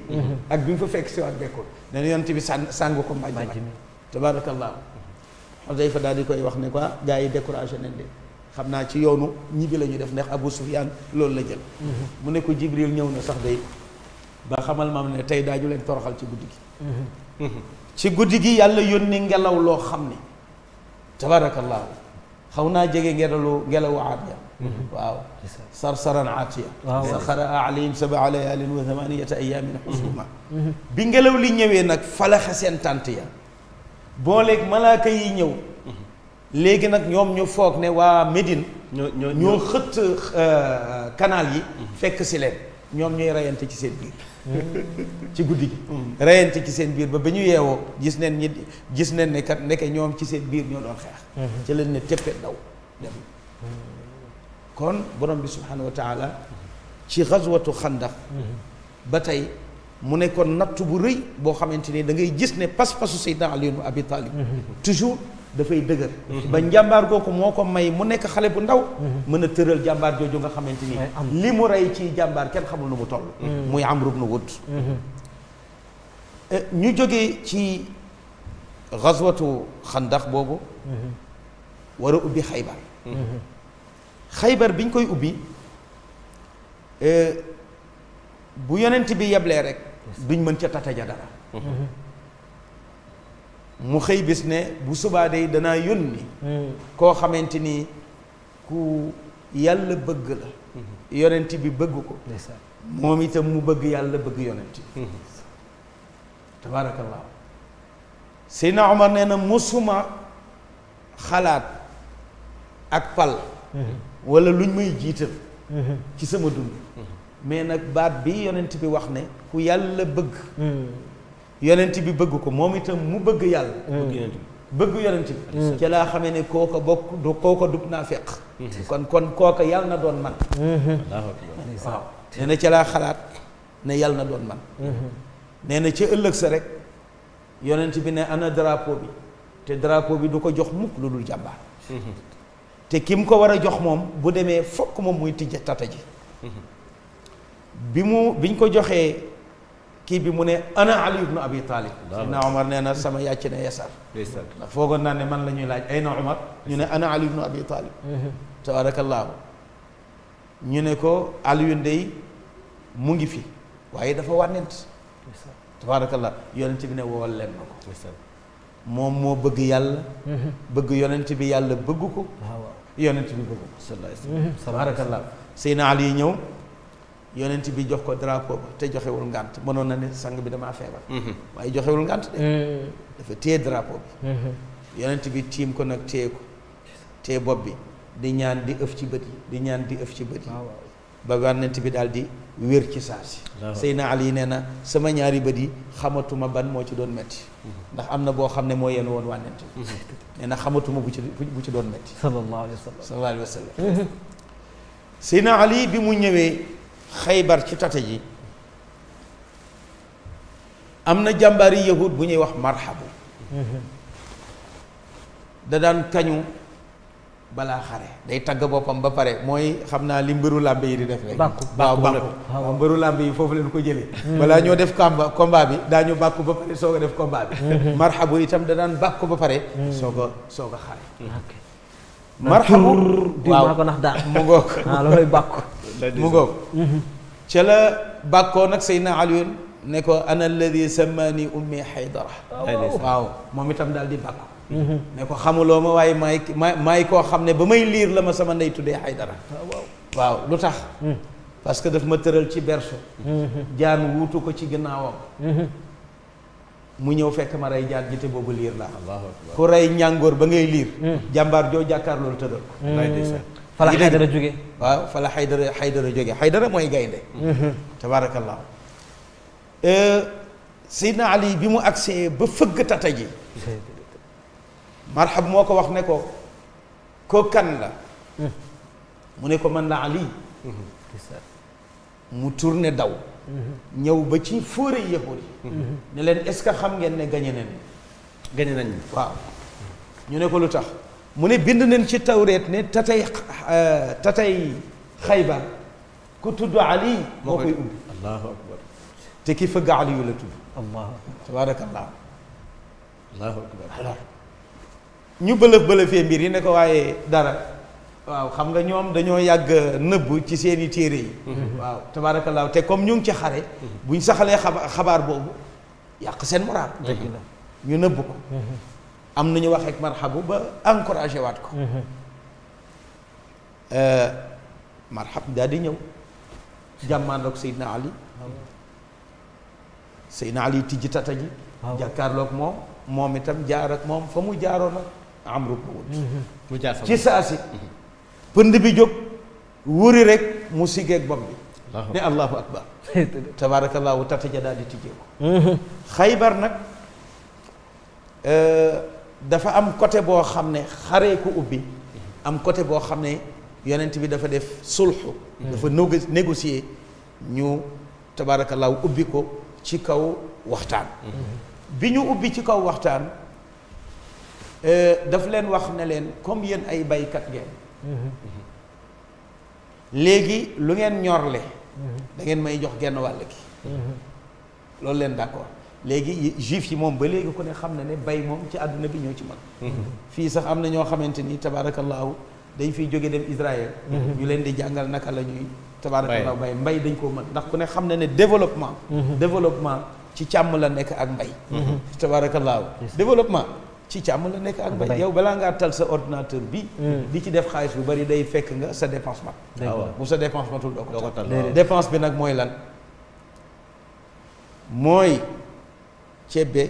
ak bi mu fa fekk ci wat bekkul nee na yonent bi sangu ko mbàjj ma tabaarakallaahu Xudayfa daal di koy wax ne quoi gaay yi découragé nañ de xamna ci yoonu ñi bi lañu def ndax Abu sufyan loolu la jël mu ne ko Jibril ñëw na sax day ba xamal mam ne tay daañu leen toroxal ci guddigi ci guddigi yàlla yónni ngelaw lo xam tabarakallah xawna xaw naa jege ngelawu ngelawu aad واو صرصرا عاتيا سخر عليهم سبع ليال وثمانية أيام حسوما بنجلو لي نيوي نك فلا خسن تانتيا بولك ملاكا يي نيو léegi nag ñoom ñu foog ne waa Médine ñoo xëtt canal yi fekk si leen ñoom ñooy reyante ci seen biir ci guddi gi reyante ci seen biir ba ba ñu yeewoo gis neen ñi gis neen ne kat ndeke ñoom ci seen biir ñoo doon xeex ci leen ne téppet daw dem kon borom bi subhanahu wa taala ci xaswatu xandax ba tey mu nekkoon natt bu rëy boo xamante da ngay gis ne pas-pasu Seydina Ali ibn Abi Talib toujours dafay dëgër ba njàmbaar googu moo ko may mu nekk xale bu ndaw mën a tëral jàmbaar jooju nga xamante ni li mu rey ci jàmbaar kenn xamul nu mu toll muy Amr ibn Wudd ñu jógee ci xaswatu xandax boobu war a ubbi xaybar bi ñu koy ubbi e, bu yonent bi yeblee rek duñ mën ca tataja dara mm-hmm. mu xëy bis ne bu subaa day danaa yónni mm. koo xamante ni ku yàlla bëgg la mm-hmm. yonent bi bëgg ko moom itam mu bëgg yàlla bëgg yonent bi mm-hmm. tabaarakallaahu Seydina Omar nee na musuma xalaat ak pal wala luñ may jiital ci sama dund mais nag baat bi yonent bi wax ne ku yàlla bëgg yonent bi bëgg ko moom itam mu bëgg yàlla bëgg yonent bi ci laa xamee ne kooka bokk du kooka dub naa feq kon kon kooka yàlla na doon man waaw nee na ci laa xalaat ne yàlla na doon man nee na ci ëllëg sa rek yonent bi ne ana drapeau bi te drapeau bi du ko jox mukk lu dul jàmbaar te ki mu ko war a jox moom bu demee fokk moom muy tijj tata ji bi mu biñ ko joxee kii bi mu ne ana ali ibnu abi talib sidna omar nee na sama yàcc ne yasar ndax foogoon naa ne man la ñuy laaj ay na omar ñu ne ana ali ibnu abi talib mhm. ñu ne ko aliyu ndey mu ngi fi waaye dafa wànnent tabaarakallaahu yonent bi ne woowal leen ko moom moo bëgg yàlla mhm. bëgg yonent bi yàlla bëgg ko yonent bi bëgg sallallahu alayhi wasallam mm-hmm. tabarakallah Seydina Ali yi ñëw yonent bi jox ko drapeau ba te joxewul ngànt mënoon na ne sang bi damaa feebar mm-hmm. waaye joxewul ngànt de mm-hmm. dafa téye drapeau bi yonent bi tiim ko nag téye ko téye bopp bi di ñaan di ëf ci bët yi di ñaan di ëf ci bët yi ba yonent bi daal di wér ci saa seyna Ali neena sama ñaari beedi yi xamatuma ban mo ci doon metti ndax amna bo xamne mo ne moo yenn woon wànnent nee xamatuma bu ci bu ci doon metti sallallahu alaihi wasallam sallallahu alaihi wasallam seyna Ali bi mu ñewé khaybar ci tata ji amna na jàmbaari yahud bu ñuy wax marhabu da daan kañu balaa xare day tagg boppam ba pare mooy xam naa li mbëru làmb yi di def rek waaw bàkku waaw mbëru làmb yi foofu leen ko jëlee hmm. balaa ñoo def combat komba bi daañu bàkku ba pare soog a def combat bi hmm. hmm. marxabu itam danaan bàkku ba pare soog a soog waaw ko ndax daal mu ngoog ah, ca la bàkkoo nag Seydina Alioune ne ko ana alladi sammaani ummi Haydara oh. waaw moom itam daal di bàkku Mm-hmm. ne ko xamuloo ma waaye maay ma maay koo xam ne ba may liir la ma sama ndey tuddee Aydara ah, waaw lu tax mm. parce que daf ma tëral ci berso mm-hmm. jaan wuutu ko ci gannaawam mm-hmm. mu ñëw fekk ma rey jaan jite boobu liir la ku rey ñàngoor ba ngay liir mm. jàmbaar joo jàkkaar loolu tëral mm. fala xaydara jóge waaw fala xaydara xaydara jóge xaydara mooy gaynde tabaarakallaahu euh, Seydina Ali bi mu agsee ba fëgg tata ji مرحب موكو واخ نيكو كو كان لا مو نيكو من لا علي مو تورني داو نيو با تي فوري يهودي نلن اسكا خام نين ني غاني نين غاني نين واو ني نيكو لوتاخ مو ني بيند نين سي توريت ني تاتاي تاتاي خيبا كتود علي موكاي اوبي الله اكبر تي كيف غالي ولا تود الله تبارك الله الله اكبر ñu bëlëf bëlëfee mbir yi ne ko waaye dara waaw xam nga ñoom dañoo yàgg nëbb ci seeni téere yi waaw tabaarakallaahu te comme ñu ngi ci xare buñ saxalee xabaar boobu yàq seen moral ñu nëbb ko am nañu wax ak marxabu ba encouragé waat ko euh, marxab daal di ñëw jàmmaandoog Seydina Ali Seydina Ali tijji tata ji jàkkaarloog moom moom itam jaar ak moom fa mu jaaroon ak am rub mhm. mu jaar ci saa si pënd bi jóg wuri rek mu sigeeg bopp bi ne allahu akbar tabaarakallaahu tataja daal di tijjee ko mhm. xaybar nag euh, dafa am côté boo xam ne xaree ko ubbi am côté boo xam ne yonent bi dafa def sulxu mhm. dafa négocier ñu tabaarakallaahu ubbi ko ci kaw waxtaan bi ñu ubbi ci kaw waxtaan Euh, daf leen wax ne leen comme yéen ay baykat ngeen léegi lu ngeen ñorle da ngeen may jox genn wàll gi loolu leen d'accord léegi juif yi moom ba léegi ku ne xam na ne bay moom ci àdduna bi ñoo ci mag fii sax am na ñoo xamante ni tabaarakallaahu dañ fiy jóge dem Israël ñu leen di jàngal naka la ñuy tabaarakallaahu bay mbay dañ koo mën ndax ku ne xam na ne développement mhm. développement ci càmm la nekk ak mbay mhm. tabaarakallaahu développement ci càmm la nekk ak mbay yow balaa ngaa tal sa ordinateur bi hmm. di ci def xaalis bu bari day fekk nga sa dépense mat waaw ah bu sa dépense matul doo ko tal dépense bi nag mooy lan mooy ceeb be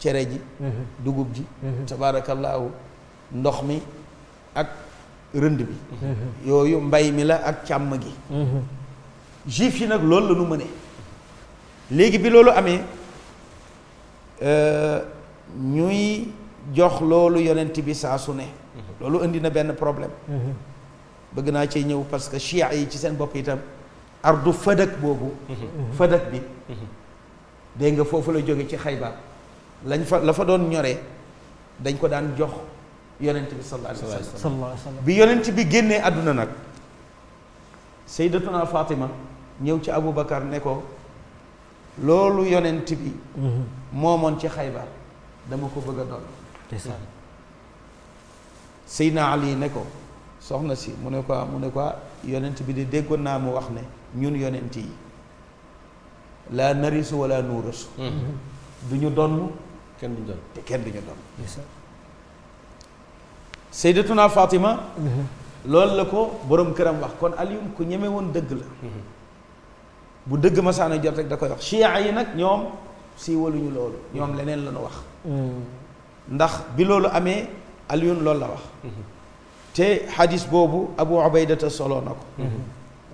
cere ji hmm. dugub ji hmm. tabaarakallaahu ndox mi ak rënd bi yooyu mbay mi la ak càmm gi juif yi nag loolu la ñu mënee léegi bi loolu amee euh, ñuy jox loolu yonent bi saa su ne mhm. loolu indi na benn problème mhm. bëgg naa cee ñëw parce que chia yi ci seen bopp itam ardu fadak boobu mhm. fadak bi dégg nga foofu la jóge ci xayba lañ fa la fa doon ñore dañ ko daan jox yonent bi sallallahu alayhi wa sallam bi yonent bi génnee àdduna nag sayyidatuna Fatima ñëw ci Aboubacar ne ko loolu yonent bi moomoon ci xaybar dama ko bëgg a doon ndeysaan Seydina Ali ne ko soxna si mu ne ko mu ne ko yonent bi di déggoon naa mu wax ne ñun yonent yi laa narisu wala nuurasu du ñu donn kenn duñu donn te kenn duñu donn Seydatuna Fatima loolu la ko borom këram wax kon Alioum ku ñeme woon dëgg la bu dëgg ma saana jot rek da koy wax chia yi nag ñoom siiwaluñu loolu ñoom leneen la ñu wax ndax bi loolu amee Alioune loolu la wax te xadis boobu Abu Ubaydata soloo na ko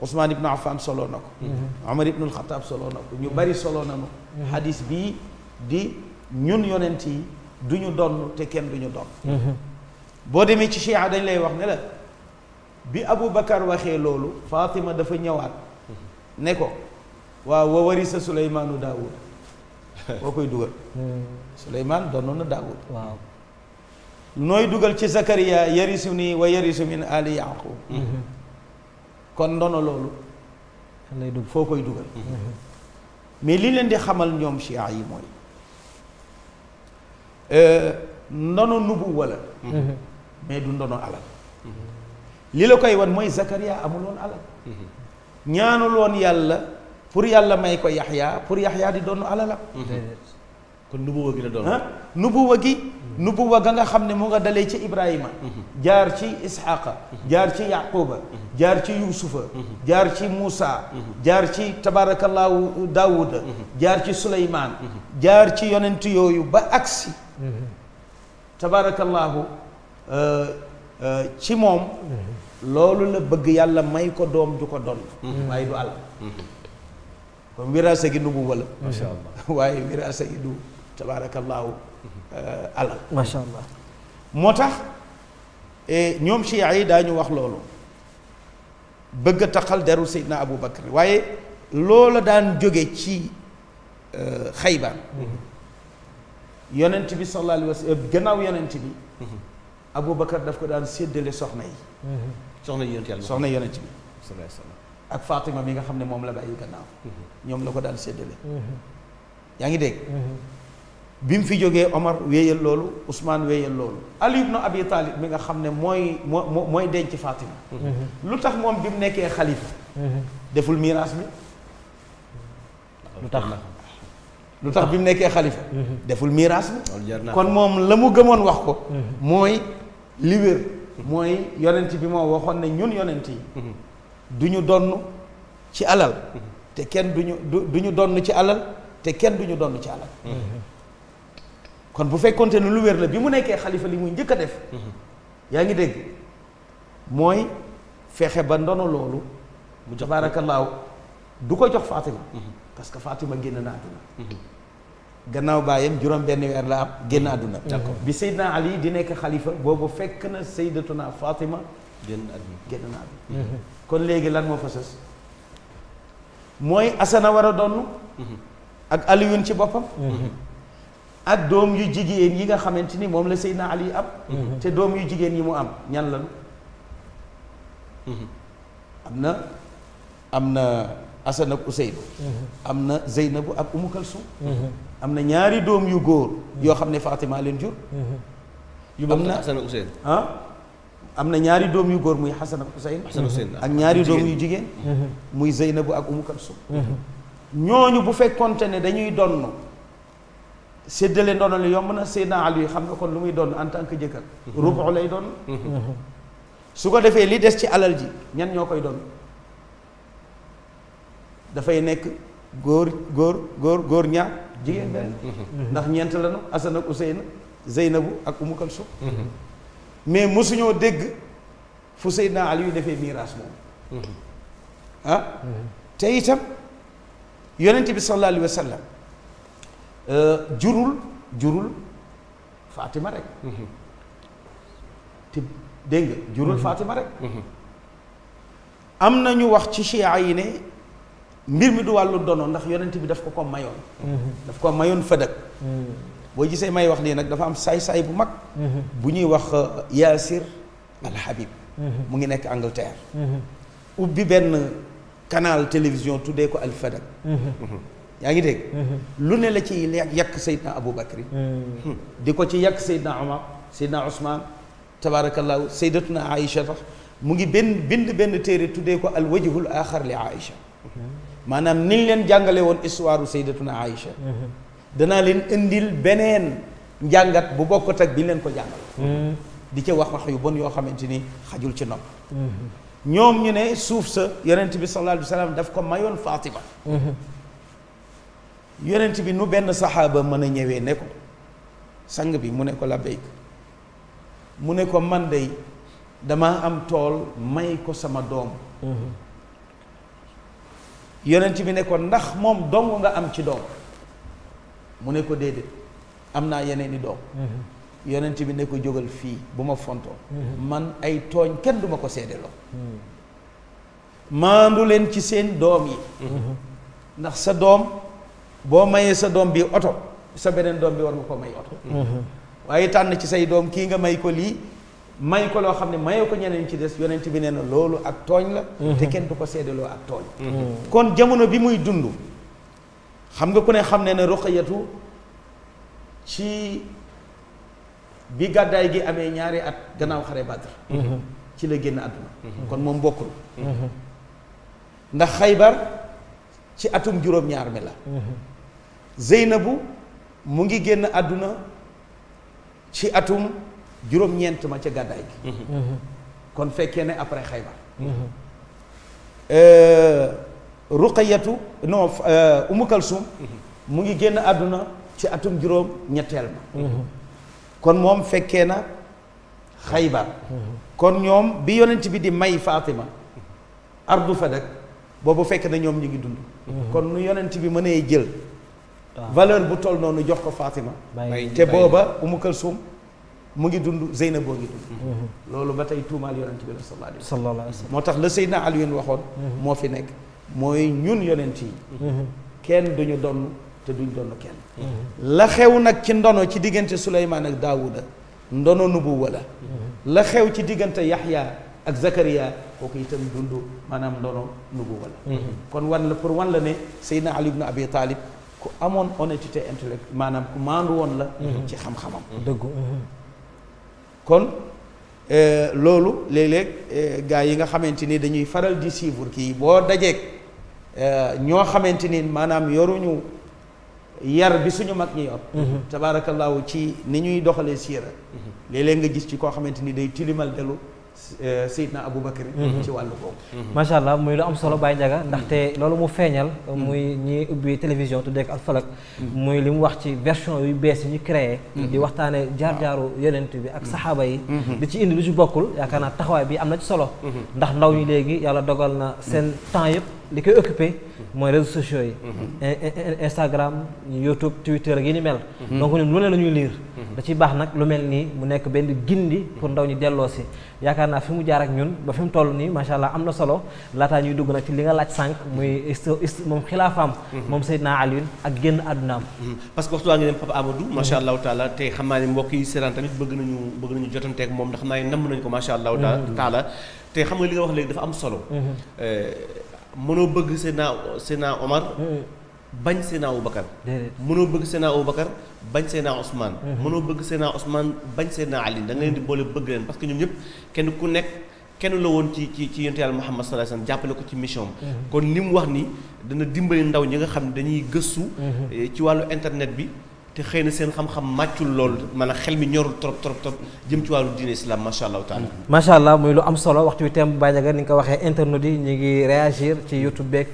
Ousmane ibnu Affan soloo na ko Omar ibnul Xataab soloo na ko ñu bari soloo nanu xadis bii di ñun yonent yi du ñu donn te kenn duñu ñu donn boo demee ci chia dañ lay wax ne bi Abu Bakar waxee loolu Fatima dafa ñëwaat ne ko waaw wa warisa Suleymaanu Daawuda boo koy dugal hmm. سليمان دونون داود واو نوي دوغال سي زكريا يرثني ويرث من ال يعقوب mm -hmm. كون دون لولو لاي دوغ فوكاي دوغال مي لي لين دي خمال نيوم شيعي موي ا نونو نوبو ولا مي دون دون علا لي لا كاي وان موي زكريا امولون علا نيانولون يالا فور يالا ماي كو يحيى فور يحيى دي دون علا kon nubuwa gi la doon ah nubuwa gi nubuwa ga nga xam ne mu nga dalee ci Ibrahima mhm. jaar ci Isxaaqa mhm. jaar ci Yaquba mhm. jaar ci Yuusufa jaar ci Muusa jaar ci tabaarakallaahu Daawuda jaar ci Suleymaan jaar ci yonent yooyu ba agsi tabaarakallaahu euh, euh, ci moom loolu la bëgg yàlla may ko doom ju ko doon waaye du alal kon wiraasa gi nubuwa la maa sha Allah waaye wiraasa gi du تبارك الله الله ما شاء الله موتاخ نيوم شيعي داني واخ لولو بغا تخال درو سيدنا ابو بكر واي لولا دان جوغي تي خيبر يونت بي صلى الله عليه وسلم غناو يونت بي ابو بكر داف كو دان سيدلي سخناي سخنا يونت يالله سخنا يونت بي صلى الله عليه وسلم اك فاطمه ميغا خامني موم لا بايي غناو نيوم لاكو دان سيدلي ياغي ديك bim fi joge Omar weyel lolou Ousmane weyel lolou Ali ibn Abi Talib mi nga xamne moy moy denc Fatima. lutax mom bim nekké mu deful mirage mi lutax lutax bim nekké bi deful mirage mi kon mom lamu gëmon wax ko moy li wér mooy yonent bi mo waxon ne ñun yonenti duñu du ci alal te kenn duñu duñu du ci alal te kenn duñu ñu ci alal kon bu fekkonte ne lu wér la bi mu nekkee xalifa li muy njëkk a def yaa ngi dégg mooy fexe ba ndono loolu mu jox baarakallaahu du ko jox Fatima parce que Fatima génn na àdduna gannaaw baayam juróom benn weer la am génn àdduna bi Seydina Ali di nekk xalifa boobu fekk na Seydatuna Fatima génn àdduna génn na àdduna kon léegi lan moo fa sës mooy Asana war a donn ak Aliyun ci boppam ak doom yu jigéen yi nga xamante ni moom la Seydina Ali am mhm. te doom yu jigéen yi mu am ñan lañu mhm. am na am na Asan ak Useynu mhm. am na Zeynabu ak Umu Kalsum am na ñaari doom yu góor yoo xam ne Fatima leen jur yu bokk na Asan ak Useynu ah, am na ñaari doom yu góor muy Xasan ak Useyn ak ñaari doom yu jigéen muy Zeynabu ak Umu Kalsum ñooñu bu fekkonte ne dañuy donn séddale ndono li yomb na Seydina Ali xam nga kon lu muy doon en tant que jëkkër rubu lay doon su ko defee li des ci alal ji ñan ñoo koy doon dafay nekk góor góor góor góor ñaar jigéen benn ndax ñeent la nu Asan ak Useyna Zeynabu ak Umu Kalsum mais mosuñoo dégg fu Seydina Ali yu defee miiraas moom ah te itam yonent bi sallallahu alayhi wa sallam Euh, jurul jurul Fatima rek. Mhm. te dégg nga jurul mhm. Fatima rek. Mhm. am na ñu wax ci chia yi ne mbir mi du wàllu dono ndax yonent bi daf ko ko mayoon. daf ko mayoon fëdëk boo gisee may wax nii nag dafa am saay-saay bu mag. bu ñuy wax euh, Yaasir Alhabib. mu ngi nekk Angleterre. ubbi benn canal télévision tuddee ko Al Fadak. yaa ngi dégg. Mm-hmm. lu ne la ci yàq Seydina Aboubacry. Mm-hmm. Hmm. di ko ci yàq Seydina Omar Seydina Ousmane tabaarakallaahu Seydatuna Aïcha tax mu ngi benn bind benn téere tuddee ko al wajhul axar li Aïcha. Mm-hmm. maanaam niñ leen jàngale woon histoire Seydatuna Aïcha. danaa leen indil beneen njàngat bu bokkut ak bi leen ko jàngal. di ca wax wax yu bon yoo xamante ni xajul ci nopp. ñoom ñu ne suuf sa yeneent bi sallallaahu alayhi wa daf ko mayoon Fatima. yonent bi nu benn saxaaba mën a ñëwee ne ko sang bi mu ne ko labbayk mu ne ko man dey damaa am tool may ko sama doom mhm. yonent bi ne ko ndax moom dong nga am ci doom mu ne ko déedéet am naa yeneen i doom mhm. yonent bi ne ko jógal fii bu ma fontoo mhm. man ay tooñ kenn duma ko seedeloo maandu leen ci seen doom yi ndax sa doom boo mayee sa doom bi oto sa beneen doom bi war nga ko may oto waaye tànn ci say doom kii nga may ko lii may ko loo xam ne mayoo ko ñeneen ci des yonent bi nee na loolu ak tooñ la te kenn du ko seddaloo ak tooñ kon jamono bi muy dund xam nga ku ne xam ne ne ruqayatu ci bi gàddaay gi amee ñaari at gannaaw xare Badr ci la génn àdduna kon moom bokkul ndax xaybar ci atum juróom-ñaar mi la Zeynabu mu ngi génn àdduna ci atum juróom-ñeent ma ca gàddaay gi kon fekkee ne après Xaybar euh, Ruqayatu non Umu euh, Kalsum mu ngi génn àdduna ci atum juróom ñetteel ma kon moom fekkee na Xaybar kon ñoom bi yonent bi di may Fatima ardu Fadak boobu fekk na ñoom ñu ngi dund kon nu yonent bi mënee jël Ah. valeur bu toll noonu jox ko Fatima. te booba Umu Kalsum mu ngi dund Zeyna boo ngi dund. Mm-hmm. loolu ba tey tuumaal yonent bi la sallallahu alayhi wa sallam. sallallahu mm-hmm. moo fi nekk mooy ñun yonent yi. Mm-hmm. kenn duñu donn te duñ donn kenn. la xew nag ci ndono ci diggante Souleymane ak Daawuda ndono nubuwa la. la xew ci diggante Yaxya ak Zakaria kooku itam dund maanaam ndono nubuwa la. kon wan la pour wan la ne Seydina Ali ibn Abi ku amoon honnêteté intellectuelle maanaam ku maandu woon la mhm. ci xam-xamam dëgg mhm. kon euh, loolu léeg-léeg euh, gars yi nga xamante ni dañuy faral di suivre kii boo dajeek euh, ñoo xamante ni maanaam yoruñu yar bi suñu mag ñi yor mhm. tabaarakallaahu ci ni ñuy doxalee siira léeg-léeg nga gis ci koo xamante ni day tilimal delu Euh, Seydina Aboubacar mhm. ci wàllu boobu mhm. macha allah muy lu am solo Baye Ndiaga ndaxte mhm. loolu mu feeñal muy ñi ubbi télévision tuddee ko Alfalak muy li mu wax ci version yu bees yi ñu créé di waxtaane jaar-jaaru yonent bi ak saxaaba yi di ci indi lu ci bokkul yaakaar naa taxawaay bi am na ci solo ndax ndaw ñi léegi yàlla dogal na seen temps yëpp li koy occupé mooy réseaux sociaux yi Instagram YouTube Twitter ak yi ni mel donc ñun lu ne la ñuy da ci baax nag lu mel nii mu nekk benn gindi pour ndaw ñi delloo si yaakaar naa fi mu jaar ak ñun ba fi mu toll nii macha allah am na solo laataa ñuy dugg nag ci li nga laaj sànq muy ist moom xilaafaam mhm. moom Seydina Alioune ak génn àddunaam mhm. parce waxtu waa ngi dem Papa Amadou mhm. macha allahu taala te xam nga li nga wax léegi dafa am solo euh, mënoo bëgg Seydina Seydina Omar bañ Seydina Aboubacar mënoo bëgg Seydina Aboubacar bañ Seydina Ousmane mm-hmm. mënoo bëgg Seydina Ousmane bañ Seydina Ali da nga leen di boole bëgg leen parce que ñoom ñëpp kenn ku nekk kenn la woon ci ci ci yonte yàlla Muhammad sallallahu jàppale ko ci mission mm-hmm. kon li mu wax ni dana dimbali ndaw ñi nga xam ne dañuy gëstu mm-hmm. eh, ci wàllu internet bi te xëy na seen xam-xam màccul lool maanaam xel mi ñorul trop trop trop jëm ci wàllu diine islam macha allah taala. muy lu am solo waxtu ñu ngi réagir ci YouTube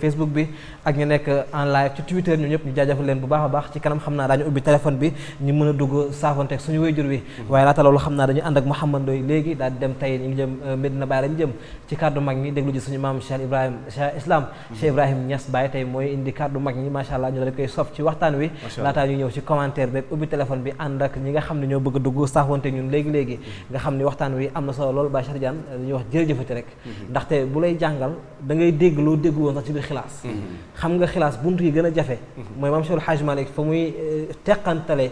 ñëpp ñu leen bu baax a baax ci xam naa daañu ubbi téléphone bi ñu mën a dugg saafonteeg suñu wayjur wi. Mm-hmm. waaye laata xam naa dañu ànd ak Mouhamad Ndoye léegi daal di dem tey ñu ngi jëm euh, Medina Baye lañu jëm ci kàddu mag ñi déglu ji suñu maam Cheikh Ibrahim Cheikh Islam mm-hmm. Cheikh Ibrahim Niass Baye tey mooy indi kàddu mag ñi macha allah ñu daal koy sof ci waxtaan wi laataa ñu ñëw ci comment commentaire beeg ubbi téléphone bi ànd ak ñi nga xam ne ñoo bëgg a dugg saafante ñun léegi-léegi nga xam ne waxtaan wi am na solo loolu Baye Cheikh dañuy wax jërëjëfati rek mhm. ndaxte bu lay jàngal da dégg loo dégg woon sax ci biir xilaas mhm. xam nga xilaas buntu yi gën a jafe mhm. mooy maam Cheikh El Hadj Malick fa muy eh, teqantale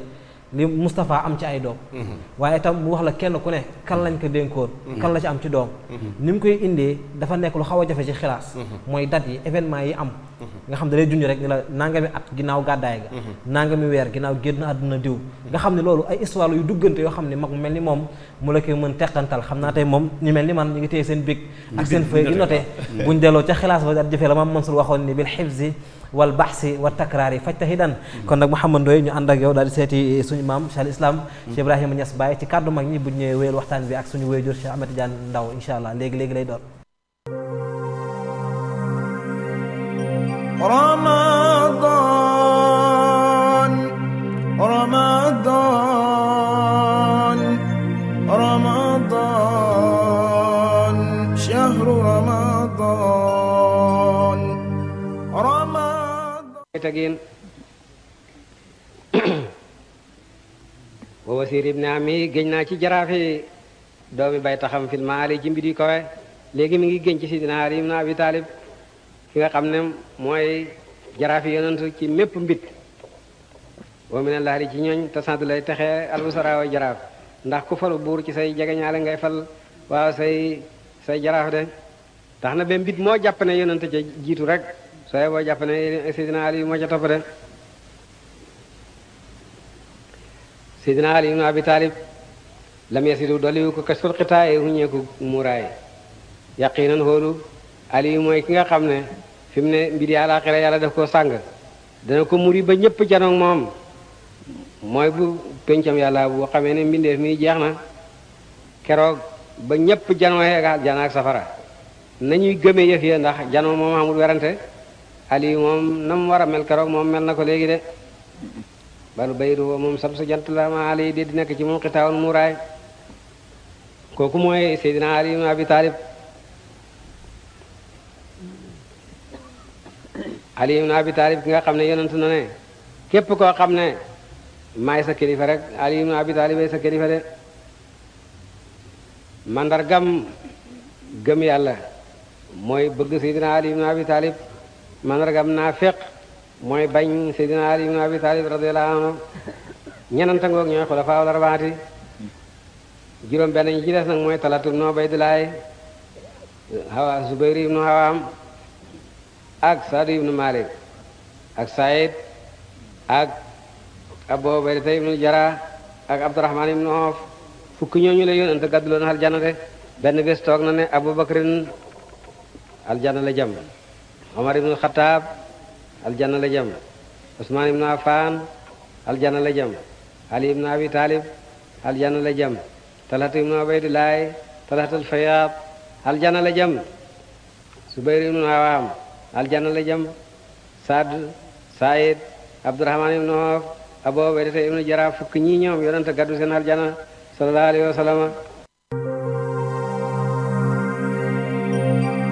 li Moustapha am ci ay doom mhm. waaye itam mu wax la kenn ku ne kan lañ ko dénkoon mhm. kan la ci am ci doom mhm. ni mu koy indee dafa nekk lu xaw a jafe ci xilaas mooy date yi événement yi am nga xam da lay junj rek ni la nangami at ginnaaw gàddaay ga nangami weer ginnaaw génn àdduna diw nga xam ne loolu ay histoire yu duggante yoo xam ne mag mu mel ni moom mu lekk koy mën teqantal xamna tay mom ñu melni man ñi ngi téy seen big ak seen feuy gi noté buñ delloo ci xilaas ba jafé la mam Mansour waxon ni bil hifz wal bahs wa takraari fajtahidan kon nak muhammad Ndoye ñu and ak yow dal séti suñu mam Cheikh Islam Cheikh ibrahim Niass Baye ci kaddu mag ñi buñ ñëwee wéyal waxtaan bi ak suñu wéyjur Cheikh Ahmed jan Ndaw inshallah allah léegi lay doon Ramadan Ramadan wet ak yéen wa wasiir ibni ami géñ naa ci jaraafi doomi bay taxam fil maali ci mbir yu kawe léegi mi ngi géñ ci sidina Ali ibn Abi xam ne mooy jaraafi yonent ci mépp mbit wa min allahi ci te sant lay texee albusara jaraaf ndax ku falu buur ci say jegeñaale ngay fal waaw say say jaraaf de tax na ba mbit moo jàpp ne yonent ca jiitu rek sooy boo jàpp ne Seydina Ali moo ca topp de Seydina Ali ibnu Abi Taalib lam yasidu doliwu ko kasul xitaaye huñeeku muuraay yaqinan xoolu Ali mooy ki nga xam ne fi mu ne mbir yàlla xira yàlla def koo sàng dana ko muri ba ñëpp janoog moom mooy bu pencam yàlla bu xamee ne mbindeef mi jeex na keroog ba ñëpp janoo ak safara nañuy gëmee yëf ya ndax janoo moom amul werante ali moom na mu war a mel keroog moom mel na ko léegi de balu bayru moom sam sa jant la ma ali di nekk ci moom xitaawul muuraay kooku mooy Seydina Ali ibn Abi Talib Ali ibn Abi Talib ki nga xam ne yonent na ne képp koo xam ne maay sa kilifa rek Ali ibn Abi Talib ay sa kilifa de mandargam gëm yàlla mooy bëgg Seydina Ali ibn Abi Talib mandargam naafiq mooy bañ Seydina Ali ibn Abi Talib radiyallahu anhu ñenanta ngoog ñooy xulafaa wala rabaati juróom benn ñi ci des nag mooy Talatu ibn Ubaydillaay Hawa Zubayr Hawaam ak Saadu ibn Malik ak Saïd ak Abu Ubayda ibn Jara ak Abdurahmaan ibn Awf fukki ñooñu la yonent gàdduloon aljanna benn bés toog na ne Abu Bakrin aljanna la عمر بن الخطاب الجنة لجمع عثمان بن عفان الجنة لجمع علي بن أبي طالب الجنة لجمع طلحة بن عبيد الله طلحة الفياض الجنة لجمع زبير بن عوام الجنة لجمع سعد سعيد عبد الرحمن بن عوف أبو عبيدة بن جراف كنينيوم يرن تقدس الجنة صلى الله عليه وسلم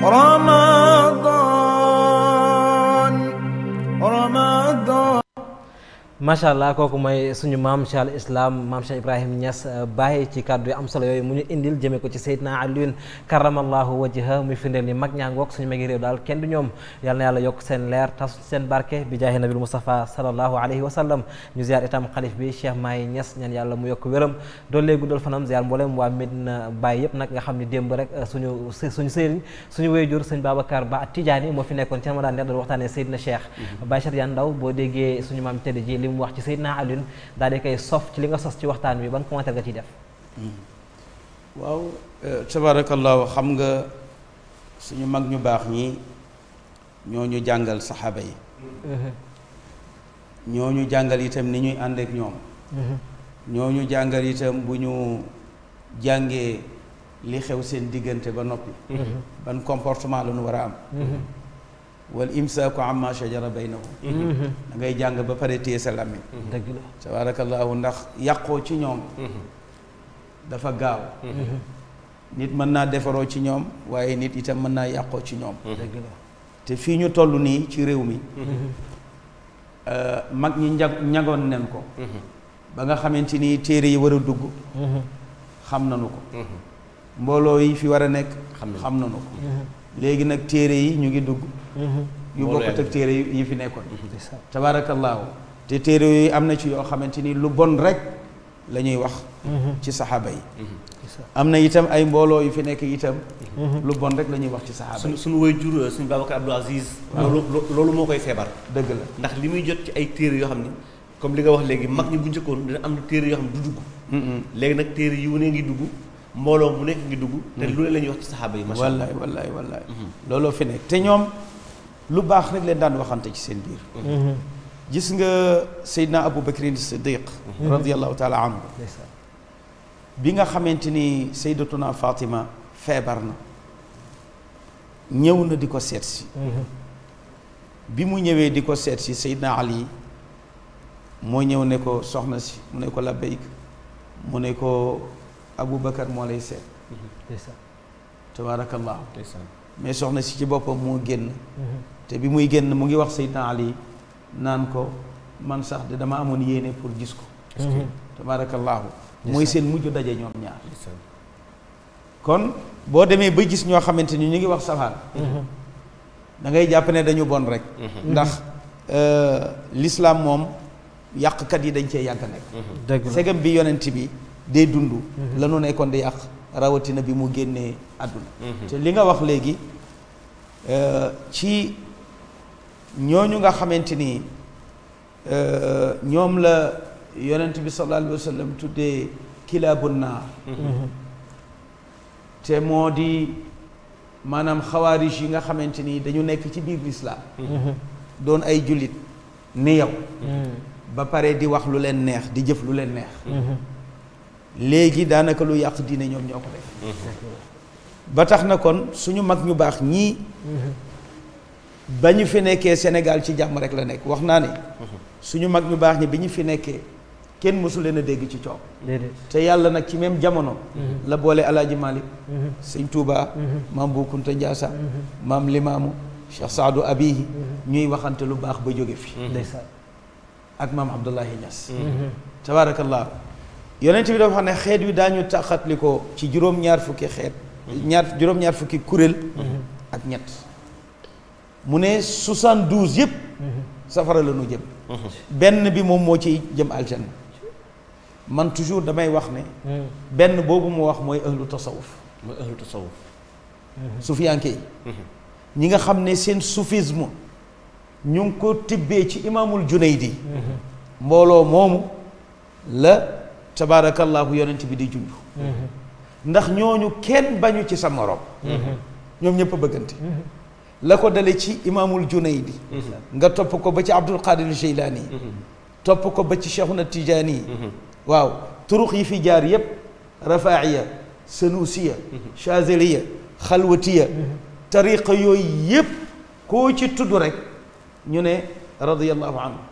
رمضان macha allah kooku mooy suñu maam Cheikh al islam maam Cheikh Ibrahim Niass eh, bàyyi ci kàddu yu am solo yooyu mu ñu indil jëme ko ci Seydina Alioune karamallahu wajha muy firndeel ni mag ñaa ngoog suñu magi réew daal kenn du ñoom yal na yàlla yokk seen leer tas seen barke bi jaahi nabil Mustafa sallallahu alayhi wa ñu ziar itam xalif bi Cheikh Maay Niass ñaan yàlla mu yokk wéram doole guddal fanam ziar mboolem waa Medina Baye yëpp nag nga xam ni démb rek eh, suñu suñu sëriñ suñu Ba Tidiane moo fi nekkoon ci ma daan ne doon waxtaane Seydina Cheikh mm-hmm. Baye Cheikh Yane Ndaw boo déggee mu wax ci Seydina Alioune daal di koy sof ci li nga sos ci waxtaan bi ban commentaire nga ciy def. waaw euh, tabaarakallaahu xam nga suñu mag ñu baax ñi ñoo ñu jàngal saxaaba yi. ñoo ñu jàngal itam ni ñuy ànd ak ñoom. ñoo ñu jàngal itam bu ñu jàngee li xew seen diggante ba noppi. ban comportement la ñu war a am. wal imsaaku amma shajara na mm-hmm. da ngay jàng ba pare téye sa làmmiñ dëgg la tabaarakallaahu ndax yàqoo ci ñoom mm-hmm. dafa gaaw mm-hmm. nit mën naa defaroo ci ñoom waaye nit itam mën naa yàqoo ci ñoom te fii ñu toll nii ci réew mi euh, mag ñi ñag ñagoon nen ko ba nga xamante ni téere yi war a dugg xam nanu ko mbooloo yi fi war a nekk xam nanu ko léegi nag téere yi ñu ngi dugg mhm. yu bokkut ak téere yi ñu fi nekkoon mhm. tabaarakallaahu te téere yooyu am na ci yoo xamante ni lu bon rek la ñuy wax mhm. ci saxaaba yi am na itam ay mbooloo yu fi nekk itam lu bon rek la ñuy wax ci saxaaba yi suñu suñu waajur suñu Babacar Abdou Aziz loolu loolu moo koy feebar dëgg la ndax li muy jot ci ay téere yoo xam ni comme li nga wax léegi mag ñi bu njëkkoon dina am téere yoo xam ne du dugg léegi nag téere yi wu nee ngi dugg mbooloo mu nekk ngi dugg. te mm. lu ne la wax ci saxaaba yi. macha allah wallaay wallaay mm-hmm. looloo fi nekk te ñoom lu baax rek leen daan waxante ci seen biir. Mm-hmm. Mm-hmm. gis nga Seydina Abu Bakrin Siddiq. radiyallahu taala anhu bi nga xamante ni Seydatuna Fatima feebar na. ñëw na di ko seet si. bi mu ñëwee di ko seet si Seydina Ali moo ñëw ne ko soxna si mu ne ko labbayk mu ne ko. Aboubacar moo lay seet tabaarakallaahu mais soxna si ci boppam moo génn mhm. te bi muy génn mu ngi wax Seydina Ali naan ko man sax de dama amoon yéene pour gis ko mhm. tabaarakallaahu mooy seen mujj daje ñoom ñaar kon boo demee ba gis ñoo xamante ni ñu ngi wax safaan mhm. dangay ngay ne dañu bon rek ndax euh, lislaam moom yàqkat yi dañ cee yàgg nekk segam bi yonent bi dee dund mhm. lanu nekkoon di yàq rawatina bi mu génnee àdduna mhm. te li nga wax léegi euh, ci ñooñu nga xamante ni euh, ñoom la yonent bi sallallahu alayhi wa sallam tuddee kilaabun naar mhm. te moo di maanaam xawaarij yi nga xamante ni dañu nekk ci biir lislaam doon ay jullit ni yow ba pare di wax lu leen neex di jëf lu leen neex léegi daanaka lu yàq diine ñoom ñoo ko def ba tax na kon suñu mag ñu baax ñii ba ñu fi nekkee Sénégal ci jàmm rek la nekk wax naa ne suñu mag ñu baax ñi bi ñu fi nekkee kenn mësu leen a dégg ci coow te yàlla nag ci même jamono mm-hmm. la boole alaaji Malick mm-hmm. sëñ Touba mm-hmm. maam Bu Kunta Njaasaan maam Limaamu Cheikh Saadu Abihi ñuy waxante lu baax ba jóge fi ak maam Abdullahi Niass tabaarakallaahu yonent bi dafa xam ne xeet wi daañu taxatliko ci juróom-ñaar fukki xeet ñaar juróom-ñaar fukki kuréel ak ñett mu ne 72 yëpp safara la ñu jëm benn bi moom moo ci jëm aljanna man toujours damay wax ne benn boobu mu wax mooy ahlu tasawuf mooy ahlu tasawuf sufiyanke yi ñi nga xam ne seen soufisme ñu ngi ko tibbee ci imaamul Junaydi mbooloo moomu la tabaarakallaahu yonent bi di junj ndax ñooñu kenn bañu ci sa morom ñoom ñëpp bëggante la ko dale ci imaamul junaydi nga topp ko ba ci abdul qadir jeylaani topp ko ba ci cheikhuna tijaani waaw turux yi fi jaar yépp rafaaiya sanusiya chazeliya xalwatiya tariqa yooyu yépp koo ci tudd rek ñu ne radiyallahu anhu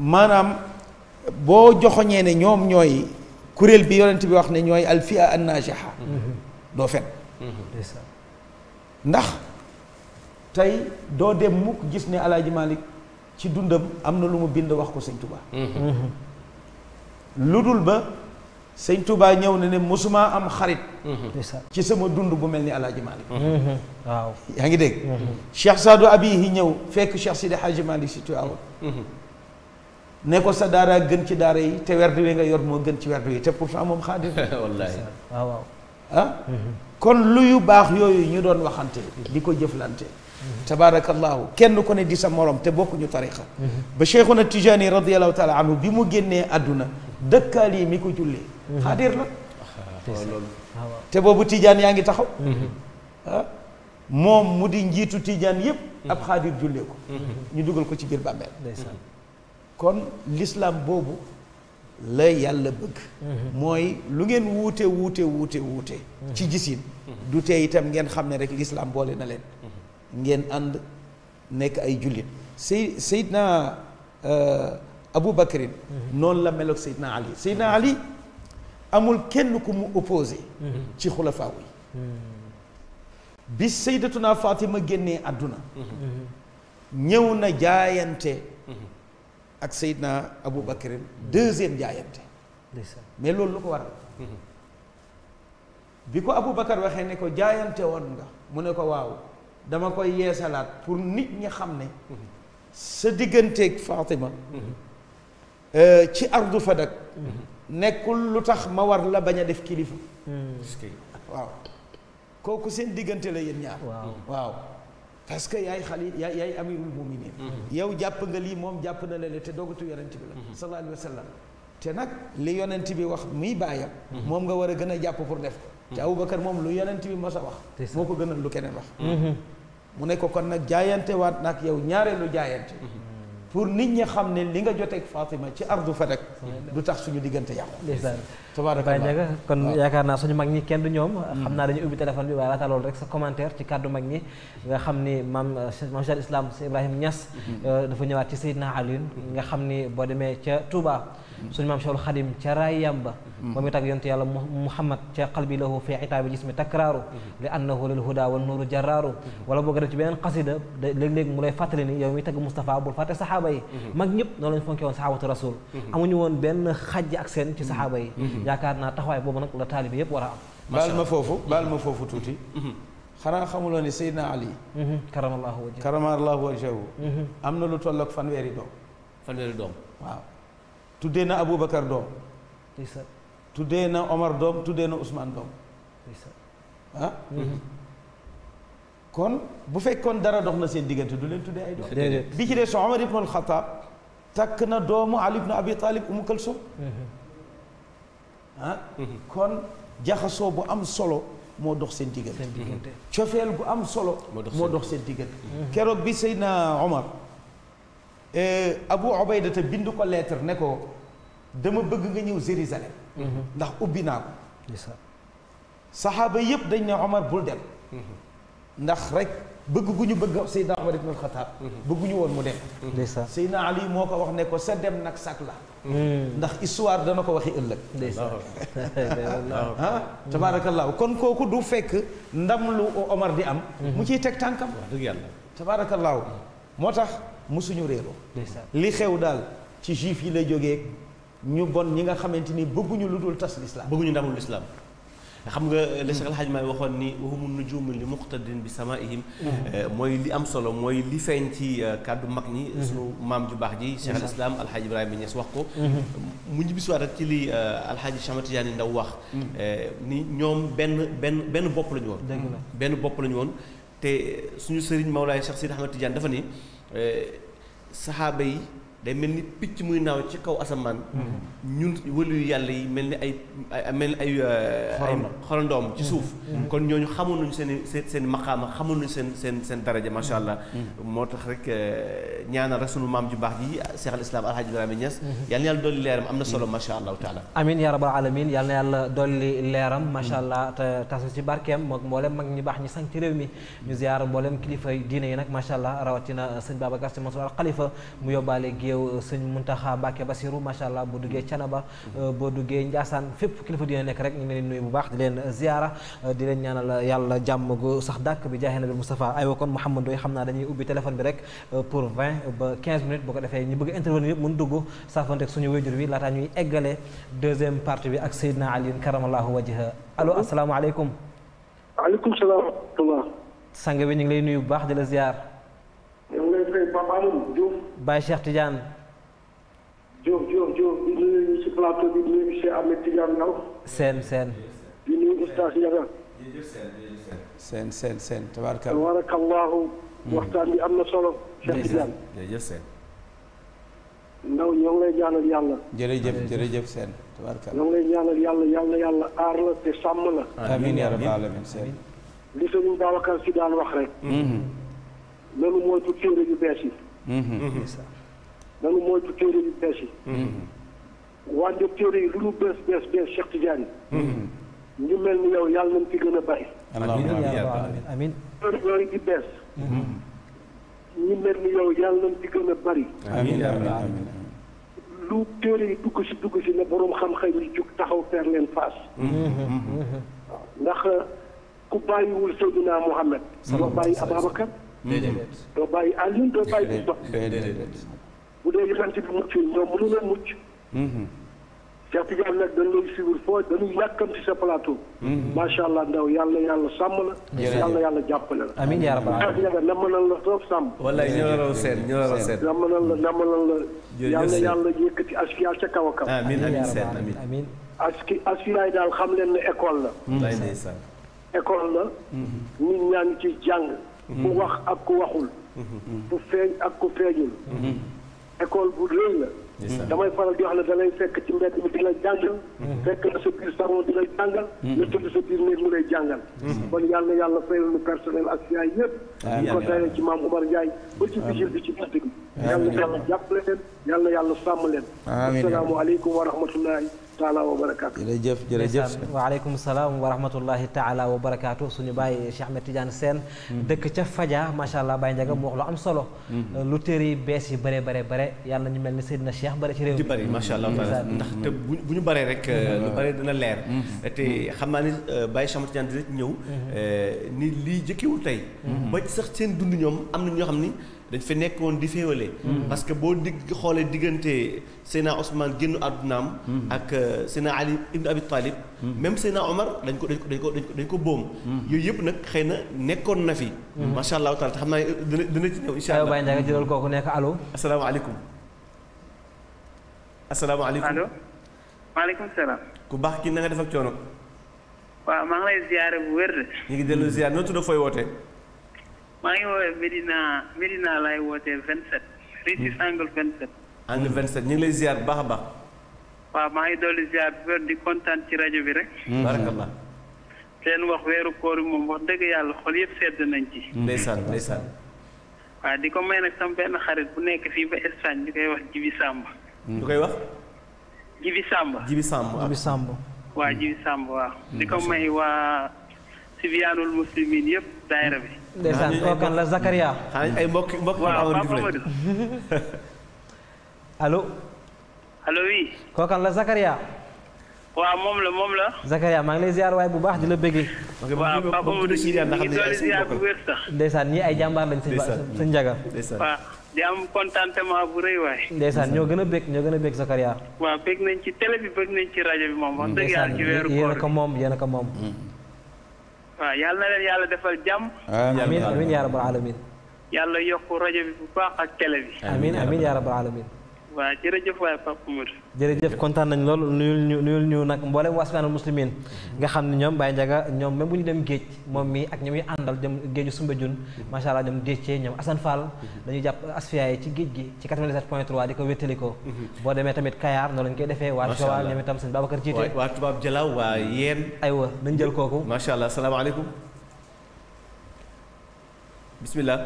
manam bo joxoñee ne ñom ñoy kurel bi yonent bi wax ne ñoy al fi'a an najaha do fen ndax tay do dem muk gis ne alaaji malik ci dundam amna lu mu bind wax ko seigne Touba ludul ba seigne Touba ñëw na ne musuma am xarit ci sama dund bu melni ni malik waaw yaa ngi dégg Cheikh Sadou Abihi ñëw fekk Cheikh Sidi haji malik ci Tiwaawan ne ko sa daara gën ci daara yi te werdu wi nga yor moo gën ci werdu yi te pourtant moom xaadir wallaahi waaw waaw ah mhm. kon lu yu baax yooyu ñu doon waxante di ko jëflante mhm. tabaarakallaahu kenn ko ne di sa moroom te bokkuñu tariqa mhm. ba cheikhuna tijaani radiallahu taala anhu bi mu génnee àdduna dëkkaal yi mi ko jullee xaadir la te boobu tiijaan yaa ngi taxaw ah? moom mu di njiitu tijaan yépp ab xaadir jullee ko ñu dugal ko ci biir bàmmeel kon l'islam boobu la yàlla bëgg mhm. mooy lu ngeen wuute wuute wuute wuute mhm. ci gisin du tee itam ngeen xam ne rek l'islam boole na leen mhm. ngeen ànd nekk ay jullit sey Seydina euh, Abu Bakrin noonu la meloog Seydina Ali Seydina Ali amul kenn ku mu opposé ci xulafaaw yi bi Seydatuna Fatima génnee àdduna ñëw na jaayante ak Seydina abu Bakrin deuxième jaayante mais loolu lu ko waral mhm. bi ko abu Bakar waxee ne ko jaayante woon nga mu ne ko waaw dama koy yeesalaat pour nit ñi xam ne mhm. sa digganteeg Fatima mhm. euh, ci ardu Fadak nekkul lu tax ma war la bañ a def kilifa waaw kooku seen diggante la yéen ñaar waaw parce que yaay xalil yaay yaay amirul muminin mm-hmm. yow jàpp nga lii moom jàpp na la te doggatu yonent bi la mm-hmm. sallallahu alayhi wa sallam te nag li yonent bi wax muy baayam mm-hmm. moom nga war a gën a jàpp pour def ko te aboubacar moom lu yonent bi mos a wax moo ko gënal lu keneen wax mu ne ko kon nag jaayante waat nag yow lu jaayante pour nit ñi xam ne li nga joteeg Fatima ci ardu Fadak du tax suñu diggante yàqu tabaarakallah kon yaakaar naa suñu mag ñi kenn du ñoom hmm. xam naa dañuy ubbi téléphone bi waaye laata loolu rek sa commentaire ci kàddu mag ñi nga xam ni maam maam Cheikh Islam si Ibrahima Niass hmm. euh, dafa ñëwaat ci Seydina Alioune nga xam ni boo demee ca Touba سون مام شاول خادم ترايامبا وميتاك يونت يالا محمد تي قلبي له في عتاب الجسم تكرار لانه للهدى والنور جرار ولا بغر تي بن قصيده ليك ليك مولاي فاتلني يوم يتاك مصطفى ابو الفاتح صحابه ماك نيب نول فونكي وون صحابه الرسول امو ني وون بن خاج اك سين تي صحابه ياكارنا تخواي بوبو نك لا طالب ييب ورا بال فوفو بال فوفو توتي خنا خمولو سيدنا علي كرم الله وجهه كرم الله وجهه امنا لو تولك فان ويري دوم فان ويري دوم واو tuddee na Aboubacar doom tuddee na Omar doom tuddee na Ousmane doom ah mhm. kon bu fekkoon dara dox na seen diggante du leen tuddee ay doom bi ci des Omar ibn al takk na doomu Ali ibn Abi Talib Umu Kalsum mhm. ah mhm. kon jaxasoo bu am solo moo dox seen diggante cofeel bu am solo moo dox seen diggante keroog bi Seydina Omar Euh, Abu Ubaydata bind ko lettre ne ko dama bëgg nga ñëw Jérusalem mhm. ndax ubbi naa ko saxaaba yëpp dañ ne Omar bul dem mhm. ndax rek bëgg gu ñu bëgg Seydina Omar ibn mhm. bëgguñu woon mu dem Seydina Ali moo ko wax ne ko sa dem nag sàkk la ndax histoire dana ko waxi ëllëg ah, ah tabaarakallaahu kon kooku du fekk ndam lu Omar di am mu ciy teg tànkam tabaarakallahu moo tax mu suñu réeroo li xew daal ci juif yi lay jógee ñu bon ñi nga xamante ni bëgguñu lu dul tas lislaam bëgguñu ndamul lislaam xam nga eh, li Cheikh El Hadj Maay waxoon ni humu nujumu li muqtadin bi sama samaihim mm-hmm. eh, mooy li am solo mooy li feeñ ci eh, kàddu mag ñi mm-hmm. suñu maam ju baax ji Cheikh al mm-hmm. Islam alhaaji Ibrahima Niass wax ko mu ñu bisuwaat ci li alhaaji Cheikh Ahmad Tidiane Ndaw wax ni ñoom benn benn benn bopp la ñu woon benn bopp la woon te suñu sëriñ Mawlaay Cheikh Sidi Ahmad Tidiane dafa nii é, day mel picc muy naaw ci kaw asamaan. ñun wëlu yàlla yi mel ni ay mel ni ay. xorandoom ci suuf. kon ñooñu xamoon seen seen maqaama xamoon seen seen seen daraja macha allah. moo tax rek ñaanal rek maam ju baax ji Cheikh al Islam Al Ibrahima Niass. yal yàlla dolli leeram am na solo macha allahu taala. amiin yaa rabbal alamin yal na yàlla dolli leeram. macha allah te tasu ci barkeem moom mboolem mag ñi baax ñi sànq ci réew mi. ñu ziar mboolem kilifa diine yi nag macha allah rawatina sëñ Babacar Sy Mansour al Khalifa mu yóbbaale gi yow euh, sëñ Muntaxa Mbàkke Basiru macha allah boo duggee Canaba euh, boo duggee Njaasaan fépp kilifa dina nekk rek ñu ngi leen nuyu bu baax di ba 15 minutes bu ko defee ñu a intervenir yëpp mun dugg saafanteeg suñu wéjur bi laataa ñuy eggale deuxième partie la ziar. yow ngay fay Pape Amadou Diouf. Baye Cheikh Tidiane. Diouf Diouf Diouf di nuyu si plateau bi di nuyu monsieur Ahmed Tidiane Ndao. Seen Seen. di nuyu Oustaz Ndiaga. seen seen seen tabaarkalla. tabaarakallahu hmm. waxtaan bi am na solo. Cheikh Tidiane jërëjëf Seen. ndaw ñoo ngi lay ñaanal yàlla. jërëjëf jërëjëf seen tabaarkalla. ñoo ngi lay ñaanal yàlla yàlla yàlla aar la te sàmm la. amiin yaa rabbal aalamiin seen. li sëñ Babacar si daan wax rek. Hmm. nanu moytu téere yu bees yi. Mhm. nanu moytu téere yu bees yi. Mhm. wante téere yi lu ñu bees bees bees Cheikh Tidiane. Mhm. ñu ni yow yàlla nañ fi gën a bari. amiin amiin téere yooyu yow yàlla nañ fi gën a bari. amiin amiin lu téere yi dugg si dugg si ne borom xam-xam yi jug taxaw teer leen faas. ndax ku bàyyiwul Seydina Mohamed. soo bàyyi Ababacar. doo bàyyi àllin doo bàyyi di dox bu da yonent bi muccul ñoom mënu la mucc Cheikh Tidiane nag dañ lay suivre foo dañuy yàkkam ci sa plateau macha allah ndaw yàlla yàlla sàmm la yàlla yàlla jàppale la amiin yaa rabbi ax ña nga namanal la soof sàmm wallaay ñoo raw seen ñoo raw seen namanal la namanal la yàlla yàlla yëkkati asfiya ca sen. a kaw amiin amiin seen amiin amiin aski asfiyaay daal xam leen ne école la école la nit ku wax ak ku waxul. ku feeñ ak ku feeñul. école bu rëy la. damay faral di wax ne da lay fekk ci mbedd mi di la jàngal. fekk la sa biir salon di la jàngal. nga tëdd sa biir néeg mu lay jàngal. kon yàlla na yàlla fayal nu personnel ak yaay yëpp. amiin ko tayal ci maam Umar Ndiaye ba ci vigile bi ci guddi gi. yàlla na yàlla jàppale leen yàlla na yàlla sàmm leen. amiin asalaamaaleykum wa taala wa barakaatu. jërëjëf jërëjëf waaleykum salaam wa rahmatullahi taala wa barakaatu suñu bàyyi Cheikh Ahmed Tidiane Sène mm. dëkk ca Fadia macha allah Baye Ndiaga mm. mu wax lu am solo. Mm. Euh, lu téere yi bees yi bare bare bare yàlla nañu mel ni Seydina Cheikh bare ci réew mi. di bare macha allah ndax te bu ñu baree rek. Euh, lu bare dana leer. te xam naa ni euh, Baye Cheikh Ahmed Tidiane dina ci ñëw. Mm-hmm. ni lii jëkkewul tey. Mm-hmm. ba sax seen dund ñoom am na ñoo xam ni. dañ fi nekkoon di féewale. Hmm. parce que boo dig xoolee diggante Seyna Ousmane génnu àddunaam. Hmm. ak euh, Seyna Ali ibn Abi Talib. Hmm. même Seyna Omar dañ ko dañ ko dañ ko dañ ko boom. yooyu yëpp nag xëy na nekkoon na fi. macha allah taala te xam naa euh, dina dina ci ñëw incha allah aywa Baye Ndiaye nekk allo. asalaamaaleykum. ku baax kii na nga def ak coono. waaw maa ngi lay ziare bu wér de. ñu ngi dellu ziare noo tudd fooy wootee. maa ngi woowee Medina Medina laay wootee 27. Régis hmm. angle 27. angle 27 ñu ngi lay ziar bu baax ba baax. waaw maa ngi dolli ziar bu wér di kontaan ci rajo bi rek. Hmm. barakallah. seen wax weeru koor yi moom wax dëgg yàlla xol yëpp sedd nañ ci. ndeysaan ndeysaan. waaw di ko may nag sama benn xarit bu nekk fii ba Espagne ñu koy wax Jibi Samba. ñu hmm. koy wax. Jibi Samba Jibi Samba Jibi Samba. waa di ko may waa. sibiyaanul muslimin yëpp daayira bi. ndeysaan kookan la Zakaria. xanaa ay mbokk mbokk yu awoon di fële. allo. allo oui. kookan la Zakaria. waaw moom la moom la. Zakaria maa ngi lay ziar waaye bu baax di la bëggee. waaw Papa Modou ñu ngi doole ziar bu wér sax. ndeysaan ñii ay jàmbaar lañ seen. seen njaga. waaw di am contentement bu rëy waay. ndeysaan ñoo gën a bëgg ñoo gën a bëgg Zakaria. waaw bëgg nañ ci télé bi bëgg nañ ci rajo bi moom wax dëgg yàlla ci weeru koor yéen a moom yéen a moom. Mm. waaw yàlla na leen yàlla defal jàmm. amiin amiin yaa rabbal alamin yàlla yokk rajo bi bu baax ak télé bi. amiin amiin yaa rabbal alamin jadi jërëjëf waay Pape Mour jërëjëf kontaan nañ lool nuyul ñu nuyul nag mboolem waasmaanul muslimin nga xam ne ñoom Baye Ndiaga ñoom même bu ñu dem géej moom mi ak ñoom yi àndal jëm géeju Soumbédioune macha allah ñoom Déthié ñoom Assane Fall dañuy jàpp asfiya yi ci géej gi ci 97 di ko wéttalikoo mhm. boo demee tamit Kayar noonu lañ koy defee waa Tubaab ñoom itam sëñ Babacar Jiite waa Tubaab Jalaaw waa yéen aywa nañ jël kooku macha allah salaamaaleykum bismillah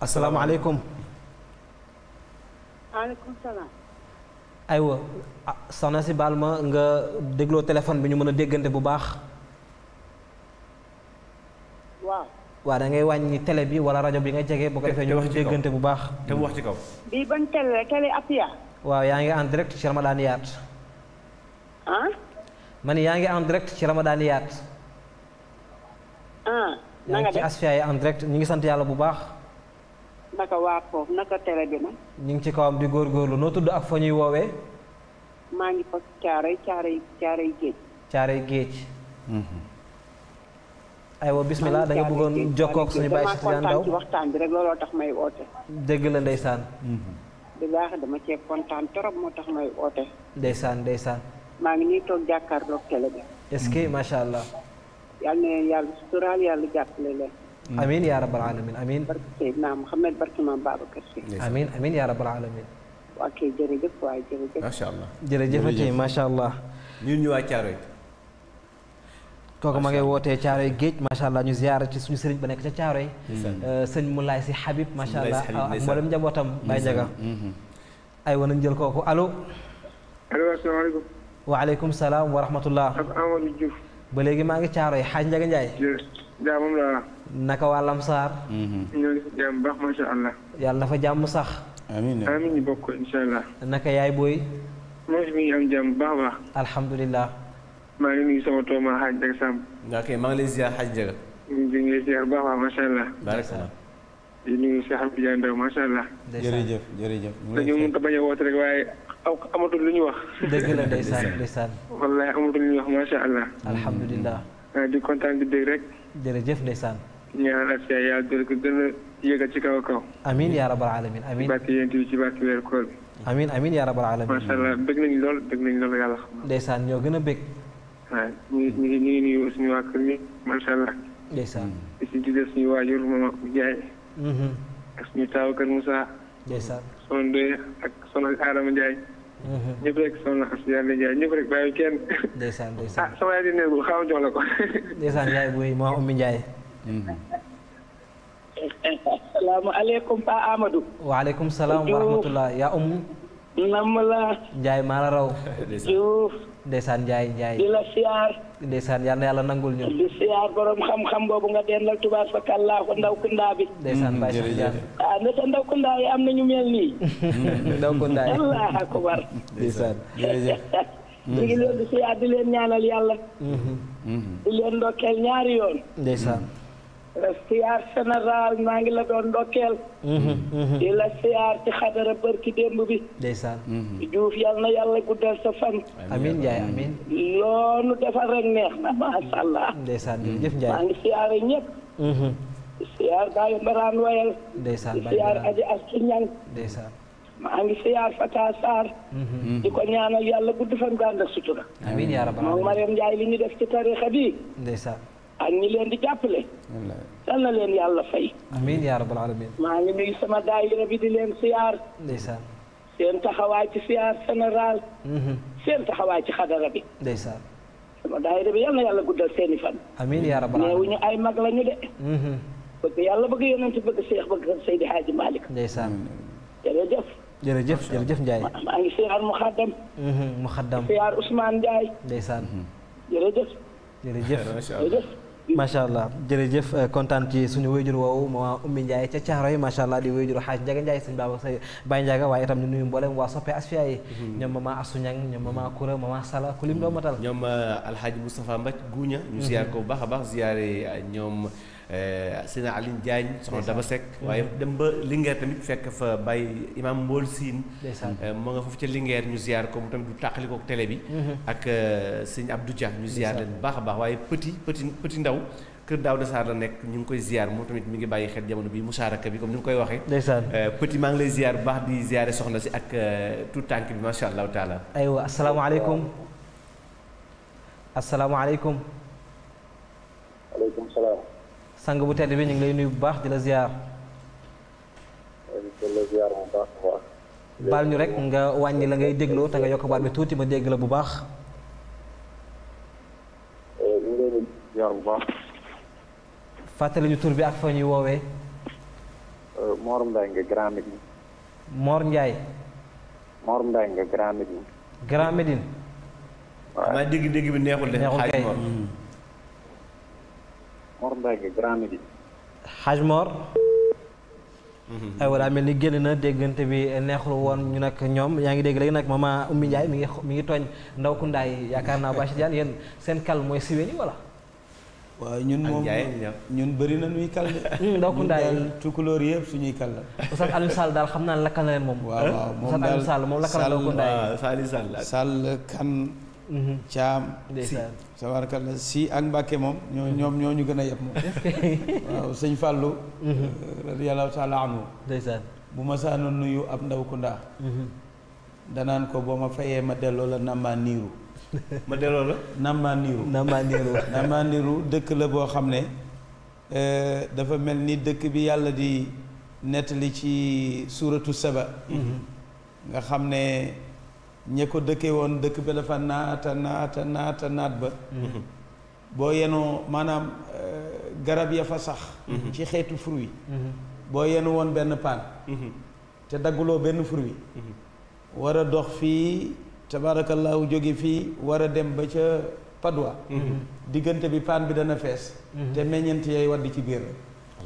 asalaamaaleykum aywa sana si balma nga deglo téléphone bi ñu mëna déggante bu baax. wa waaw da ngay wàññi télé bi wala radio bi nga jégué bu ko defee ñu déggante bu baax. té wax ci kaw. bi ban télé télé apia wa ya nga en direct ci ramadan ah. ma ni ya nga en direct ci ramadan ah. na nga def ci en direct ñi ngi sant yalla bu baax. naka waa foofu naka télé bi nag. ñu ngi ci kawam di góor góorlu noo tudd ak fa ñuy woowee. maa ngi fas caaray caaray caaray géej. caaray géej. Mhm. aywa bismillah da nga bëggoon jokkoo ak suñu bàyyi si daw ci waxtaan bi rek looloo tax may oote. dëgg la ndeysaan. bu mhm. baax dama cee kontaan trop moo tax may oote. ndeysaan ndeysaan. maa ngi nii toog jàkkaarloog télé bi. est-ce que mhm. macha allah. yal yàlla suturaal yàlla leen. امين يا رب العالمين امين سيدنا محمد بركي من بابك امين امين يا رب العالمين واكي jërëjëf waay jërëjëf ما شاء الله jërëjëf ci ما شاء الله ñun ñu waa Caaroy kooku ma ngay wootee Caaroy géej macha allah ñu ziyaara ci suñu sëriñ ba nekk ca Caaroy sëñ Moulay si Habib macha allah ak mboolem njabootam Baye Jaga ay wa nañ jël kooku allo allo asalaamaaleykum waaleykum salaam wa rahmatullah ak Amadou Diouf ba léegi maa ngi Caaroy xaaj Njaga Njaay jaamam laa. naka waa Lamsaar. Mhm. ñoo ngi si jàmm baax macha allah. yàlla na fa jàmm sax. amiin amiin ñu bokk incha allah. naka yaay booy. moom mi ngi am jàmm baax baax. alhamdulilah. maa ngi nuyu sama tooma Hadj Diagne Samb. maa ngi lay ziar Hadj Diagne. ñu ngi lay ziar baax baax macha allah. barakallah. di nuyu si xam Diagne Ndao macha allah. jërëjëf a bañ rek waaye amatul lu ñu wax. dëgg la ndeysaan ndeysaan. wallaahi amatul lu wax macha allah. di kontaan di dégg rek. jërëjëf ndeysaan ñaan ak yaa yaa dol ko gën a yëgal ci kaw kaw amin yaa rabal alamin amin barki ci barki weer koor bi amin amin yaa rabal alamin macha allah bëgg nañu lool bëgg nañ lool yàlla xam ndeysaan ñoo gën a bëgg waaw ñu ngi ñu ngi ñu ngi nuyu suñu waa kër gi macha allah ndeysaan di si jide ma waajur mama jaay ak suñu mm-hmm. taaw kër Moussa ndeysaan Adama Ndiaye ñëpp rek soxna Assa Diagne Ndiaye ñëpp rek bàyyi kenn. ndeysaan ndeysaan ah sama yaay di nekkul jox la ko. ndeysaan yaay booy maa ummi Ndiaye. asalaamaaleykum Pa Amadou. waaleykum salaam wa rahmatulah yaa umu. nam la. Ndiaye maa la ndeysaan njaay njaay di la siyaar ndeysaan yal na yàlla nangul ñu di siyaar borom xam-xam boobu nga dendal tubaab fa kallaahu ndaw kundaa bi ndeysaan bàyyi sax sa ndaw kundaa yi am na ñu mel nii ndaw kundaa yi allah akbar ndeysaan jërëjëf ñu ngi leen di leen ñaanal yàlla mm-hmm. di leen ndokkeel ñaari yoon ndeysaan siyaar général maa ngi la doon ndokkeel mhm, mhm. di la siyaar ci xadara bërki démb bi ndeysaan mhm. Diouf na yàlla guddal sa fan amin Njaay amin loonu defal rek neex na masha Allah ndeysaan jërëjëf Njaay maa ngi siyaare ñëpp siyaar Baye Mbaraan Wayal ndeysaan siyaar Aji Astu Ñang ndeysaan maa ngi siyaar Fata Sarr di ko ñaanal yàlla gudd fan sutura amin yaa rabbal moom Mariam Njaay li ñu def ci bi ndeysaan ak ñi leen di jàppale. yal na leen yàlla fay. amiin yaa rabbal alamin maa ngi nuyu sama daayira bi di leen siyaar. ndeysaan. seen taxawaay ci siyaar général. seen taxawaay ci xadara bi. ndeysaan. sama daayira bi yal na yàlla guddal seeni fan. amiin yaa rabbal alamin neewuñu ay mag lañu de. bëgg yàlla bëgg yonent bëgg Seex bëgg Seydi Hadji Malick. ndeysaan. jërëjëf. jërëjëf jërëjëf Ndiaye. maa ngi siyaar Muxaddam. Muxaddam siyaar Ousmane Ndiaye. ndeysaan. jërëjëf. jërëjëf jërëjëf. macha allah jërëjëf euh, kontaan ci suñu wéyjur woowu ma ummi Ndiaye ca Caaroy macha allah di wéyjur xaaj Njaga Njaay sëñ Baaba say Baay Njaga waaye itam ñu nuyu mboolem waa soppe asfiya yi mhm. ñoom mama Asu Ñang ñoom mama Kura mama Sala ku lim doo matal ñoom euh, alxaaji Moustapha Mbaj guuña ñu mhm. ziyaar ko baax a baax ziyaare euh, ñoom Eh, Sina Aline Diagne soxna Daba Seck waaye mm-hmm. dem ba lingeer tamit fekk fa bàyyi imaam Mbool Siin eh, moo nga foofu ca Linguère ñu ziar ko mu tamit du tàqalikook télé bi mm-hmm. ak eh, sëñ Abdou Dia ñu ziar leen bu baax a baax waaye petit petit petit ndaw kër Daouda Sarr la nekk ñu ngi koy ziar moo tamit mi ngi bàyyi xel jamono bi musaaraka bi comme ni nga koy waxee. ndeysaan petit maa ngi lay ziar baax di ziare soxna si ak tout tànk bi macha allah taala. aywa asalaamaaleykum. asalaamaaleykum. sang bu tedd bi ñu ngi lay nuyu bu baax di la ziar. baal ñu rek nga wàññi la ngay dégloo te nga yokk baat bi tuuti ma dégg la bu baax. Eh, fàttali ñu tur bi ak fa ñuy woowee. Eh, Mor Mbaye nga Grand Médine. Mor Ndiaye. Mor Mbaye nga Grand Médine. Grand Médine. waaw dégg dégg bi neexul de. neexul kay Mbacke Grand Médine. Haj Mor. aywa ni génn na déggante bi neexul woon ñu nag ñoom yaa ngi dégg léegi nag maman Oumy Ndiaye mi ngi mi ngi tooñ ndaw ku ndaay yaakaar naa Bachir Diagne yéen seen kal mooy siwee ni wala. waaw ñun moom ñun bari na ñuy kal de. Hmm, ndaw ku ndaay ñun tukulóor yëpp suñuy kal la. Oustaz Alioune daal xam naa lakkal na leen moom. moom daal Oustaz Alioune moom lakkal na ndaw ku ndaay. kan. Mm-hmm. caam si sabarkalla si ak Mbàkke moom mm-hmm. ñoom ñoo ñu gën a yëpp moom waaw sëñ Fàllu mm-hmm. radiyallahu taala anhu ndeysaan bu ma saanoon nuyu ab ndaw ku ndaa danaan ko boo ma fayee ma delloo la Namba ma delloo la Namba Niiru dëkk la boo xam ne euh, dafa mel ni dëkk bi yàlla di nettali ci suuratu saba nga xam ne ña ko dëkke woon dëkk ba dafa naata naata naat ba mhm. boo yenoo maanaam euh, garab ya fa sax mhm. ci xeetu fruit mhm. boo yenu woon benn paan te dagguloo benn fruit war a dox fii tabaarakallaahu jóge fii war a dem ba ca Padois diggante bi paan bi dana fees te meññent yay wadd ci biir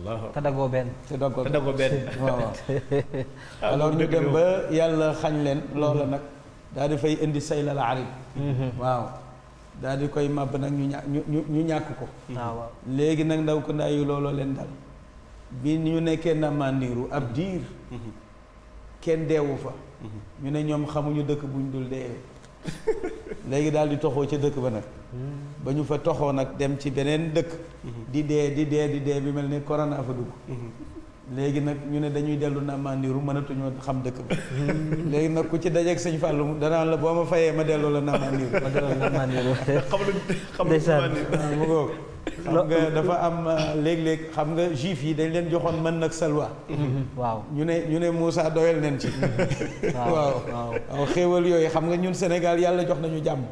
la te daggoo benn te daggoo benn waaw ah, alors ñu dem ba yàlla xañ leen loola nag daal di fay indi say la la mhm. waaw daal koy màbb nag ñu ña ñu ñàkk ko mhm. ah, léegi nag ndaw ku ndaa yu looloo leen dal bi ñu nekkee na ab diir mhm. kenn deewu fa ñu ne ñoom xamuñu dëkk buñ dul deewee léegi daal di toxoo ca dëkk ba nag ba ñu fa toxoo nag dem ci beneen dëkk di dee di dee di dee bi mel ni corona fa dugg léegi nag ñu ne dañuy dellu na mënatuñoo xam dëkk ba léegi nag ku ci daje dajeeg sëñ Fallou danaan la boo ma fayee ma delloo la na mandiru ma delloo la mandiru ah, xam nga xam dafa am ah, léeg-léeg xam nga juif yi dañ leen joxoon mën nag salwa waaw ñu ne ñu ne muusa doyal nañ ci waaw waaw xéewal yooyu xam nga ñun Sénégal yàlla jox nañu jàmm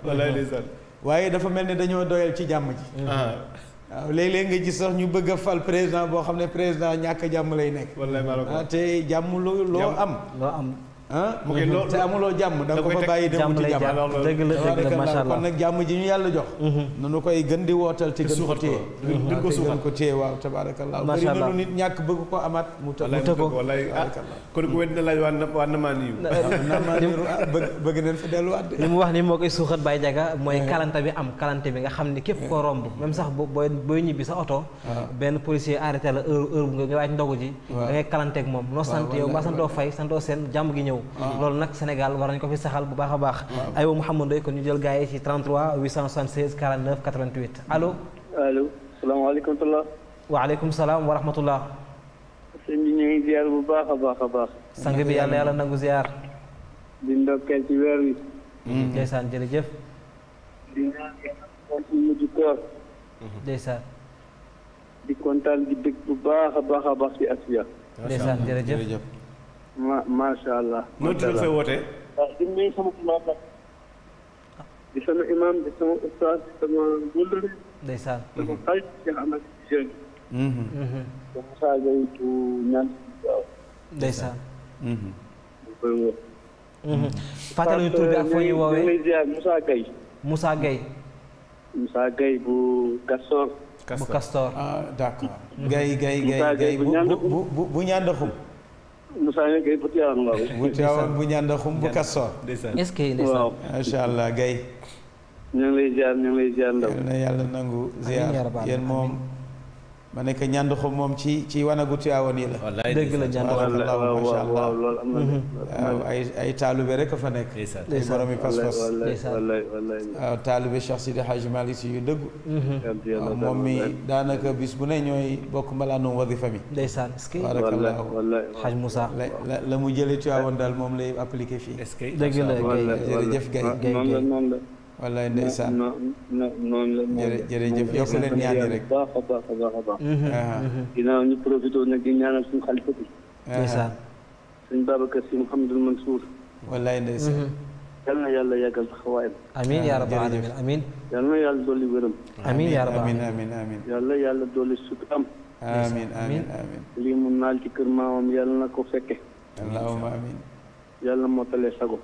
waaye dafa mel ni dañoo doyal ci jàmm ji ah. waaw léeg-léeg nga gis sax ñu bëgg a fal président boo xam ne président ñàkk jàmm lay nekk. wallaay ah, te jàmm loo loo am. loo am. ah ok mhm. loolu te amuloo jàmm da nga ko fa bàyyi dem ci jàmm dëgg la dëgg mhm. ko téye gën ko suuxal gën ko téye waaw tabarakallah macha allah bëri na lu nit ñàkk bëgg ko amaat mu li ah, ah, ah, mu wax ni moo koy suuxat Baye Diaga mooy eh. kalante bi am kalante bi nga xam ni képp koo romb eh. même sax booy booy ñibbi sa oto benn policier arrêté la heure heure bu nga waaj ndogu ji da ngay kalanteeg moom noo sant yow ba santoo fay santoo seen jàmm gi ñëw loolu nak senegal war nañ ko fi saxal bu baax a baax aywa Mouhamadou kon ñu jël gaay ci 33 876 49 88 allo allo alaykum wa alaykum salam wa rahmatullah seen bi ñi ngi ziar bu baax a baax sang bi yalla yalla nangu ziar di ndokkeel ci weer wi hmm. ndeysaan jërëjëf di ñaan ci ko hmm. ndeysan di kontal di bëgg bu baax a baax ci asiya ndeysan Asfiya ndeysaan ma macha allah. noo tudd fay woote. di sama imaam di sama ustaas sama wëllëre. ndeysaan. sama xarit Cheikh Ahmed Dieng. donc saa waaw. ndeysaan. Mm-hmm. Mm-hmm. fàttali tur bi ak foo woowee. Moussa Gueye. Moussa Gueye. bu Castor. bu Castor ah d'accord. Gueye Gueye bu bu bu bu ñaan Moussa bu Tiwaawan waaw. bu Tiwaawan bu ñanda xum bu Kastoor. est-ce que ndeysaan allah Gueye. ñu ngi lay jaar ñu ngi lay na yàlla nangu ziar yéen moom. ma nekk ñanduxu moom ci ci wanagu Tiwaawan yi la. wallaay dëgg la ñanduxu la macha allah waaw mm-hmm. loolu am na waaw ay ay taalibe rek a fa nekk. ay boromi pas-pas. waaw taalibe Cheikh Sidi Hadj Malick si yu dëggu. Mm-hmm. waaw moom mi daanaka bis bu ne ñooy bokk mbalaanum wadifa mi. ndeysaan est-ce que Hadj Moussa. la la mu jëlee Tiwaawan daal moom lay appliqué fii. est-ce que dëgg la Gaye jërëjëf Gaye Gaye wallaay ndeysaan noonu la jërëjëf yokk leen ñaan yi rek baax a baax a baax a baax ginnaaw ñu profité nag di ñaanal suñu xalifa bi ndeysaan suñ Babacar Si Mouhamadul Mansour wallaay ndeysaan yal na yàlla yàggal taxawaayam amiin yaa rabbal aalamiin amiin yal na yàlla dolli wéram amiin yaa rabbal aalamiin amiin yàlla yàlla dolli suturam amiin amiin amiin lii mu naal ci kër maamam yàlla na ko fekke allahumma amiin yàlla mottalee sago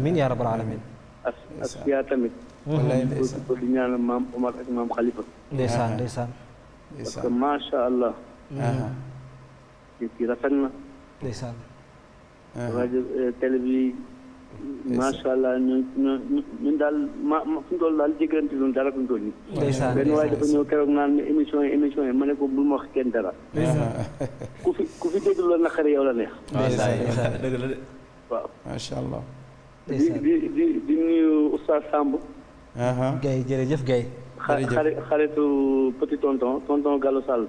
amiin yaa rabbal aalamiin as asfiya tamit. wallaay ndeysaan ko di ñaanal maam Omar ak maam Khalifa. Uh-huh. rafet na. ndeysaan. Uh-huh. Uh-huh. rajo eh, télé bi daal ma fu ñu toll daal jëkkërante doon dara fu ñu toll nii. ndeysaan benn waaye dafa ñëw keroog naan émission yi ma ne ko bul wax kenn dara. ku fi ku fi déglu la naqari yow la neex. ndeysaan ndeysaan dëgg la de. waaw macha allah. di di di nuyu Oustaz Samb. Uh-huh. tonton tonton Gallo Sall.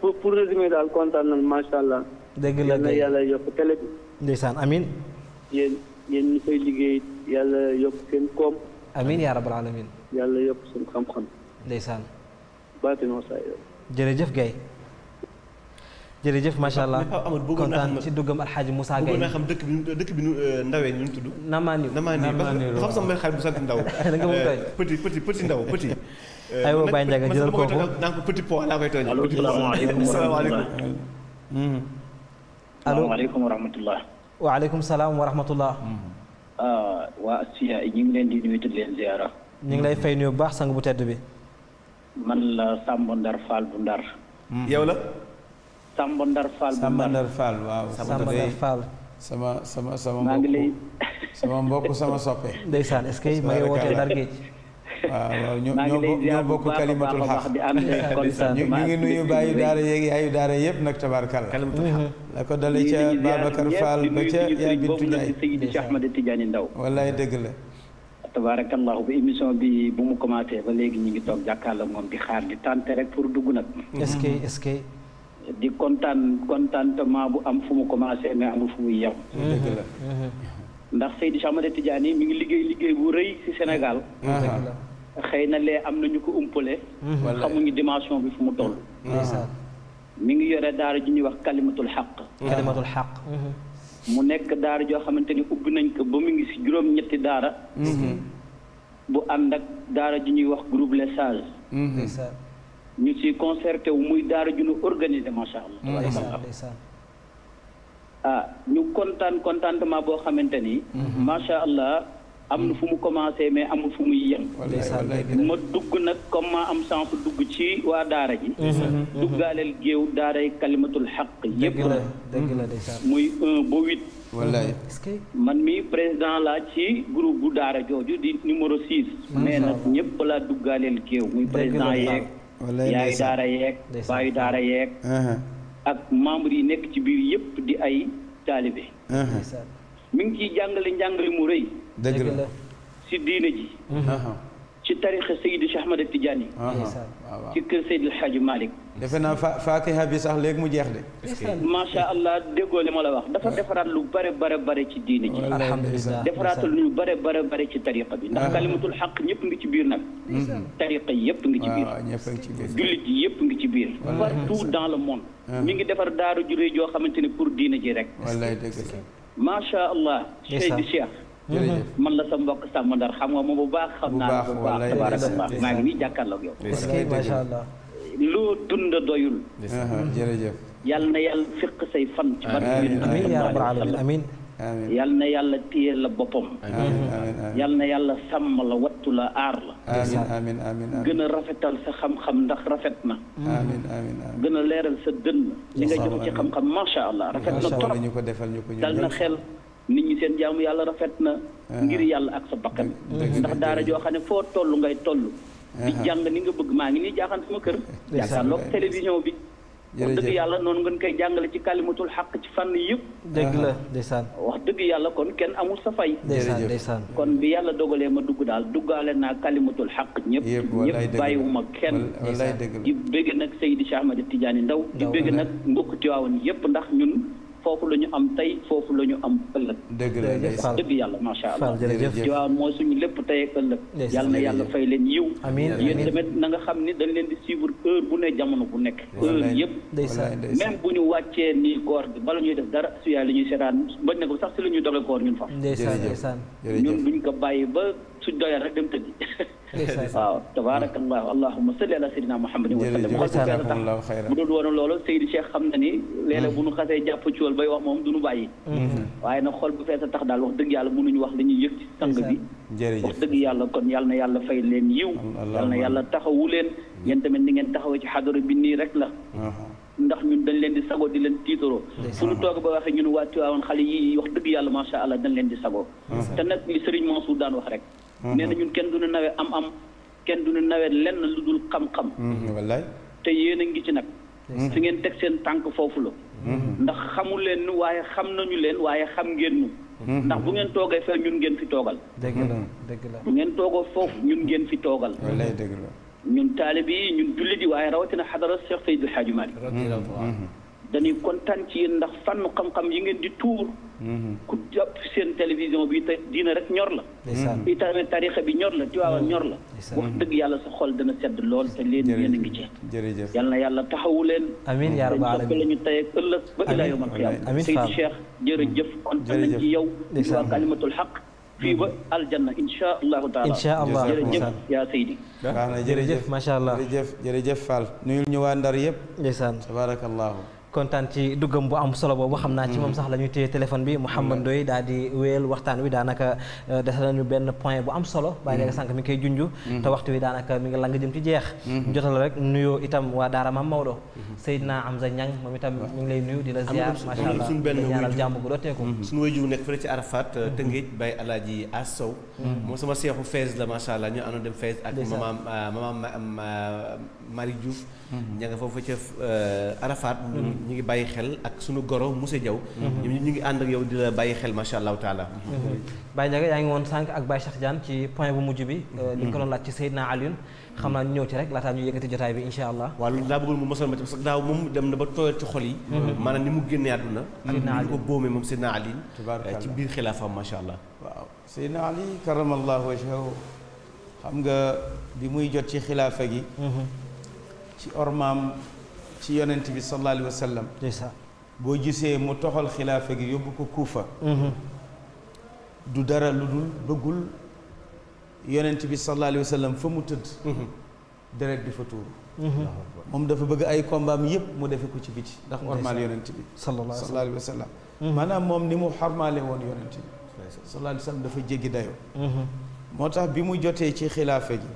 pour pour daal kontaan nañu allah. dëgg la Gaye yàlla yokk télé bi. ndeysaan amin yéen liggéey yàlla yokk seen koom. amin yaa rabbal alamin. yàlla yokk seen xam-xam. ndeysaan. baatin wasaay. jërëjëf Gaye. jërëjëf macha allah kontaan ci duggam alxaaji Moussa Gaye bëgg naa xam dëkk bi dëkk bi ndawee ñu tuddu tudd namaani namaani xam sama may xal bu sant ndaw da nga mu tooñ petit petit petit ndaw petit ay Baye bay ndaga jël ko ko dank petit po la koy tooñ allo alaykum salaamaaleykum wa rahmatullah waaleykum wa rahmatullah waa Asfiya ñu ngi leen di nuyu di leen ziyara ñi ngi lay fay nuyu bu baax sang bu tedd bi man la sambo Ndar fal bu Ndar yow la Samba Ndar Fall. Samba Ndar Fall waaw. Samba Ndar Fall sama sama sama. maa ngi lay sama mbokk sama soppe. ndeysaan est-ce que ma ngi wootee Ndar Géej. waaw ñoo ñoo bokk kalimatul xaq ñu ngi nuyu bàyyi daara yeeg yaayu daara yëpp nag tabaarkalla mhm. la ko dale ca Babacar Fall ba ca yaa bintu Njaay Seydi Cheikh Ahmed Tidiane Ndaw wallaay dëgg la tabaarakallahu ba émission bi bu mu commencé ba léegi ñu ngi toog jàkkaarloo moom di xaar di tànte rek pour dugg nag est-ce di kontaan contentement bu am fu mu commencé mais amul fu muy yem. ndax Seydi Cheikh Ahmed Tidiane mi ngi liggéey liggéey bu rëy ci Sénégal. xëy na lee am na ñu ko umpale. xamuñu dimension bi fu mu toll. mu ngi yore daara ji ñuy wax kalimatul xaq. kalimatul xaq. mu nekk daara joo xamante ni ubbi nañ ko ba mu ngi ci juróom-ñetti daara. Mhm. bu ànd ak daara ju ñuy wax groupe Les ñu ci concerté wu muy daara ju ñu organisé macha allah. Mm, ah ñu kontaan contentement boo xamante ni. Mm-hmm. macha allah am na fu mu commencé mais amul fu muy yem. ma dugg nag comme am sens dugg ci waa daara ji. Mm-hmm. Mm-hmm. duggaaleel géew daaray kalimatul xaq yépp la muy un ba huit. wallaay man mi président laa ci groupe bu daara jooju di numéro six. mais nag ñëpp laa duggaaleel géew muy président yeeg. yaayu daara yeeg baayu daara yeeg uh-huh. ak membre yi nekk ci biir yëpp di ay taalibe uh-huh. mu ngi ciy jàngale njàngale mu rëy dëgg la si diine ji uh-huh. في تاريخ السيد احمد التجاني في آه. إيه، آه، آه. كل سيد الحاج مالك دفنا فاتحه بصح ليك مو جيخ ما شاء الله دغو لي مولا واخ دفا دفرات لو بري بري بري في دين جي الحمد لله دفرات لو بري بري بري في طريقه بي ناخ كلمه الحق نيب نغي في بير نك نعم. طريقه ييب نغي في بير جوليت ييب نغي في بير partout dans le monde ميغي دفر دارو جوري جو خامتيني بور دين جي رك والله دغ ما شاء الله سيد الشيخ jërëjëf man la sa mbokk sàmm ndar xam nga moom bu baax. xam naa bu baax tabaarakallah maa ngi nii jàkkaarloog yow. est-ce que macha allah. loo dund doyul. jërëjëf. yal na yàlla fiq say fan. ci barke bi amiin yaa rabbal alamin amiin. yal na yàlla téye la boppam. yal na yàlla sàmm la wattu la aar la. amiin amiin gën a rafetal sa xam-xam ndax rafet na. amiin amiin gën a leeral sa dënn. li nga jox ci xam-xam macha allah rafet na trop dal na xel. nit ñi seen jaamu yàlla rafet na ah. ngir yàlla ak sa bakkan ndax daara joo xam ne foo toll ngay toll di ah. jàng ni nga bëgg maa ngi nii jaaxaan sama kër jàkkaarloog télévision bi wax dëgg yàlla noonu ngeen koy jàngale ci kalimatul xaq ci fànn yëpp dëgg la ah. ndeysaan wax dëgg yàlla kon kenn amul sa fay ndeysaan ndeysaan kon bi yàlla dogalee ma dugg daal duggaale naa kalimatul xaq ñëpp ñëpp bàyyiwuma kenn di bëgg nag Seydi Cheikh Ahmed Tidiane Ndaw di bëgg nag mbokk Tiwaawan foofu la ñu am tey foofu la ñu am ëllëg. dëgg la dëgg yàlla macha allah. Tiwaawan mooy suñu lépp tey ak ëllëg. yàlla na yàlla fay leen yiw. amiin amiin yéen tamit na nga xam ni dañ leen di suivre heure bu ne jamono bu nekk. heure yëpp. même bu ñu wàccee nii koor bi bala ñuy def dara su yàlla ñuy seetaan bañ na ko sax si la ñuy doge koor ñun fa. ñun duñ ko bàyyi ba. suñ doyal rek dem tëddi waaw tabarakallahu allahumma salli ala sayyidina muhammadin wa sallam bu dul woon loolu Seydi Cheikh xam na ni léeg-léeg mm. bu ñu xasee jàpp ci wol bay wax moom duñu bàyyi mm-hmm. waaye nag xol bu fees a tax daal wax dëgg yàlla mënuñu wax li ñuy yëg ci bi wax dëgg yàlla fay leen yiw yàlla na yàlla taxawu leen ngeen mm-hmm. tamit ni ngeen taxawee ci xadara bi nii rek ndax ñun dañ leen di sago di leen tiitaroo ñu toog ba waxee ñun waa waawoon xale yi wax dëgg yàlla macha allah dañ leen di sago te nag li Serigne Mansour daan wax rek nee na ñun kenn du ñu nawee am am kenn du ñu nawet lenn lu dul xam-xam mm-hmm. te yéen a ngi ci nag fi ngeen teg seen tànk foofu la mm-hmm. ndax xamu leen nu waaye xam nañu leen waaye xam ngeen nu mm-hmm. ndax bu ngeen toogee fee ñun ngeen fi toogal dëgg la dëgg la ngeen toogoo foofu ñun ngeen fi toogal wallaay dëgg ñun taalibe yi ñun jullit yi waaye rawatina xadara Cheikh Seydil Hadji Malick dañuy kontaan ci yéen ndax fànn xam-xam yi ngeen di tuur ku jàpp seen télévision bi te diina rek ñor la itamit tarixa bi ñor la tiwaawan ñor la wax dëgg yàlla sa xol dana sedd lool te leen yéen a ngi ci jërëjëf yal na yàlla taxawu leen amiin yaa rabbal aalamiin la ñu tey ak ëllëg ba ilaa yawmal qiyaama Seydi Cheikh jërëjëf kontaan nañ ci yow di waa Kalimatul Haq fii ba aljanna incha allahu taala incha allah jërëjëf yaa Seydi. baax na jërëjëf macha allah jërëjëf jërëjëf Fall. nuyul ñu waa Ndar yëpp. ndeysaan tabaarakallaahu kontaan ci duggam bu am solo boobu xam naa ci moom mm-hmm. sax la ñuy téye téléphone bi Mouhamed Ndoye daal di wéyal waxtaan wi daanaka euh, dese nañu benn point bu am solo bàyyi léegi mm-hmm. sànq mi ngi koy junj mm-hmm. te waxtu wi daanaka mi ngi lang jëm ci jeex jotal rek nuyoo itam waa daara Maam Maodo Seydina Amza Niang moom itam mi ngi lay nuyu di la ziar macha allah suñu benn ñaanal jàmm gu dooteeku suñu wayjur nekk fële ci Arafat euh, Tëngéej Baye Alaaji As Sow moom sama seexu Fès la macha allah ñu àndoon dem Fès ak mamaam mamaam Marie Diouf Mhm. ña nga foofu ca euh, Arafat. Mhm. ñu ngi bàyyi xel ak sunu goro Moussa Diaw. ñu mhm. ñu ngi ànd ak yow di la bàyyi xel macha allahu taala. Baye Ndiaga yaa ngi woon sànq ak Baye Cheikh Diane ci point bu mujj bi. Euh, li nga ko doon laaj ci Seydina Alioune. xam naa ñu ñëw ci rek laataa ñu yëkkati jotaay bi incha allah. waaw loolu daa bëggoon mu mosal ma ci parce que daaw moom dem na ba tooyal ci euh, Ali karamallahu wajhahu xam nga bi muy jot ci xilaafa gi ci ormam ci yonent bi sallallahu alayhi wasallam sallam bo gisee mu toxal khilafa gi yóbbu ko kufa hmm du dara ludul dul bëggul yonent bi sallallahu alayhi wasallam famu teud hmm tëdd deret di fa hmm mom dafa bëgg ay kombaam yépp mu defe ko ci biti ndax ormal yonent bi sallallahu alayhi wasallam manam mom moom ni mu xormaale woon yonent bi sallallahu alayhi wasallam dafa jéggi dayo hmm motax bi mu jotee ci khilafa gi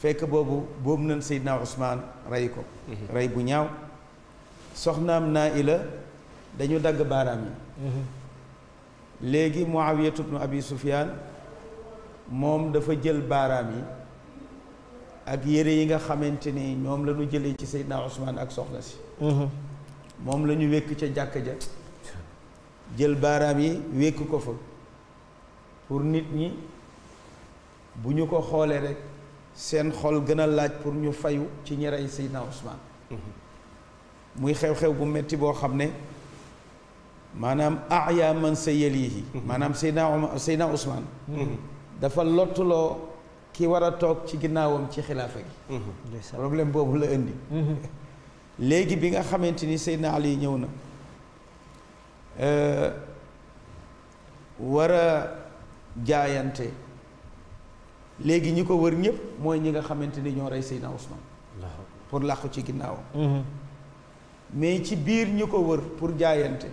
fekk boobu boobu nañ Seydina Ousmane rey ko mhm. rey bu ñaaw soxnaam naa ila dañu dagg baaraam yi mhm. léegi Muawiyatu bnu Abi Sufyaan moom dafa jël baaraam yi ak yére yi nga xamante ni ñoom la ñu jëlee ci Seydina Ousmane ak soxna si mhm. moom la ñu wékk ca jàkk ja jël baaraam yi wékk ko fa pour nit ñi bu ñu ko xoolee rek seen xol gën a laaj pour ñu fayu ci ñi rey Seydina Ousmane muy xew-xew bu metti boo xam ne maanaam aya man sa yelihi maanaam Seydina Seydina Ousmane dafa lottuloo ki war a toog ci ginnaawam ci xilaafa gi problème boobu la indi léegi bi nga xamante ni Seydina Ali ñëw na euh, war a jaayante léegi ñi ko wër ñëpp mooy ñi nga xamante ni ñoo rey Seydina Ousmane pour làqu ci ginnaawam mhm. mais ci biir ñi ko wër pour jaayante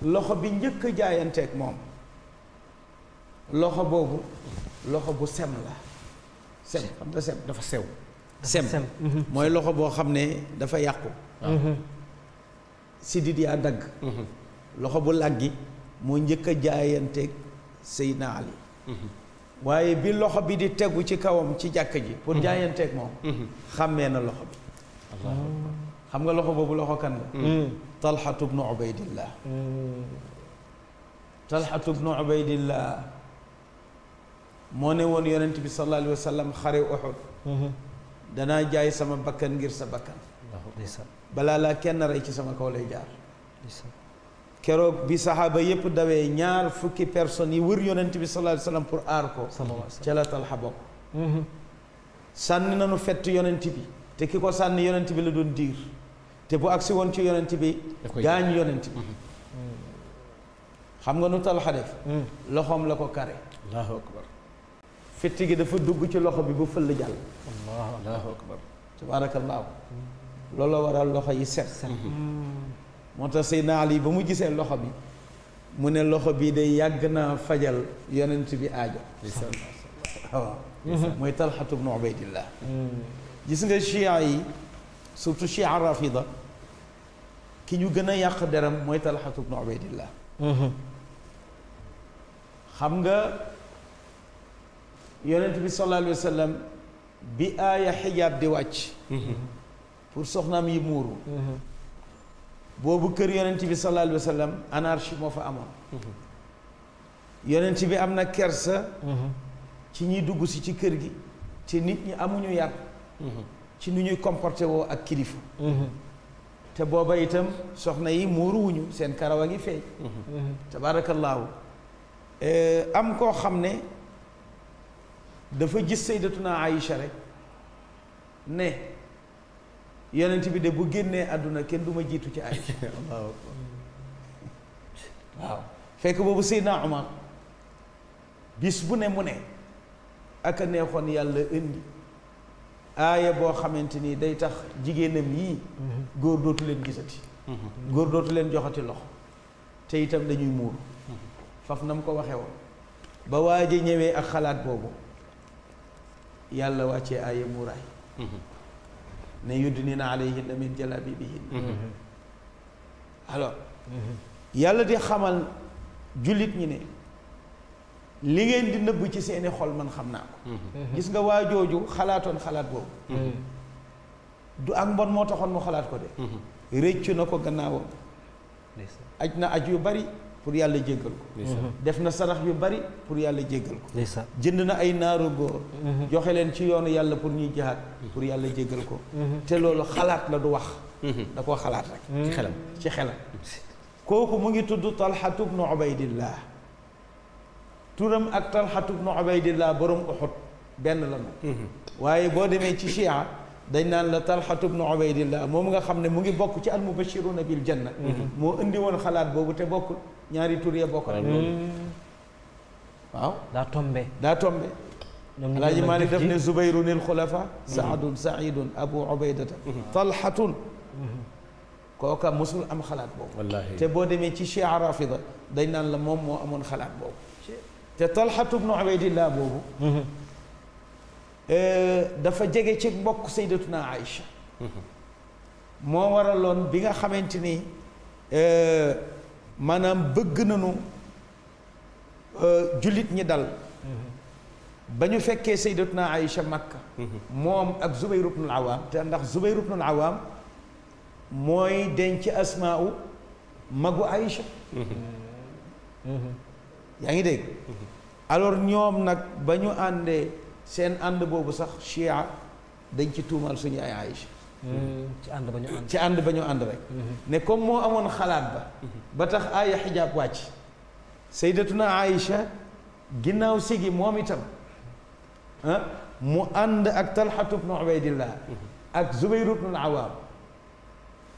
mhm. loxo bi njëkk a jaayanteeg moom loxo boobu loxo bu sem la sem xam nga sem dafa sew sem mhm. mooy loxo boo xam ne dafa yàqu sidit yaa dagg loxo bu làggi moo njëkk a jaayanteeg Seydina Ali waaye bi loxo bi di tegu ci kawam ci jàkk ji pour mhm. jaayanteeg moom mhm. xàmmee na loxo bi xam nga loxo boobu loxo kan la mm. talxatu bnu ubaydillah mm. talxatu bnu ubaydillah moo ne woon yonent bi sallallahu alayhi wa sallam xare uxud mhm. danaa jaay sama bakkan ngir sa bakkan balaa laa kenn rey ci sama kaw lay jaar keroog bi saxaaba yépp dawee ñaar fukki personnes yi wër yonent bi sallallahu alayhi wasallam pour aar ko ca la Talha bokk sànni nañu fett yonent bi te ki ko sànni yonent bi la doon diir te bu agsi woon ci yonent bi gaañ yonent bi xam nga nu Talha def loxoom la ko kare allahu akbar fitt gi dafa dugg ci loxo bi ba fëll jàll allahu akbar tabaarakallaahu loolu la waral loxo yi set motax sayna Ali ba mu gisee loxo bi mu ne loxo bi day yàgg naa fajal yonent bi aajo waaw mooy talxatu ubaydillah gis nga chia yi surtout chia rafida ki ñu gën yàq deram mooy talxatu bnu ubaydillah xam nga yonent bi sallallahu alayhi wa sallam bi aaya xijaab di wàcc pour soxnaam yi muuru boobu kër yonent bi sallallahu alayhi wa sallam anarchie moo fa amoon yonent bi am na kersa ci ñuy dugg si ci kër gi te nit ñi amuñu yar ci nu ñuy comporté woo ak kilifa te booba itam soxna yi muuruwuñu seen karaw a ngi feeñ tabaarakallaahu am koo xam ne dafa gis sayyidatuna Aïcha rek ne yonent bi de bu génnee àdduna kenn du ma jiitu ci Aïcha waaw fekk boobu Seydina Omar bis bu ne mu ne ak a neexoon yàlla indi aaya boo xamante ni day tax jigéenam yii mhm. góor dootu leen gisati mhm. góor dootu leen joxati loxo te itam dañuy muur mhm. faf na mu ko waxee woon ba waa ñëwee ak xalaat boobu yàlla wàccee aaya muuraay ne yuddinina alayhinna min jalabibihin mhm. mhm. alors mhm. yàlla di xamal jullit ñi ne li ngeen di nëbb ci seeni xol man xam naa ko gis nga waa jooju xalaatoon xalaat boobu du ak mbon moo taxoon mu xalaat ko de rëccu na ko gannaawam aj na aj yu bari pour yàlla jéggal ko mhm. def na sarax yu bari pour yàlla jéggal ko jënd na ay naaru góor mhm. joxe leen ci yoonu yàlla pour ñuy jaat pour yàlla jéggal ko mhm. te loolu xalaat la du wax da koo xalaat rek ci xelam ci xelam kooku mu ngi tudd talxatu bnu ubaydillah turam ak talxatu bnu ubaydillah borom uxut benn la nu waaye boo demee ci chia dañ naan la talxatu ibn ubaydillah mom nga xamne ne mu ngi bok ci al mubashirun bil janna mo indi won khalat bobu te bokkul ñaari tour ya bokk rek waaw daa tombe daa tombe alaaji Maalik def ne zubayrun al khulafa saadun sa'id abu ubaydah talxatun koka musul am xalaat boobu te bo demé ci shi'a rafida dañ naan la mom mo amoon khalat bobu te talxatu ibn ubaydillah bobu Euh, dafa jege ci mbokk saydatuna Aïcha moo waraloon bi nga xamante ni euh, maanaam bëgg nañu euh, jullit ñi dal ba ñu fekkee saydatuna Aïcha Makka moom ak Zubayr ibnul Awaam te ndax Zubayr ibnul Awaam mooy denc asmaa'u magu Aïcha mm-hmm. yaa ngi dégg mm-hmm. alors ñoom nag ba ñu àndee seen ànd boobu sax chia dañ ci tuumaal suñu ay Aïcha ci ànd ba ñu ànd ci ànd ba ñu ànd rek mhm. ne comme moo amoon xalaat ba mhm. ba tax aaya xijaab wàcc saydatuna Aïcha ginnaaw sigi moom itam ah, mu ànd ak talxatu bnu ubaydillah mhm. ak zubayru bnu awaam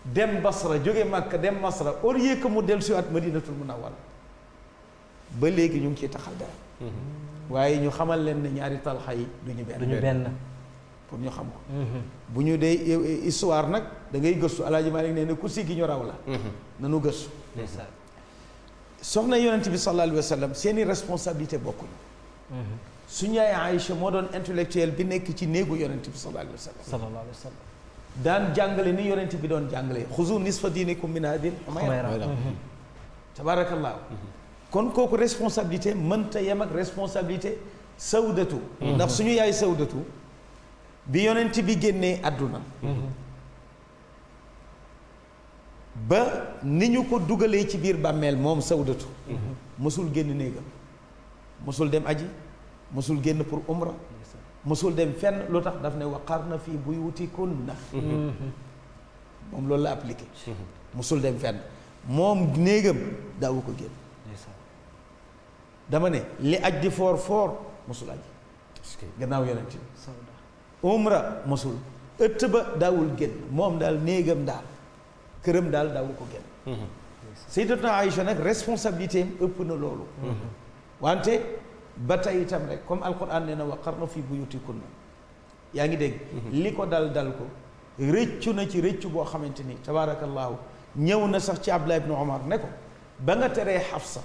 dem basra jóge màkka dem masra au lieu que mu dellusiwaat madinatul munawwara ba léegi ñu ngi ciy taxal dara waaye ñu xamal leen ne ñaari talxa yi du ñu benn du pour ñu xam ko mm-hmm. bu ñu dee eh, histoire nag da ngay gëstu alaaji Maalik nee na ku siggi ñu raw la mm-hmm. nanu gëstu soxna yonent bi sallallahu alayhi wa sallam seeni responsabilité bokkuñu mm-hmm. suñu yaay Aïcha moo doon intellectuel bi nekk ci néegu yonent bi sallallahu alayhi wa sallam daan jàngale ni yonent bi doon jàngale xuzu nisfa diinikum min hadil mayra tabaarakallaahu kon kooku responsabilité mënta yem ak responsabilité sawdatu mhm. ndax suñu yaay sawdatu bi yonent bi génnee àdduna mhm. ba ni ñu ko dugalee ci biir bàmmeel moom sawdatu mësul mhm. génn néegam mësul dem aji mësul génn pour umra mësul dem fenn lu tax daf ne waqar na fii buy buyutikunna moom loolu la appliqué mësul dem fenn moom néegam daawu ko génn dama ne li aj di for foor mosul aj gannaaw yonent bi umra musul ëtt ba daawul génn moom daal néegam daal këram daal daawul ko génn Sayyidatuna Aïcha nag responsabilité am ëpp na loolu wante ba tey itam rek comme alquran nee na waqarna fi buyutikunna yaa ngi dégg li ko dal dal ko rëccu na ci rëccu boo xamante ni tabaarakallaahu ñëw na sax ci Abdullah ibn Omar ne ko ba nga teree Hafsa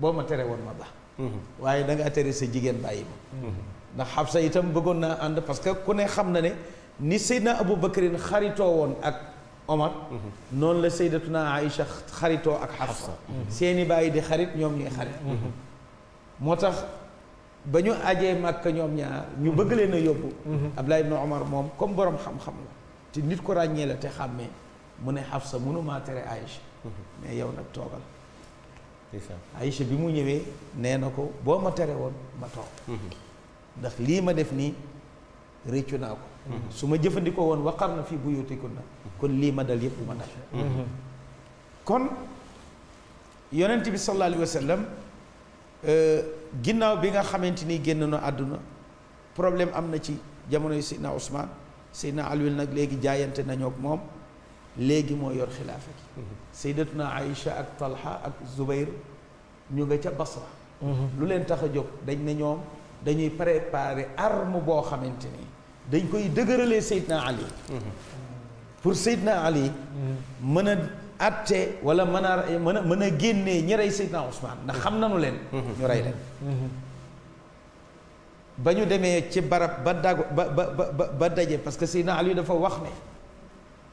boo ma tere woon ma ba mhm. waaye da ngaa tere sa jigéen bàyyi ma mhm. ndax Xafsa itam bëggoon naa ànd parce que ku ne xam na ne ni Seydina Abu Bakrin xaritoo woon ak Omar mhm. noonu la Seydatuna Aïcha xaritoo ak Xafsa seeni bàyyi di xarit ñoom ñuy xarit moo tax ba ñu ajee Màkka ñoom ñaar ñu bëgg leen a yóbbu Abdullah ibn Omar moom comme boroom xam-xam la te nit ko ràññee la te xàmmee mu ne Xafsa mënumaa tere Aïcha mais yow nag toogal Aïcha bi mu ñëwee nee na ko boo ma tere woon ma toog mhm. ndax lii ma def nii réccu naa ko mhm. su ma jëfandikoo woon waqar na fii bu buyutikunna kon lii ma dal yépp ma dal mhm. kon yonent bi sallallahu alayhi euh, ginnaaw bi nga xamante ni génn na àdduna problème am na ci jamono yu Seydina Ousmane Seydina Aliou nag léegi jaayante nañoo ak moom léegi moo yor xilaafa gi saydatuna Aïcha ak Talha ak Zubair ñu nga ca Basra lu leen tax a jóg dañ ne ñoom dañuy préparer arme boo xamante dañ koy dëgëralee Seydina Ali pour Seydina Ali mën a atte wala mën a mën a mën a génnee ñi rey Seydina Ousmane ndax xam nañu leen ñu rey leen ba ñu ci barab ba dag ba ba ba daje parce que Seydina Ali dafa wax ne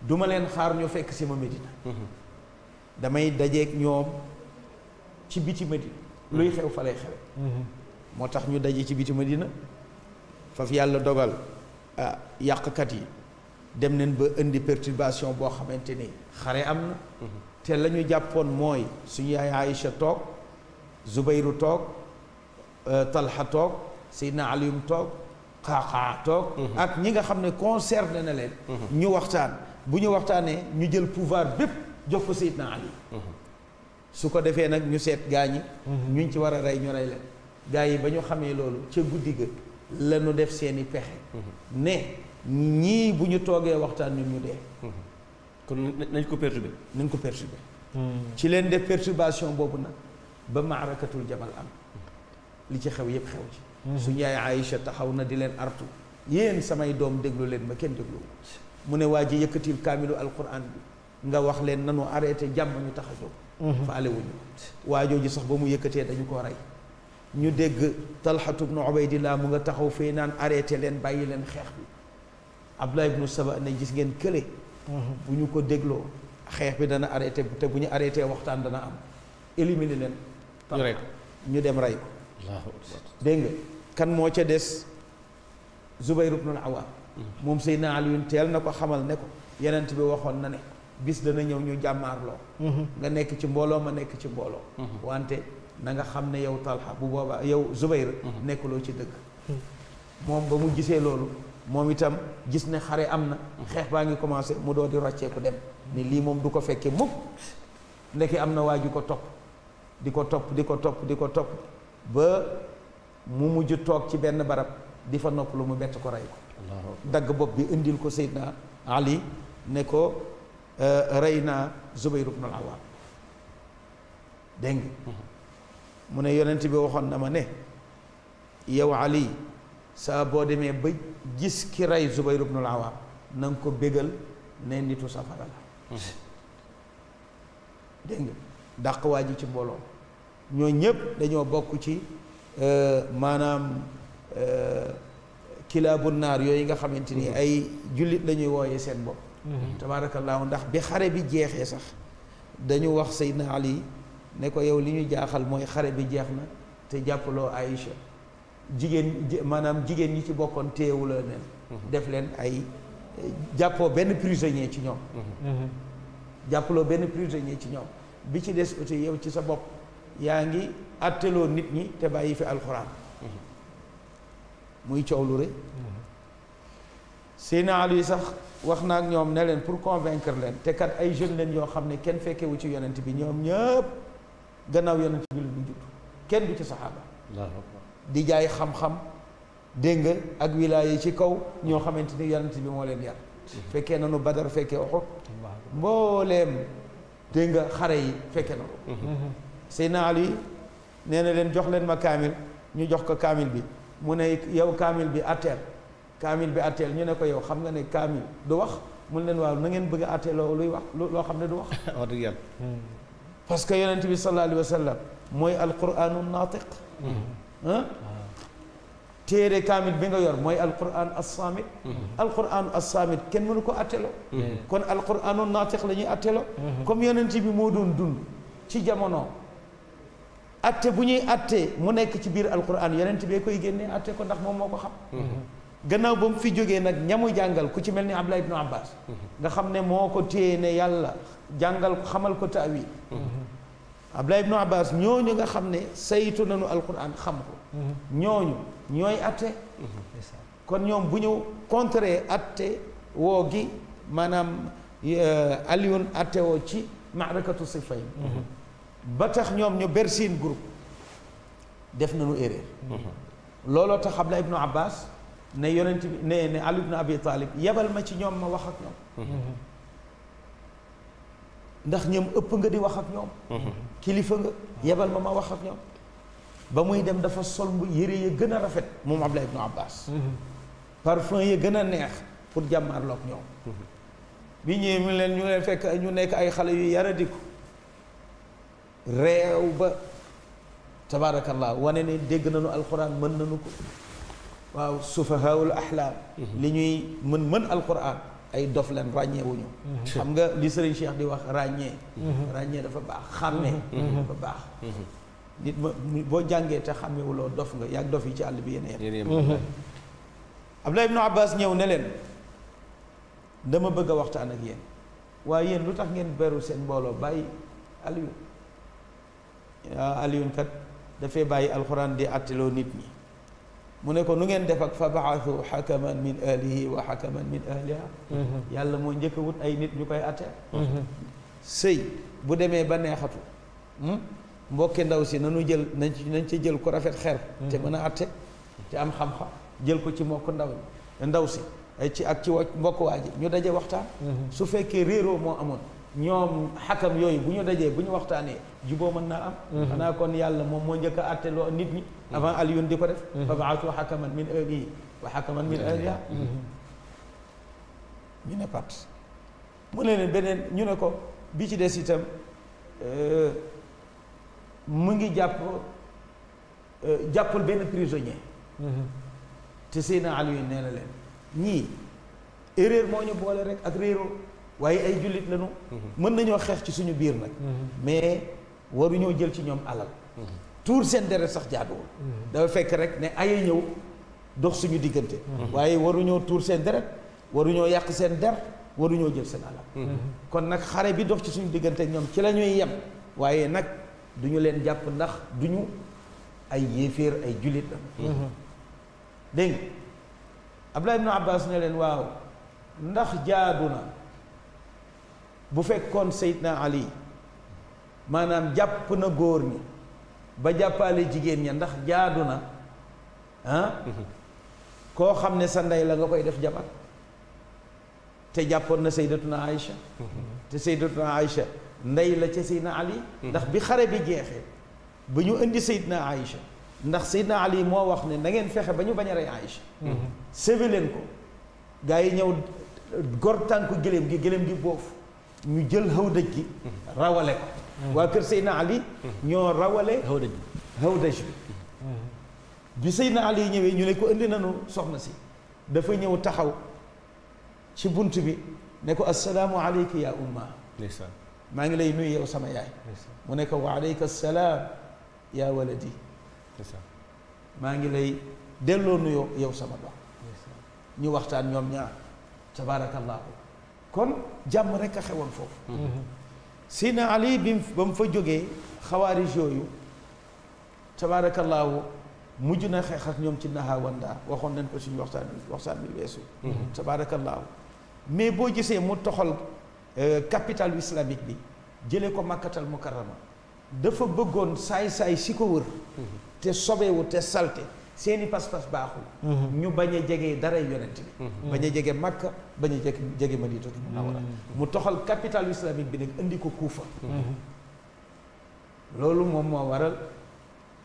duma len xaar ñu fekk ci ma Medina damay dajé ak ñoom ci biti Medina luy xew fa lay xewe motax ñu daje ci biti Medina faf yàlla dogal yaq kat yi dem nañ ba indi perturbation bo xamanteni xare amna te lañu ñu moy mooy suñu yaay aisha tok Zubayru tok Talha tok Seydina ali tok Qaqaa tok ak ñi nga xamné concerné na leen ñu waxtaan bu ñu waxtaanee ñu jël pouvoir bépp jox ko Seydina Ali su ko defee nag ñu seet gaa ñi ñu ci war a rey ñu rey leen gaa yi ba ñu xamee loolu ca guddi ga la ñu def seeni pexe ne ñii bu ñu toogee waxtaan ñun ñu dee kon nañ ko perturbé nañ ko perturbé hmm. ci leen def perturbation boobu nag ba ma maarakatul jabar am li ci xew yépp xew ci hmm. suñu yaay Aïcha taxaw na di leen artu yéen samay doom déglu leen ma kenn déglu mu ne waa ji yëkkatil kaamilu alquran bi nga wax leen nanu arrêté jàmm ñu tax a jóg mhm. faale wuñu waa jooju sax ba mu yëkkatee dañu ko rey ñu dégg talxatu bnu ubaydillah mu nga taxaw fee naan arrêté leen bàyyi leen xeex bi abdullah ibnu saba ne gis ngeen kële mhm. bu ñu ko dégloo xeex bi dana arrêté te bu ñu arrêté waxtaan dana am éliminer leen ñu dem rey ko dégg kan moo ca des zubayr ibnu al moom Seydina Alioune teel na ko xamal ne ko yenent bi waxoon na ne bis dana ñëw ñu jàmmaarloo mhm. nga nekk ci mbooloo ma nekk ci mbooloo mhm. wante na nga xam ne yow Talha bu boobaa yow Zubayr mhm. nekkuloo ci dëgg moom ba mu gisee loolu moom itam gis ne xare am na xeex baa ngi commencé mu doo di rocceeku dem ni lii moom du ko fekkee mukk ndeke am na waa ju ko topp di ko topp di ko topp di ko topp ba mu mujj toog ci benn barab di fa nopp lu mu bett ko rey ko dagg bopp bi indil ko Seydina Ali ne ko euh, rey naa Zubayr ibn al-Awwam dégg mhm. mu ne yonent bi waxoon na ma ne yow Ali saa boo demee ba gis ki rey Zubayr ibn al-Awwam na ko bégal ne nitu safara la mhm. dégg dàq waa ji ci mbooloo ñoo ñëpp dañoo bokk ci euh, maanaam euh, kilaabu naar yooyu nga xamante ni ay jullit la ñuy wooyee seen bopp tabaarakallaahu ndax bi xare bi jeexee sax dañu wax Seydina Ali ne ko yow li ñu jaaxal mooy xare bi jeex na te jàppaloo Aïcha jigéen maanaam jigéen ñi ci bokkoon téewu la leen def leen ay jàppoo benn prisonnier ci ñoom jàppaloo benn prisonnier ci ñoom bi ci des aussi yow ci sa bopp yaa ngi àtteloo nit ñi te bàyyi fi alxuraan muy coow lu rëy Seydina yi sax wax na ak ñoom ne leen pour convaincre leen te kat ay jeunes leen yoo xam ne kenn fekkewu ci yonent bi ñoom ñëpp gannaaw yonent bi la ñu kenn du ci saxaaba di jaay xam-xam dégg nga ak yi ci kaw ñoo xamante ni yonent bi moo leen yar fekkee nu Badar fekkee waxut mbooleem dégg nga xare yi fekke na ko mhm. Seydina Ali nee na leen jox leen ma kaamil ñu jox ko kaamil bi mu ne yow kaamil bi atteel kaamil bi atteel ñu ne ko yow xam nga ne kaamil du wax mun leen waaw na ngeen bëgg a atteeloo luy wax loo xam ne du wax wax dëgg yàlla hmm. parce que yonent bi sallallahu alayhi wa sallam mooy alquranu naatiq hmm. Hmm. téere kaamil bi nga yor mooy alquran assaamit alquran assaamit kenn mënu ko attelo kon alquranu naatiq la ñuy attelo comme yonent bi moo doon dund ci jamono ate bu ñuy atte mu nekk ci biir alquran yonent bee koy génne atte ko ndax moom moo ko xam mm-hmm. gannaaw ba mu fi jógee nag ñamu jàngal ku ci mel ni Abdullah ibnu Abbas mm-hmm. nga xam ne moo ko téye ne yàlla jàngal xamal ko taawil mm-hmm. Abdullah ibnu Abbas ñooñu nga xam ne saytu nañu alquran xam ko ñooñu ñooy atte kon ñoom bu ñu contrer atte woo gi maanaam euh, Alioune atte woo ci maarakatu sifayn ba tax ñoom ñu ber seen groupe def nañu erreur. looloo tax Abdallah ibnu Abbas ne yonent bi ne ne Ali ibnu Abi Talib yebal ma ci ñoom ma wax ak ñoom. ndax ñoom ëpp nga di wax ak ñoom. kilifa nga yebal ma ma wax ak ñoom. ba muy dem dafa sol mu yére ya gën a rafet moom Abdallah ibnu Abbas. parfum ya gën a neex pour jàmmaarloog ñoom. bi ñëwee mu leen ñu leen fekk ñu nekk ay xale yu yaradiku. réew ba tabaarakallah wane ne dégg nañu alquran mën nañu ko waaw sufahaul ahlaam mhm. li ñuy mën mën alquran ay dof leen ràññeewuñu mhm. xam nga li sëriñ Cheikh di wax ràññee mhm. ràññee dafa baax xàmmee dafa baax nit ma boo jàngee te xàmmewuloo dof nga yaag dof yi ci àll bi yéen a Abdullah ibnu Abbas ñëw ne leen dama bëgg a waxtaan ak yéen waaye yéen lu tax ngeen beru seen mbooloo bàyyi Aliou Ah, Alioune kat dafay bàyyi alxuraan di àtteloo nit ñi mu ne ko nu ngeen def ak fa baathu xakaman min ahlihi wa xakaman min ahliha mhm. yàlla moo njëkk wut ay nit ñu koy àtte mhm. sëy bu demee ba neexatu hmm? mbokki ndaw si na nu jël nañ ci nañ ci jël ku rafet xer mhm. te mën a àtte te am xam-xam jël ko ci mbokk ndaw ndaw si ci ak ci mbokk waa ji ñu daje waxtaan su fekkee réeroo moo amoon ñoom xakam yooyu bu ñu dajee bu ñu waxtaanee juboo mën naa am mhm. xanaa kon yàlla moom moo njëkk a àtte loo nit ñi mhm. avant Alioune di ko def mhm. fabaatu xakaman min wa xakaman min ahliha ñu ne pat mu ne beneen ñu ne ko bi ci des itam euh, mu ngi jàpp euh, jàppul benn prisonnier te Seydina Alioune nee na leen ñii erreur moo ñu boole rek ak réeroo waye ay julit lañu mën nañu xex ci suñu biir nak mais waru ñu jël ci ñom alal tour sen dere sax jaaduwul dafa fekk rek ne ay ñëw dox suñu digënté waye waru ñu tour sen dere waru ñu yàq sen der waru ñu jël sen alal kon nak xare bi dox ci suñu diggante ñom ci lañuy yam waye nak duñu leen jàpp ndax duñu ay yéfer ay julit la deng nga Abdullah ibn Abbas ne leen waaw ndax jaaduna bu fekkoon seyt Seydina Ali maanaam jàpp na góor ñi ba jàppale jigéen ña ndax jaadu na ah mm-hmm. koo xam ne sa ndey la nga koy def jabar te jàppoon na Seydatuna Aïcha mm-hmm. te Seydatuna Aïcha ndey la ca Seydina Ali mm-hmm. ndax bi xare bi jeexee ba ñu indi seyt Seydina Aïcha ndax naa Ali moo wax ne na ngeen fexe ba ñu bañ a rey ko gaa yi ñëw gor tànku gëléem gi gëléem gi boofu ñu jël hawdaj gi rawale ko mm-hmm. waa kër Seydina Ali mm-hmm. ñoo rawale hawdaj bi hawdaj mm-hmm. bi bi Seydina ñëwee ñu ne ko indi nañu soxna si dafa ñëw taxaw ci bunt bi ne ko assalaamu aleyka yaa umma maa ngi lay nuy yow sama yaay mu ne ko wa aleyka salaam yaa maa ngi lay delloo nuyoo yow sama doom ñu waxtaan ñoom ñaar tabaarakallaahu kon jam rek xewon fofu sina ali bim bam fa joge khawarij yoyu tabarakallah mujuna xex ak ñom ci naha wanda waxon nañ ko suñu waxtan waxtan bi wessu tabarakallah mais bo gisee mu toxal capital islamique bi jele ko makkatal mukarrama dafa beggoon say say siko wër te sobé wu te salte seeni pas-pas baaxul. Mhm. ñu bañ a jege dara yonent bi. Mhm. bañ a jege Makka bañ a jege jege Madinatu Munawwara mhm. mu toxal capital islamique bi nag indi ko Kuufa. loolu moom moo waral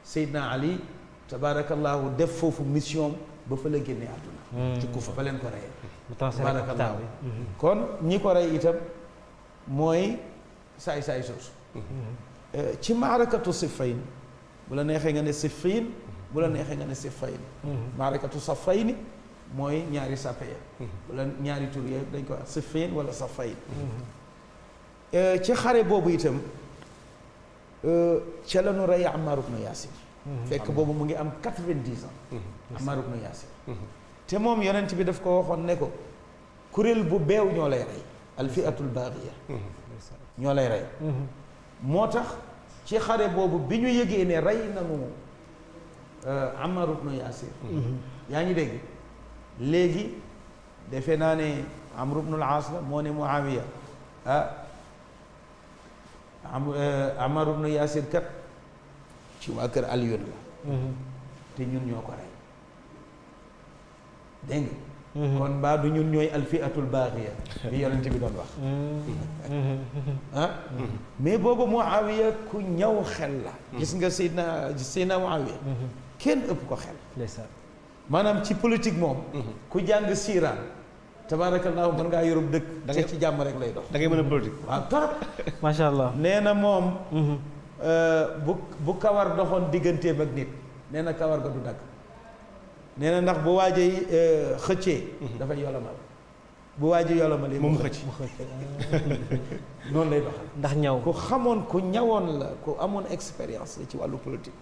Seydina Ali tabaarakallaahu def foofu mission ba fa la génnee àdduna. ci Kuufa fa leen ko reyee. mu tabaarakallaahu kon ñi ko rey itam mooy saay saay soosu. Euh, ci maarakatu Siffin bu la neexee nga ne Siffin. bu la neexee nga ne Siffayni. maarakatu mhm. Saffayni mooy ñaari sappe ya wala mhm. ñaari tur ya dañ ko wax Siffin wala Saffayni. Mhm. Euh, ci xare boobu itam euh, ca la ñu rey Ammar ibn Yasir. fekk boobu mu ngi am quatre-vingt-dix ans. te moom yonent bi daf ko waxoon ne ko kuréel bu beew ñoo lay rey. alfiatul baaxiya ñoo lay rey. moo tax ci xare boobu bi ñu yëgee ne rey nañu. Euh, Ammar ibn Yaasir mhm. mhm. yaa ngi dégg léegi defe naa ne Amr ibn al-Aas la moo ne Muawiya ah am euh, Ammar ibn kat ci waa kër Alioune la mhm. te ñun ñoo ko rey dégg nga kon mbaa du ñun ñooy alfiatul baaxiya bi yonent bi doon wax ah? mais boobu Muawiya ku ñaw xel la gis nga Seydina Seydina Muawiya kenn ëpp ko xel maanaam ci politique moom mhm. ku jàng siiraan tabaarakallaahu mën ngaa yorub dëkk da ci jàmm rek lay dox da ngay mën a politique waaw trop macha allah nee na moom mhm. euh, bu bu kawar doxoon digganteem ak nit nee na kawar ga du dagg nee na ndax bu waajee euh, xëccee mhm. dafay yolamal bu waajee yolamal moom xëcc mu xëcc noonu lay doxal ndax ñaw ku xamoon ku ñawoon la ku amoon expérience la ci wàllu politique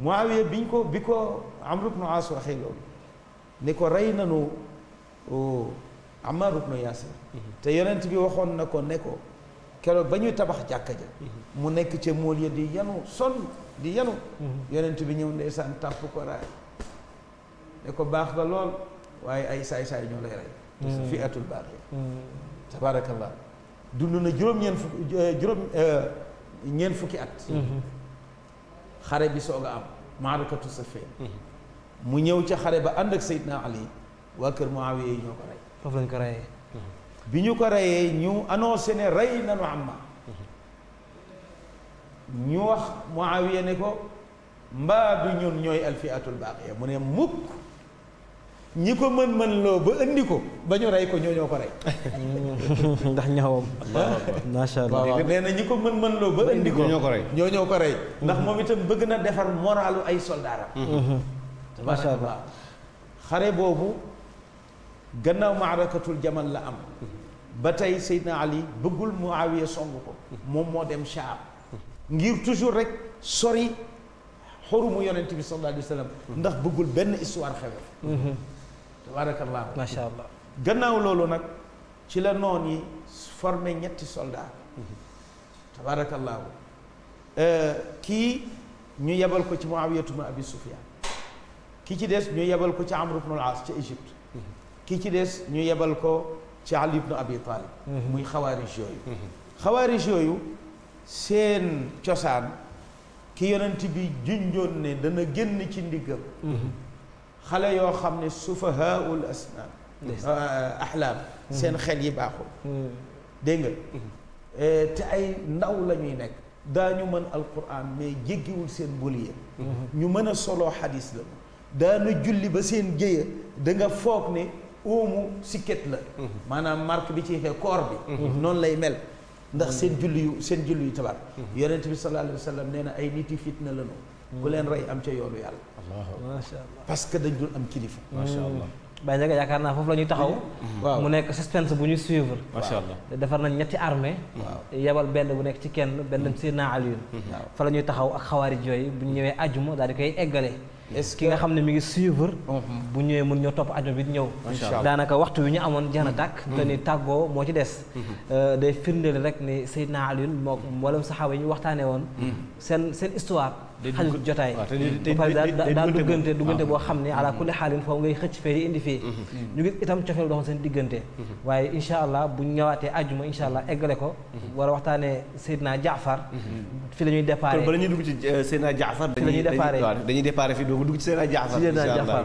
Muawiya biñ ko bi ko Amr ibn As waxee loolu ni ko rey nanu Ammar ibn Yasir mhm. te yonent bi waxoon na ko ne ko keroog ba ñuy tabax jàkka ja mhm. mu nekk ci mool ya di yanu sonn di yanu mhm. yonent bi ñëw ndeysaan tàpp ko raay ne ko baax nga lool waaye ay saay-saay ñoo lay rey fi atul baax tabaarakallah dund na eh, juróom ñeen eh, juróom ñeen fukki at xare bi soog a am maarakatu Siffin mu ñëw ca xare ba ànd ak Seydina Ali waa kër Muawiya yi ñoo ko rey foofu lañ ko reyee bi ñu ko reyee ñu annoncé ne rey nanu Ammar ñu wax Muawiya ne ko mbaa du ñun ñooy alfiatul baaqiya mu ne mukk ñi ko mën mën loo ba indi ko ba ñu rey ko ñoo ñoo ko rey. ndax ñaawam. macha allah nee na ñi ko mën mën loo ba indi ko ñoo ko rey. ñoo ñoo ko mhm. ndax moom itam bëgg na defar moralu ay soldaaram. Mhm. macha allah xare boobu gannaaw maarakatul jamal la am. ba tey Seydina Ali bëggul Muawiya song ko. moom moo dem Shaam. ngir toujours rek sori xorumu yonent bi sallallahu alayhi mhm. ndax bëggul benn histoire xew. tabarakallah macha allah gannaaw loolu nag ci la noon yi forme ñetti soldat tabarakallahu euh, kii ñu yebal ko ci muawiyatu ma abi sufyan ki ci des ñu yebal ko ci amr ibn al ci des ñu yebal ko ci ali abi talib muy xawaarij yooyu xawaarij yooyu seen cosaan ki yonent bi junjoon ne dana génn ci ndiggam خلا يو خمني السفهاء والاسنان نعم. آه، آه، احلام سين خيل يباخو دينغ آه، تاي ناو لا ني نيك دانيو من القران مي جيغي ول سين بولي ني مانا سولو حديث لا دانو جولي با سين جيي دنگا فوك ني اومو سيكيت لا مانا مارك بي تي هي كور بي نون لاي مل ndax sen julli sen julli tabar yaronte bi sallallahu alaihi wasallam neena ay niti fitna la no ku leen rey am ca yoonu yàlla. macha parce que dañ doon am kilifa. macha mm. allah. Baye Ndiaga yaakaar naa foofu la ñuy taxaw. Mm. mu nekk suspense bu ñu suivre. macha allah defar nañ ñetti armée yebal benn bu nekk ci kenn benn dem mm. si naa Alioune. fa la ñuy taxaw ak xawaarij bu ñu ñëwee ajuma daal di koy eggale. ki nga xam ne mi ngi suivre. Mm-hmm. bu ñëwee mun ñoo topp ajuma bi ñëw. daanaka waxtu wi ñu amoon jeex na tàkk. Mm-hmm. te ni tàggoo moo ci des. Mm-hmm. Euh, day firndeel rek ni Seydina Alioune moom sa xaw yi ñu waxtaanee woon. seen seen histoire. xajul jotaay ba pare daal daal duggante ah, duggante boo xam ne ala kulli xaalin foofu ngay xëcc fee di indi fii mm-hmm. mm-hmm. ñu ngi itam cofeel doxoon seen diggante mm-hmm. waaye incha allah bu ñu ñëwaatee àjjuma incha allah eggale ko war a waxtaanee Seydina Jaafar fi la ñuy déparé ñuy dugg ci euh, Seydina Jaafar dañuy déparé dañuy déparé fii dooga dugg ci Seydina Jaafar Seydina Jaafar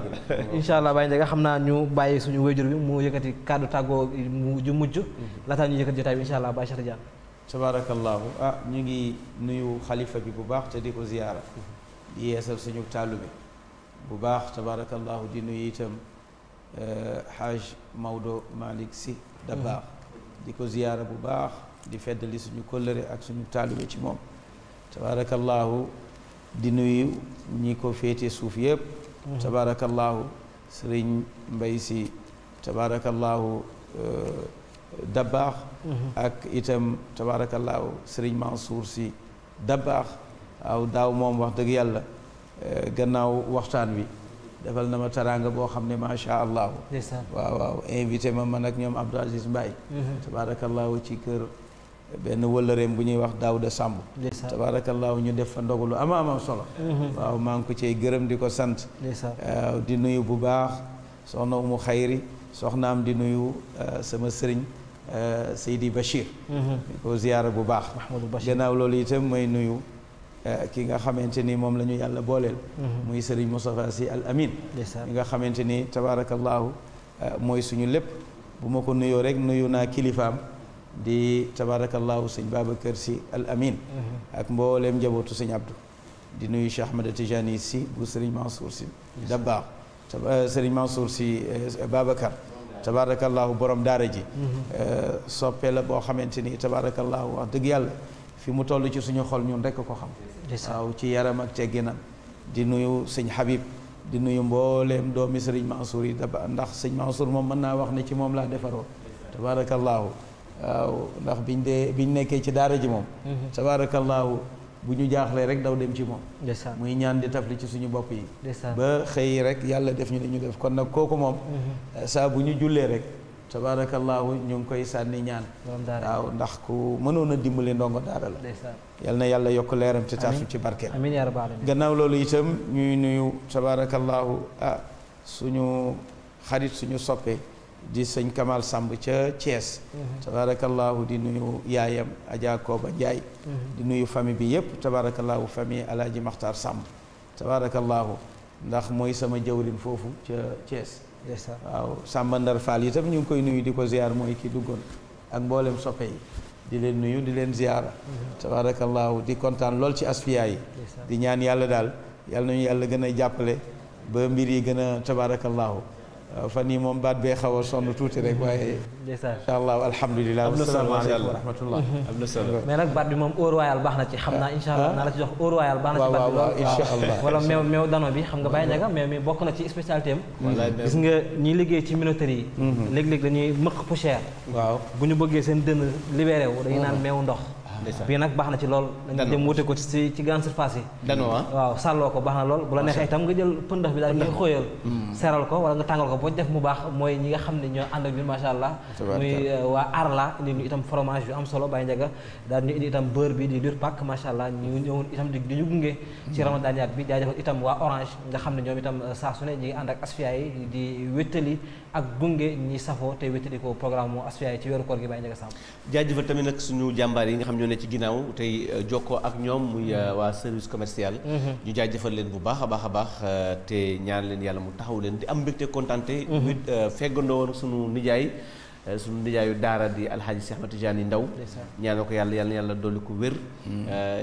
incha allah bàyyi nga xam naa ñu bàyyi suñu wéjur bi mu yëkkati kàddu tàggoo mu ju mujj laataa ñu yëkkati jotaay bi incha allah bàyyi Cheikh Tidiane tabaarakallaahu a ah, ñu ngi nuyu xalifa bi bu baax te di ko ziyaara di yeesal suñu taalube bu baax tabaarakallaahu di nuyu itam xaaj eh, Maodo Malick si da mm-hmm. di ko ziyaara bu baax di feddali suñu kóllëre ak suñu taalube ci moom tabaarakallaahu di nuyu ñi ko féete suuf yëpp mm-hmm. tabaarakallaahu sëriñ mbay si tabaarakallaahu eh, Dabaax. Mhm. ak itam tabaarakallaahu Serigne Mansour si Dabaax waaw daaw moom wax dëgg yàlla eh, gannaaw waxtaan wi defal na ma taraanga boo xam ne macha allah. waaw waaw invité ma man ak ñoom Abdou Aziz Mbaye. Mhm. tabaarakallaahu ci kër benn wëllëreem bu ñuy wax Daouda Samb. tabaarakallaahu ñu def fa ndogu lu ama ama solo. Mhm. waaw maa ngi ko cay gërëm di ko sant. waaw di nuyu bu baax soxna umu xayri soxnaam di nuyu eh, sama sëriñ. Seydi Bachir. ko ziyaara bu baax. Mahmoud Bachir gannaaw loolu itam may nuyu. ki nga xamante ni moom la ñu yàlla booleel. muy Serigne Moustapha Sy Al Amin. ki nga xamante ni tabaarakallaahu mooy suñu lépp. bu ma ko nuyoo rek nuyu naa kilifaam di tabaarakallaahu sëñ Babacar Sy Al Amin. ak mbooleem njabootu sëñ Abdou. di nuyu Cheikh Ahmed Tijani Sy bu Serigne Mansour Sy. d' abord Serigne Mansour Sy Babacar. tabaarakallaahu borom daara ji mm-hmm. eh, soppee la boo xamante ni tabaarakallaahu wax dëgg yàlla fi mu toll ci suñu xol ñun rekk ko xam waaw ci yaram ak tegginam di nuyu sëñ Habib di nuyu mbooleem doomi sëriñ Mansour yi daba ndax sëñ Mansour moom mën naa wax ne ci moom laa defaroo tabaarakallaahu waaw ndax biñ dee biñ nekkee ci daara ji moom mm-hmm. tabaarakallaahu bu ñu jaaxlee rek daw dem ci moom muy ñaan di tafli ci suñu bopp yi ba xëy rek yàlla def ñu li ñu def kon nag kooku moom mm-hmm. eh, saa bu ñu jullee rek tabaarakallaahu ñu ngi koy sànni ñaan waaw ndax ku mënoon a dimbali ndongo daara la yal na yàlla yokk leeram te taasu ci barkeel gannaaw loolu itam ñuy nuyu tabaarakallaahu ah suñu xarit suñu soppee di sëñ Kamal Samb ca Thiès. Mhm. tabaarakallaahu di nuyu yaayam Adja Koba mhm. di nuyu famille bi yëpp tabaarakallaahu famille El Hadj Makhtar Samb tabaarakallaahu ndax mooy sama jawrin foofu ca Thiès. waaw Samba Ndar yi tam ñu ngi koy nuyu di ko ziar mooy kii duggoon ak mboolem soppe yi di leen nuyu di leen ziara. Mhm. tabaarakallaahu di kontaan lool ci asfiya yi. di ñaan yàlla daal yàlla nañu yàlla gën a jàppale ba mbir yi gën a tabaarakallaahu فني من بعد بيخاو صنو توتي رك واي إن شاء الله والحمد لله والسلام عليكم ورحمة الله أبن السلام منك بعد بمم أوروي البحنة تخمنا إن شاء الله نالك جوخ أوروي البحنة تبقى بلو إن شاء الله ولا ميو ميو دانو بي خمجا باي نجا ميو ميو بوكنا تي سبيشال تيم بسنجا نيلي جي تيمينو تري لك لك لني مخ بوشير واو بني بوجي سندن ليبرو رينان ميو دخ bii nag baax na ci lool dañu dem wute ko ci ci grande surface yi danoo ah. waaw sàlloo ko baax na lool bu la neexee itam nga jël pëndax bi daal nga xóoyal mm. seral ko wala nga tàngal ko boo def mu baax mooy ñi nga xam ne ñoo ànd ak ñun macha allah muy euh, waa Arla indi ñu itam fromage yu am solo Baye Ndiaga daal ñu indi itam beurre bi di dur pak macha allah ñu ñëwoon itam di ñu gunge ci mm. ramadan yaat bi jaajëfal itam waa orange nga xam ne ñoom itam euh, saa su ne ñi ngi ànd ak ak gunge ñi safoo te wéttali ko programme mu Asfiya yi ci weeru koor gi Baye Ndiaga Samb jaajëfal tamit nag suñu jàmbaar yi nga xam ñoo ne ci ginnaaw tey euh, jokkoo ak ñoom muy euh, mm-hmm. waa service commercial mm-hmm. ñu jaajëfal leen bu baax a baax a baax euh, te ñaan leen yàlla mu taxaw leen di am mbégte kontaante muy mm-hmm. feggandoo woon suñu nijaay suñu nijaayu daara di alxaaji Cheikh Ahmed Tidiane Ndaw ñaanoo ko yàlla yàlla yàlla dolli ko wér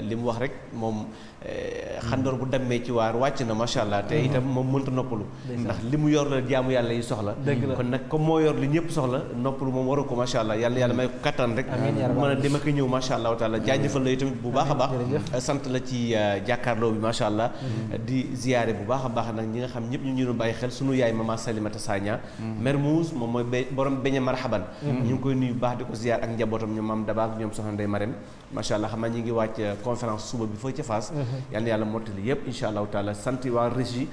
li mu wax rek moom Eh, xandoor bu demee ci waar wàcc na macha allah te mm-hmm. itam moom mënta noppalu ndax li mu yor la jaamu yàlla yi soxla kon nag comme moo yor li ñëpp soxla noppalu moom waru ko macha allah yàlla yàlla may ko kattan rek a dem ak ñëw macha allah wa taala jaajëfal a baax eh, sant la ci eh, bi macha allah mm-hmm. di ziyaare bu baax a baax nag ñi nga xam ñëpp ñu ñu doon bàyyi xel sunu yaay mama Salimata Sagna mm-hmm. Mermouz moom mooy borom beñe marhaban ñu ngi koy nuyu baax di ko ziyaar ak njabootam ñoom maam Dabaak ñoom soxna Ndey Marem macha allah xam ñi ngi wàcc conférence suba bi fooy ca Fass yal na yàlla mottali yëpp incha allahu taala sant waa régie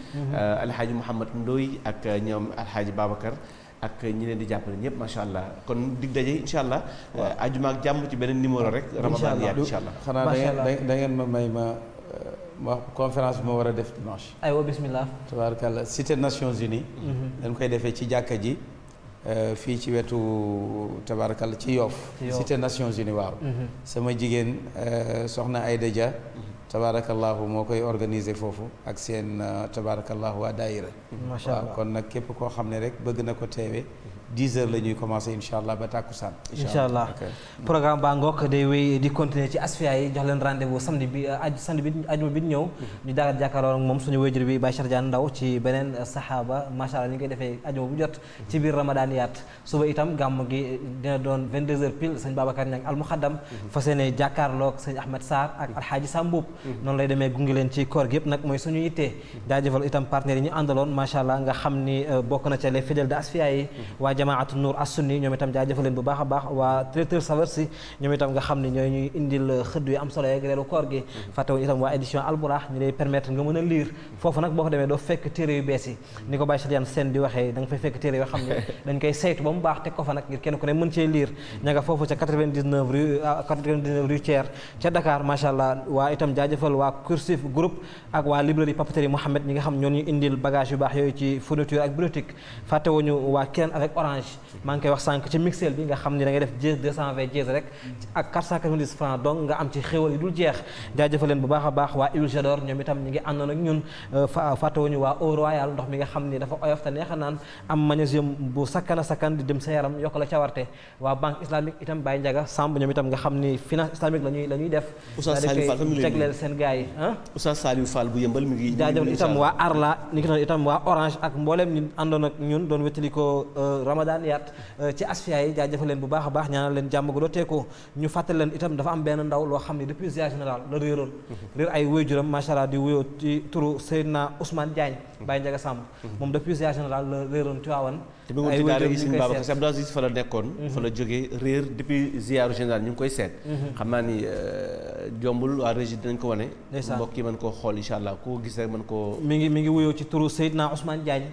alhaaji euh, Mouhamad Ndoy ak ñoom alhaaji Babacar ak ñi leen di jàppale ñëpp macha allah kon dig daje incha allah. waaw ajuma euh, ak jàmm ci beneen numéro rek. ramadan yaa xanaa da ngeen da ngeen ma may ma euh, ma conférence bi ma war a def dimanche. aywa bismillah. tabaarakallah cité Nations Unies. Mhm. dañ koy defee ci jàkka ji. fii ci wetu tabaarakallah ci Yoff. cité Nations Unies waaw. Mhm. sama jigéen soxna Aïda Dia. Mhm. tabaarakallaahu moo koy organiser foofu ak seen euh, tabaarakallaahu waa daayira. macha allah waaw kon nag képp koo xam ne rek bëgg na ko teewee. dix heures la ñuy commencé incha allah ba tàkkusaan incha allah programme baa ngook day wéy di continuer ci asfiya yi jox leen rendez-vous samedi bi euh, aju ajuma bi ñëw mhm. ñu daal di jàkkaarloo moom suñu wéjur bi Baye Chardiane Ndaw ci beneen euh, saxaaba macha allah ni ñu defee ajuma bu jot mhm. ci biir ramadaniyaat suba itam gàmm gi dina doon 22 heures pile sëñ Babacar Niang almuxaddam mhm. fas yéene jàkkaarloog sëñ Ahmed Sarr ak alxaaji Samboub noonu lay demee gungi leen ci koor gi yëpp nag mooy suñu yittee jaajëfal itam partenaires yi ñu àndaloon nga xam ni euh, bokk na jamaatu Nour as-Sunni ñoom itam jaajëfal leen bu baax a baax waa traiteur saver si ñoom itam nga xam ne ñooy indil xëdd yu am solo yeeg reelu koor gi fàttewuñu itam waa édition avec orange orange mang koy wax sank ci mixel bi nga xamni da ngay def 220 jees rek ak 490 francs donc nga am ci xewal yi dul jeex jaajëfal bu baakha baax wa il jador ñom itam ñi ngi àndoon ak ñun euh, faato fàttewuñu wa o royal ndox mi nga xamni dafa oyof ta neex naan am magnesium bu sakkan a di dem sa yaram yok la cawarte wa banque islamique itam Baye ndaga Samb ñom itam nga xamni finance islamique lañuy lañuy def Oustaz Saliou Fall mu tegleel seen Fall bu yembal mi ngi jaajëfal itam wa Arla ñi ngi itam wa orange ak mbollem ñun àndoon ak ñun don wéttali ko euh, Ramadan yaat euh, ci asfiya yi jaajëfal leen bu baax a baax ñaanal leen jàmm gu ñu fàttali itam dafa am benn ndaw loo xam ne depuis ziar général la réeroon mhm. réer ay waajuram macha allah di wuyoo ci turu Seydina Ousmane Diagne mhm. Baye Ndiaga Samb mhm. moom depuis ziar général la réeroon Tiwaawan te bi ngoon daara gi sëñ Babacar Sy Abdou Aziz fa la nekkoon fa la jógee réer depuis ziar général ñu ngi koy seet xam naa ni euh, jombul waa régie dinañ ko wane mbokk yi mën xool incha allah koo gis rek mën koo mi ngi mi ngi wuyoo ci turu Seydina Ousmane Diagne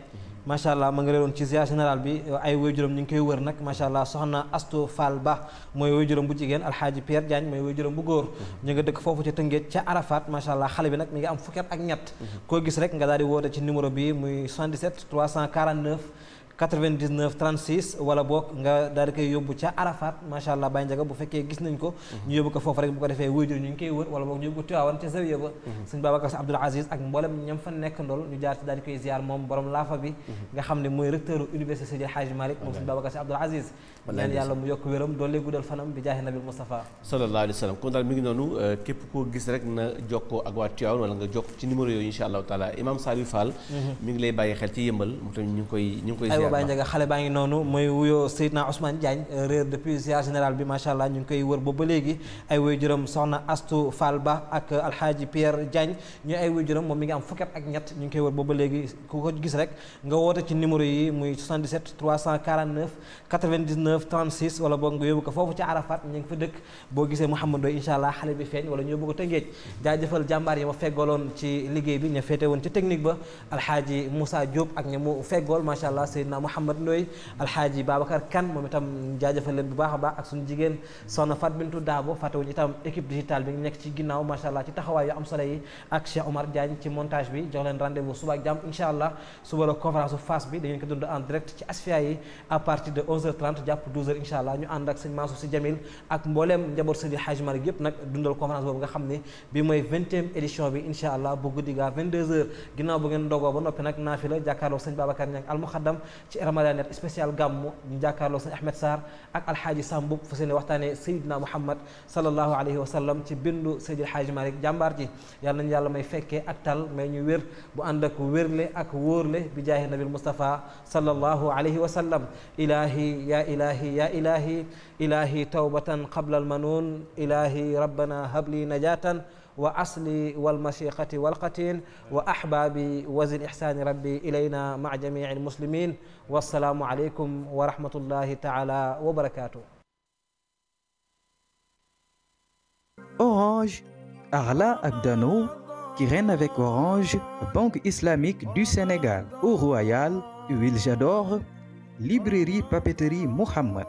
macha allah ma nga réeroon ci ziar général bi ay waajuram ñu ngi koy wër nag macha allah soxna Astu Fall Ba mooy waajuram bu jigéen alxaaji Pierre Diagne mooy waajuram bu góor ñu nga dëkk foofu ca Tëngéej ca Arafat macha allah xale bi nag mi ngi am fukki ak ñett mhm. koo gis rek nga daal di woote ci numéro bi muy 77 349 99 36 wala boog nga daal di koy yóbbu ca Arafat macha allah Baye Ndiaga bu fekkee gis nañ ko mhm. ñu yóbbu ko foofu rek bu ko defee wéyjur ñu ngi koy wër wala boog ñu yóbbu ko Tiwaawan ca zawiya ba mhm. sëñ Babacar Sy Abdoul Aziz ak mboolem ñam fa nekk ndool ñu jaar ci daal di koy ziar moom borom laafa bi mhm. nga xam ne mooy recteur université Seydi Hadji Malick moom sëñ Babacar Sy Abdoul Aziz ñaan yàlla mu yokk wéram doole guddal fanam bi jaaxe nabil Moustapha sallallahu alayhi wa sallam kon daal mi ngi noonu euh, képp koo gis rek na jokkoo ak waa Tivaouane wala nga jokk ci numéro yooyu insha allahu taala imam Saliou Fall mhm. mi ngi lay bàyyi xel ci yëmbal mu tamit ñu ngi koy ñu ngi koy ziar bàyyi njega xale baa noonu euh, mooy ko gis rek nga woote ci numéro yi muy 29 36 wala boog nga yóbbu ko foofu ci Arafat ñu ngi fa dëkk boo gisee Mouhamed Ndoye incha allah xale bi feeñ wala ñu yóbbu ko Tëngéej jaajëfal jàmbaar yi ma feggaloon ci liggéey bi ña féete woon ci technique ba alxaaji Moussa Diop ak ña mu feggool macha allah Seydina Mouhamed Ndoye alxaaji Babacar Kane moom itam jaajëfal leen bu baax a baax ak suñu jigéen soxna Fat Bintou Dabo fàttewuñu itam équipe digitale bi ngi nekk ci ginnaaw macha allah ci taxawaay jàpp 12h incha allah ñu ànd ak sëñ Mansour Sy Djamil ak mbooleem njaboot Seydi Hadj Malick yëpp nag dundal conférence boobu nga xam ne bi mooy vingtième édition bi incha allah bu guddi 22h ginnaaw bu ngeen dogoo ba noppi nag naafi la jàkkaarloo sëñ Babacar Niang almuxaddam ci Ramadan spécial gàmmu ñu jàkkaarloo sëñ Ahmed sar ak alxaaji Samboub fa seeni waxtaane Seydina Muhammad sallallahu alayhi wa sallam ci bindu Seydi Hadj Malick jàmbaar ji yàlla nañu yàlla may fekkee ak tal may ñu wér bu ànd ak wérle ak wóorle bi jaahi nabil Mustafa sallallahu alayhi wa ilahi ya ilahi إلهي يا إلهي إلهي توبة قبل المنون إلهي ربنا هب لي نجاة وأصلي والمشيقة والقتين وأحبابي وزن إحسان ربي إلينا مع جميع المسلمين والسلام عليكم ورحمة الله تعالى وبركاته Orange, Arla Abdano, qui règne avec Orange, Banque islamique du Sénégal, au Royal, Huile J'adore, Librairie Papeterie Mohammed.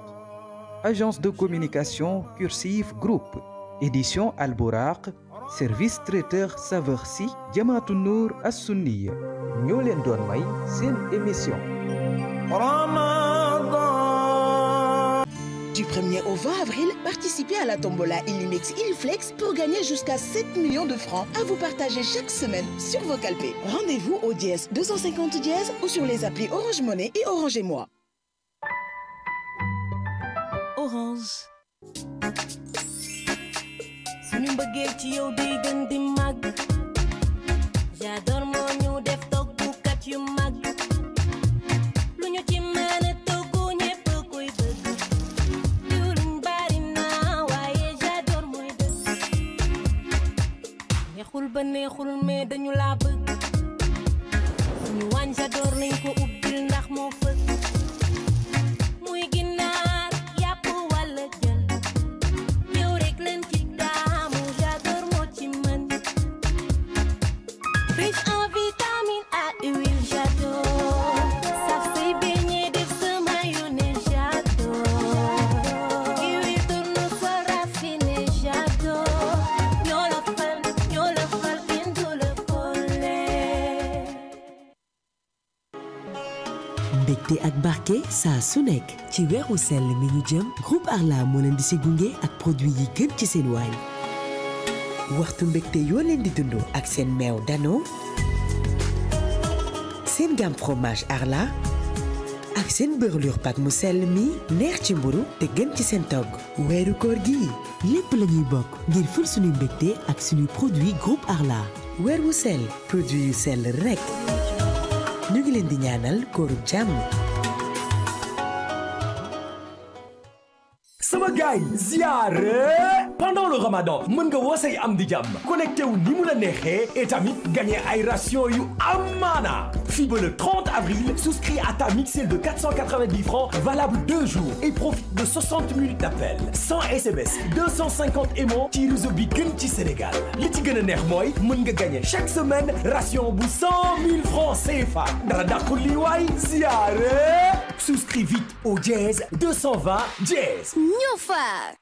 Agence de communication Cursive Group. Édition Alborak, Service traiteur Saversi, Diamatounour Assouni. ñoo émission. Du 1er au 20 avril, participez à la tombola Illimix Ilflex pour gagner jusqu'à 7 millions de francs à vous partager chaque semaine sur vos calpés. Rendez-vous au 10 250 dièse ou sur les applis Orange Monnaie et Orange et Moi. orange suñu mbëggeel ci yow day gën di màgg j'adore moo ñu def toggukat yu màgg lu ñu ci mën toggu ñépp koy bëgg diwlin bari waaye j'adore mooy dëgg neexul ba neexul mais dañu laa bëgg suñu waañ j'adore lañ ko ubbil ndax moo fëgg muy ginnaaw jàppante ak barké sa su nek ci wéru sel mi ñu jëm groupe Arla mo leen di si gunge ak produit yi gën ci seen waañ waxtu mbégte yo leen di dund ak seen mew dano seen gam fromage Arla ak seen beurlure pat mu sel mi neex ci mburu te gën ci seen tog wéru koor gi lepp lañuy bok ngir ful suñu mbégte ak suñu produit groupe Arla wéru sel sell sel yu sell rek Sampai jumpa di pendant le ramadan mën nga woo say am di jàmm connecté wu ni la et tamit gagné ay ration yu amana fii le 30 avril souscris à ta mixel de 490 francs valable deux jours et profite de 60 minutes d'appel 100 SMS 250 aimants Tiruzo réseau ci Sénégal li ci gën a neex chaque semaine ration bout 100 000 francs CFA Nada dàqul li ziare souscris vite au Jazz 220 Jazz. Alpha.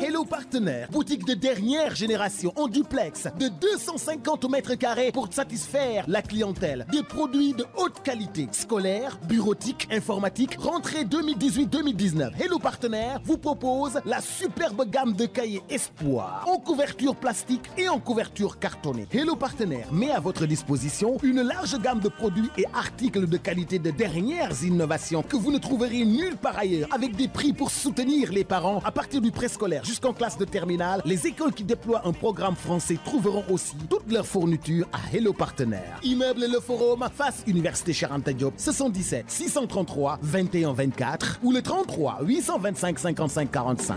Hello Partenaire, boutique de dernière génération en duplex de 250 mètres carrés pour satisfaire la clientèle. Des produits de haute qualité, scolaire, bureautique, informatique Rentrée 2018-2019, Hello Partenaire vous propose la superbe gamme de cahiers Espoir en couverture plastique et en couverture cartonnée. Hello Partenaire met à votre disposition une large gamme de produits et articles de qualité de dernières innovations que vous ne trouverez nulle par ailleurs, avec des prix pour soutenir les parents. À partir du préscolaire jusqu'en classe de terminale, les écoles qui déploient un programme français trouveront aussi toutes leur fournitures à Hello Partenaire. Immeuble Le Forum, face Université Charente Diop, 77 633 21 24 ou le 33 825 55 45.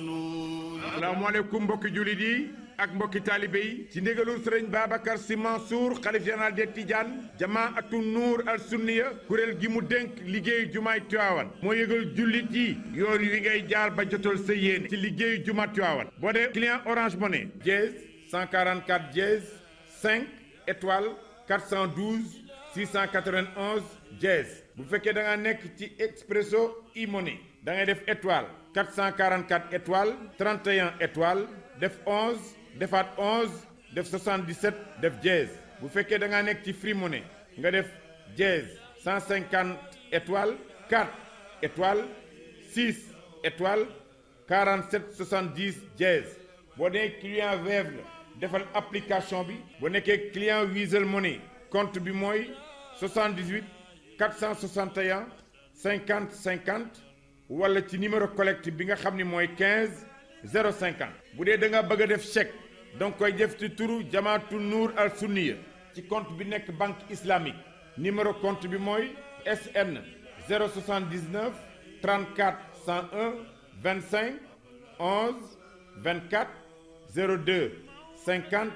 asalaamaaleykum mbokki jullit yi ak mbokki taalibe ci ndigalul serigne Babacar Sy Mansour xalif général de Tidianes jamaatu nour al sunniya kuréel gi mu denk liggéeyu jumaay Tiwaawan mo yegal jullit yi yoon wi ngay jaar ba jotal sa yéene ci liggéeyu jumaa Tiwaawan bo de client Orange Money dièse 144 dièse 5 étoile 412 691 dièse bu fekke da nga nek ci Expresso e-money da ngay def étoile 444 étoiles 31 étoiles def 11 def 11 def 77 def Vous faites que vous avez un Free Money Vous avez 150 étoiles 4 étoiles 6 étoiles 47 70 Vous Vous un client Wave defal application Vous avez un client Wizall Money compte bi 78 461 50 50 wala ci numéro collecte bi nga 15 050. bu dee da nga bëgg def chèque donc koy def ci turu jamaatu Nour al Sunniya ci compte bi nekk banque islamique numéro compte bi SN 079 34 101 25 11 24 02 50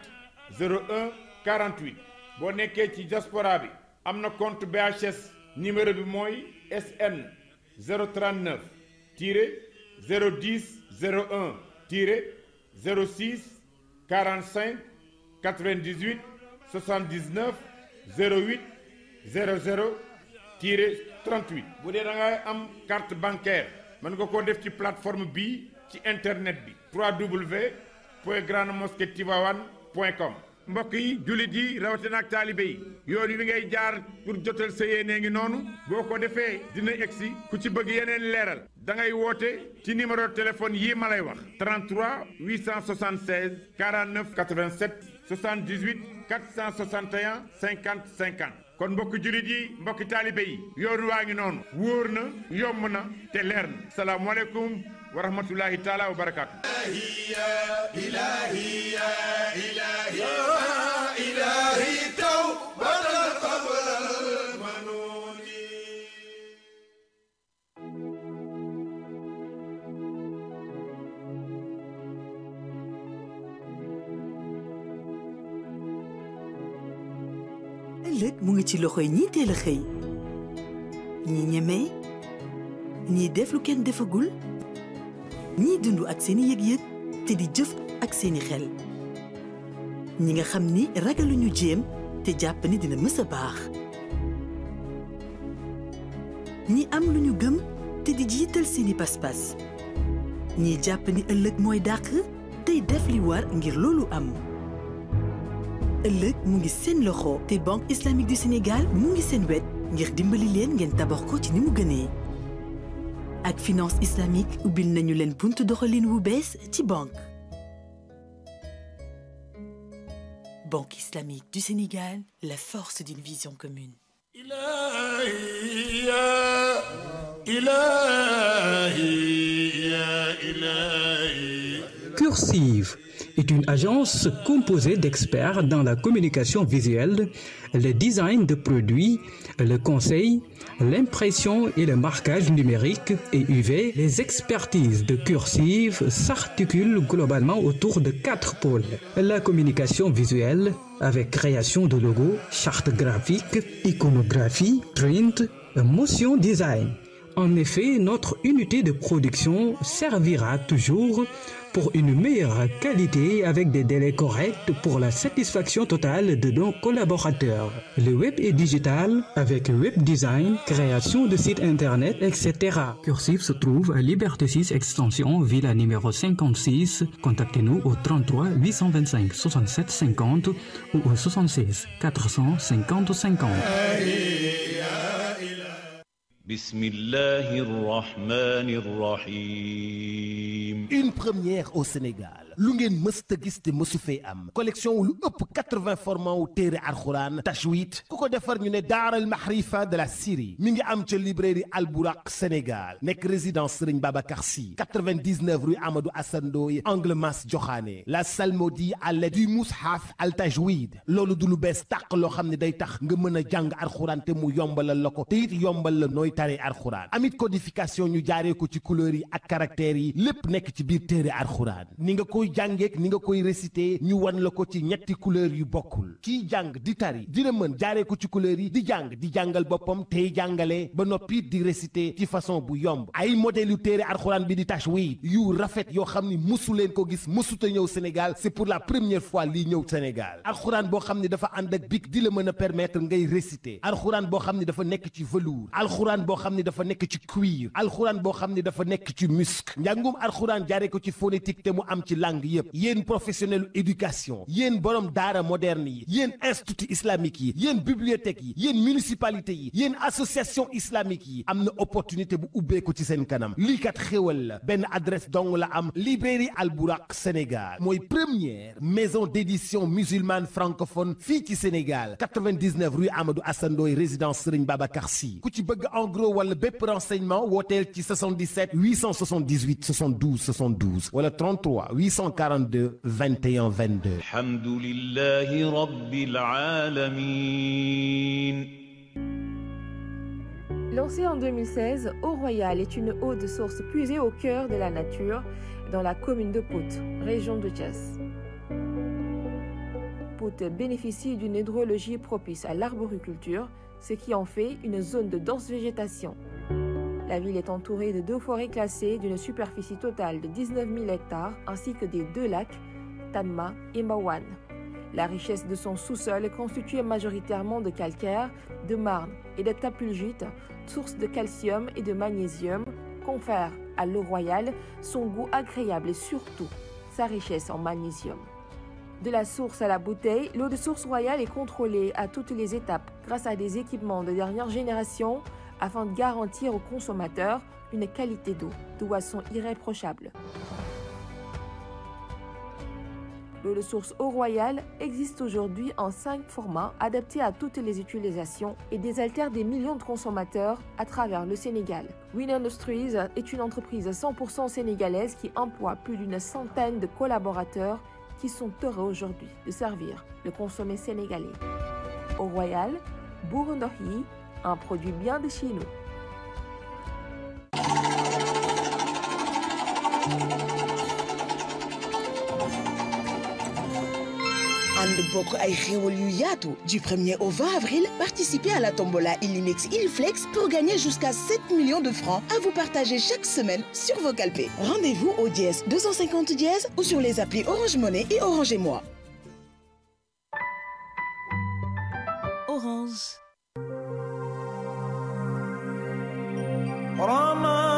01 48 boo nekkee ci diaspora bi am na compte BHS numéro bi mooy SN. 039 010 01 06 45 98 79 08 00 38 Vous avez une carte bancaire mën nga koo plateforme internet bi mbokk yi jullit yi rawatina ak taalibe yi yoon wi ngay jaar pour jotal sa yéene ngi noonu boo ko defee dina egsi ku ci bëgg yeneen leeral da ngay woote ci numéro téléphone yii ma lay wax 33 876 49 87 78 461 50 kon mbokki jullit yi mbokki taalibe yi yoon waa ngi noonu wóor na yomb na te leer na wa rahmatullahi taala wa barakaatu. ëllëg mu ngi ci loxoy ñii teel a xëy ñi ñeme ñii def lu kenn defagul. ñii dund ak seeni yëg-yëg te di jëf ak seeni xel ñi nga xam ni ragaluñu jéem te jàpp ni dina mësa baax ñii am lu ñu gëm te di jiital seeni pas-pas ñiy jàpp ni ëllëg mooy dàq tey def li war ngir loolu am ëllëg mu ngi seen loxo te banque islamique du Sénégal mu ngi seen wet ngir dimbali leen ngeen tabax ko ci ni mu gënee ak finance islamique ou nañu len pointe doxalin wu bees ci banque Banque islamique du Sénégal la force d'une vision commune Cursive est une agence composée d'experts dans la communication visuelle, le design de produits, le conseil, l'impression et le marquage numérique et UV. Les expertises de cursive s'articulent globalement autour de quatre pôles. La communication visuelle avec création de logos, chartes graphiques, iconographie, print, motion design. En effet, notre unité de production servira toujours pour une meilleure qualité avec des délais corrects pour la satisfaction totale de nos collaborateurs. Le web est digital avec web design, création de sites internet, etc. Cursif se trouve à Liberté 6 extension Villa numéro 56. Contactez-nous au 33 825 67 50 ou au 76 450 50. بسم الله الرحمن Une première au Sénégal lu ngeen gis te am collection lu upp 80 formants ou terre alxuraan tajwid kuko ko defar ñu dar al mahrifa de la Syrie mi ngi am ci librairie buraq Sénégal nek résidence Serigne Babacar Sy 99 rue Amadou Assane Ndoye angle Mass Diokhane la salmodi à l'aide du mushaf al tajwid loolu du lu bees tak lo xam day tax nga mëna jang te mu yombalal la te it yombal la noy tare alxuraan amit codification ñu jaaree ko ci couleur yi ak caractères yi lepp nek ci biir téere alxuraan ni nga koy jàngeek ni nga koy réciter ñu wan la ko ci ñetti couleur yu bokul kiy jang di tari dina mën ko ci couleur yi di jang di jangal bopam tey jangalé ba di réciter ci façon bu yomb ay modèle yu biditash alxuraan bi di yu rafet yo xamni ni musu leen ko gis Sénégal c'est pour la première fois li ñew Sénégal alcorane bo xamni dafa ànd ak di la permettre ngay réciter alcorane bo xamni dafa nek ci velours alcorane bo xamni dafa nek ci cuir alcorane bo xamni dafa nek ci musc njàngum alcorane jaaree ko ci phonétique te mu am ci langue langue a une professionnel éducation yéen borom daara moderne yi yéen institut islamique yi yéen bibliothèque yi yéen municipalité yi yéen association islamique yi am opportunité bu ko ci sen kanam li kat xewal ben adresse dong la am librairie Al burak Sénégal moy première maison d'édition musulmane francophone fi ci Sénégal 99 rue Amadou Assane Ndoye résidence Serigne Babacar Sy ku ci bëgg en gros wala renseignement wotel ci 77 878 72 72 wala 33 800 142 21 22. Alhamdulillahi en 2016, Eau Royal est une eau de source puisée au cœur de la nature, dans la commune de Pout, région de Chasse. Pout bénéficie d'une hydrologie propice à l'arboriculture, ce qui en fait une zone de dense végétation. La ville est entourée de deux forêts classées d'une superficie totale de 19 000 hectares ainsi que des deux lacs, Tanma et Mawan. La richesse de son sous-sol est constituée majoritairement de calcaire, de marne et de tapulgite, source de calcium et de magnésium, confère à l'eau royale son goût agréable et surtout sa richesse en magnésium. De la source à la bouteille, l'eau de source royale est contrôlée à toutes les étapes grâce à des équipements de dernière génération afin de garantir aux consommateurs une qualité d'eau d'oisson irréprochable. le de source Eau Royale existe aujourd'hui en cinq formats adaptés à toutes les utilisations et désaltère des millions de consommateurs à travers le Sénégal. Win Industries est une entreprise 100% sénégalaise qui emploie plus d'une centaine de collaborateurs qui sont heureux aujourd'hui de servir le consommé sénégalais. Eau Royal, Burundohi, un produit bien de chez du 1er au 20 avril participez à la tombola Illimix Ilflex pour gagner jusqu'à 7 millions de francs à vous partager chaque semaine sur vos calpés rendez-vous au dièse 250 dièse ou sur les applis Orange Monnaie et Orange et Moi Orange رمى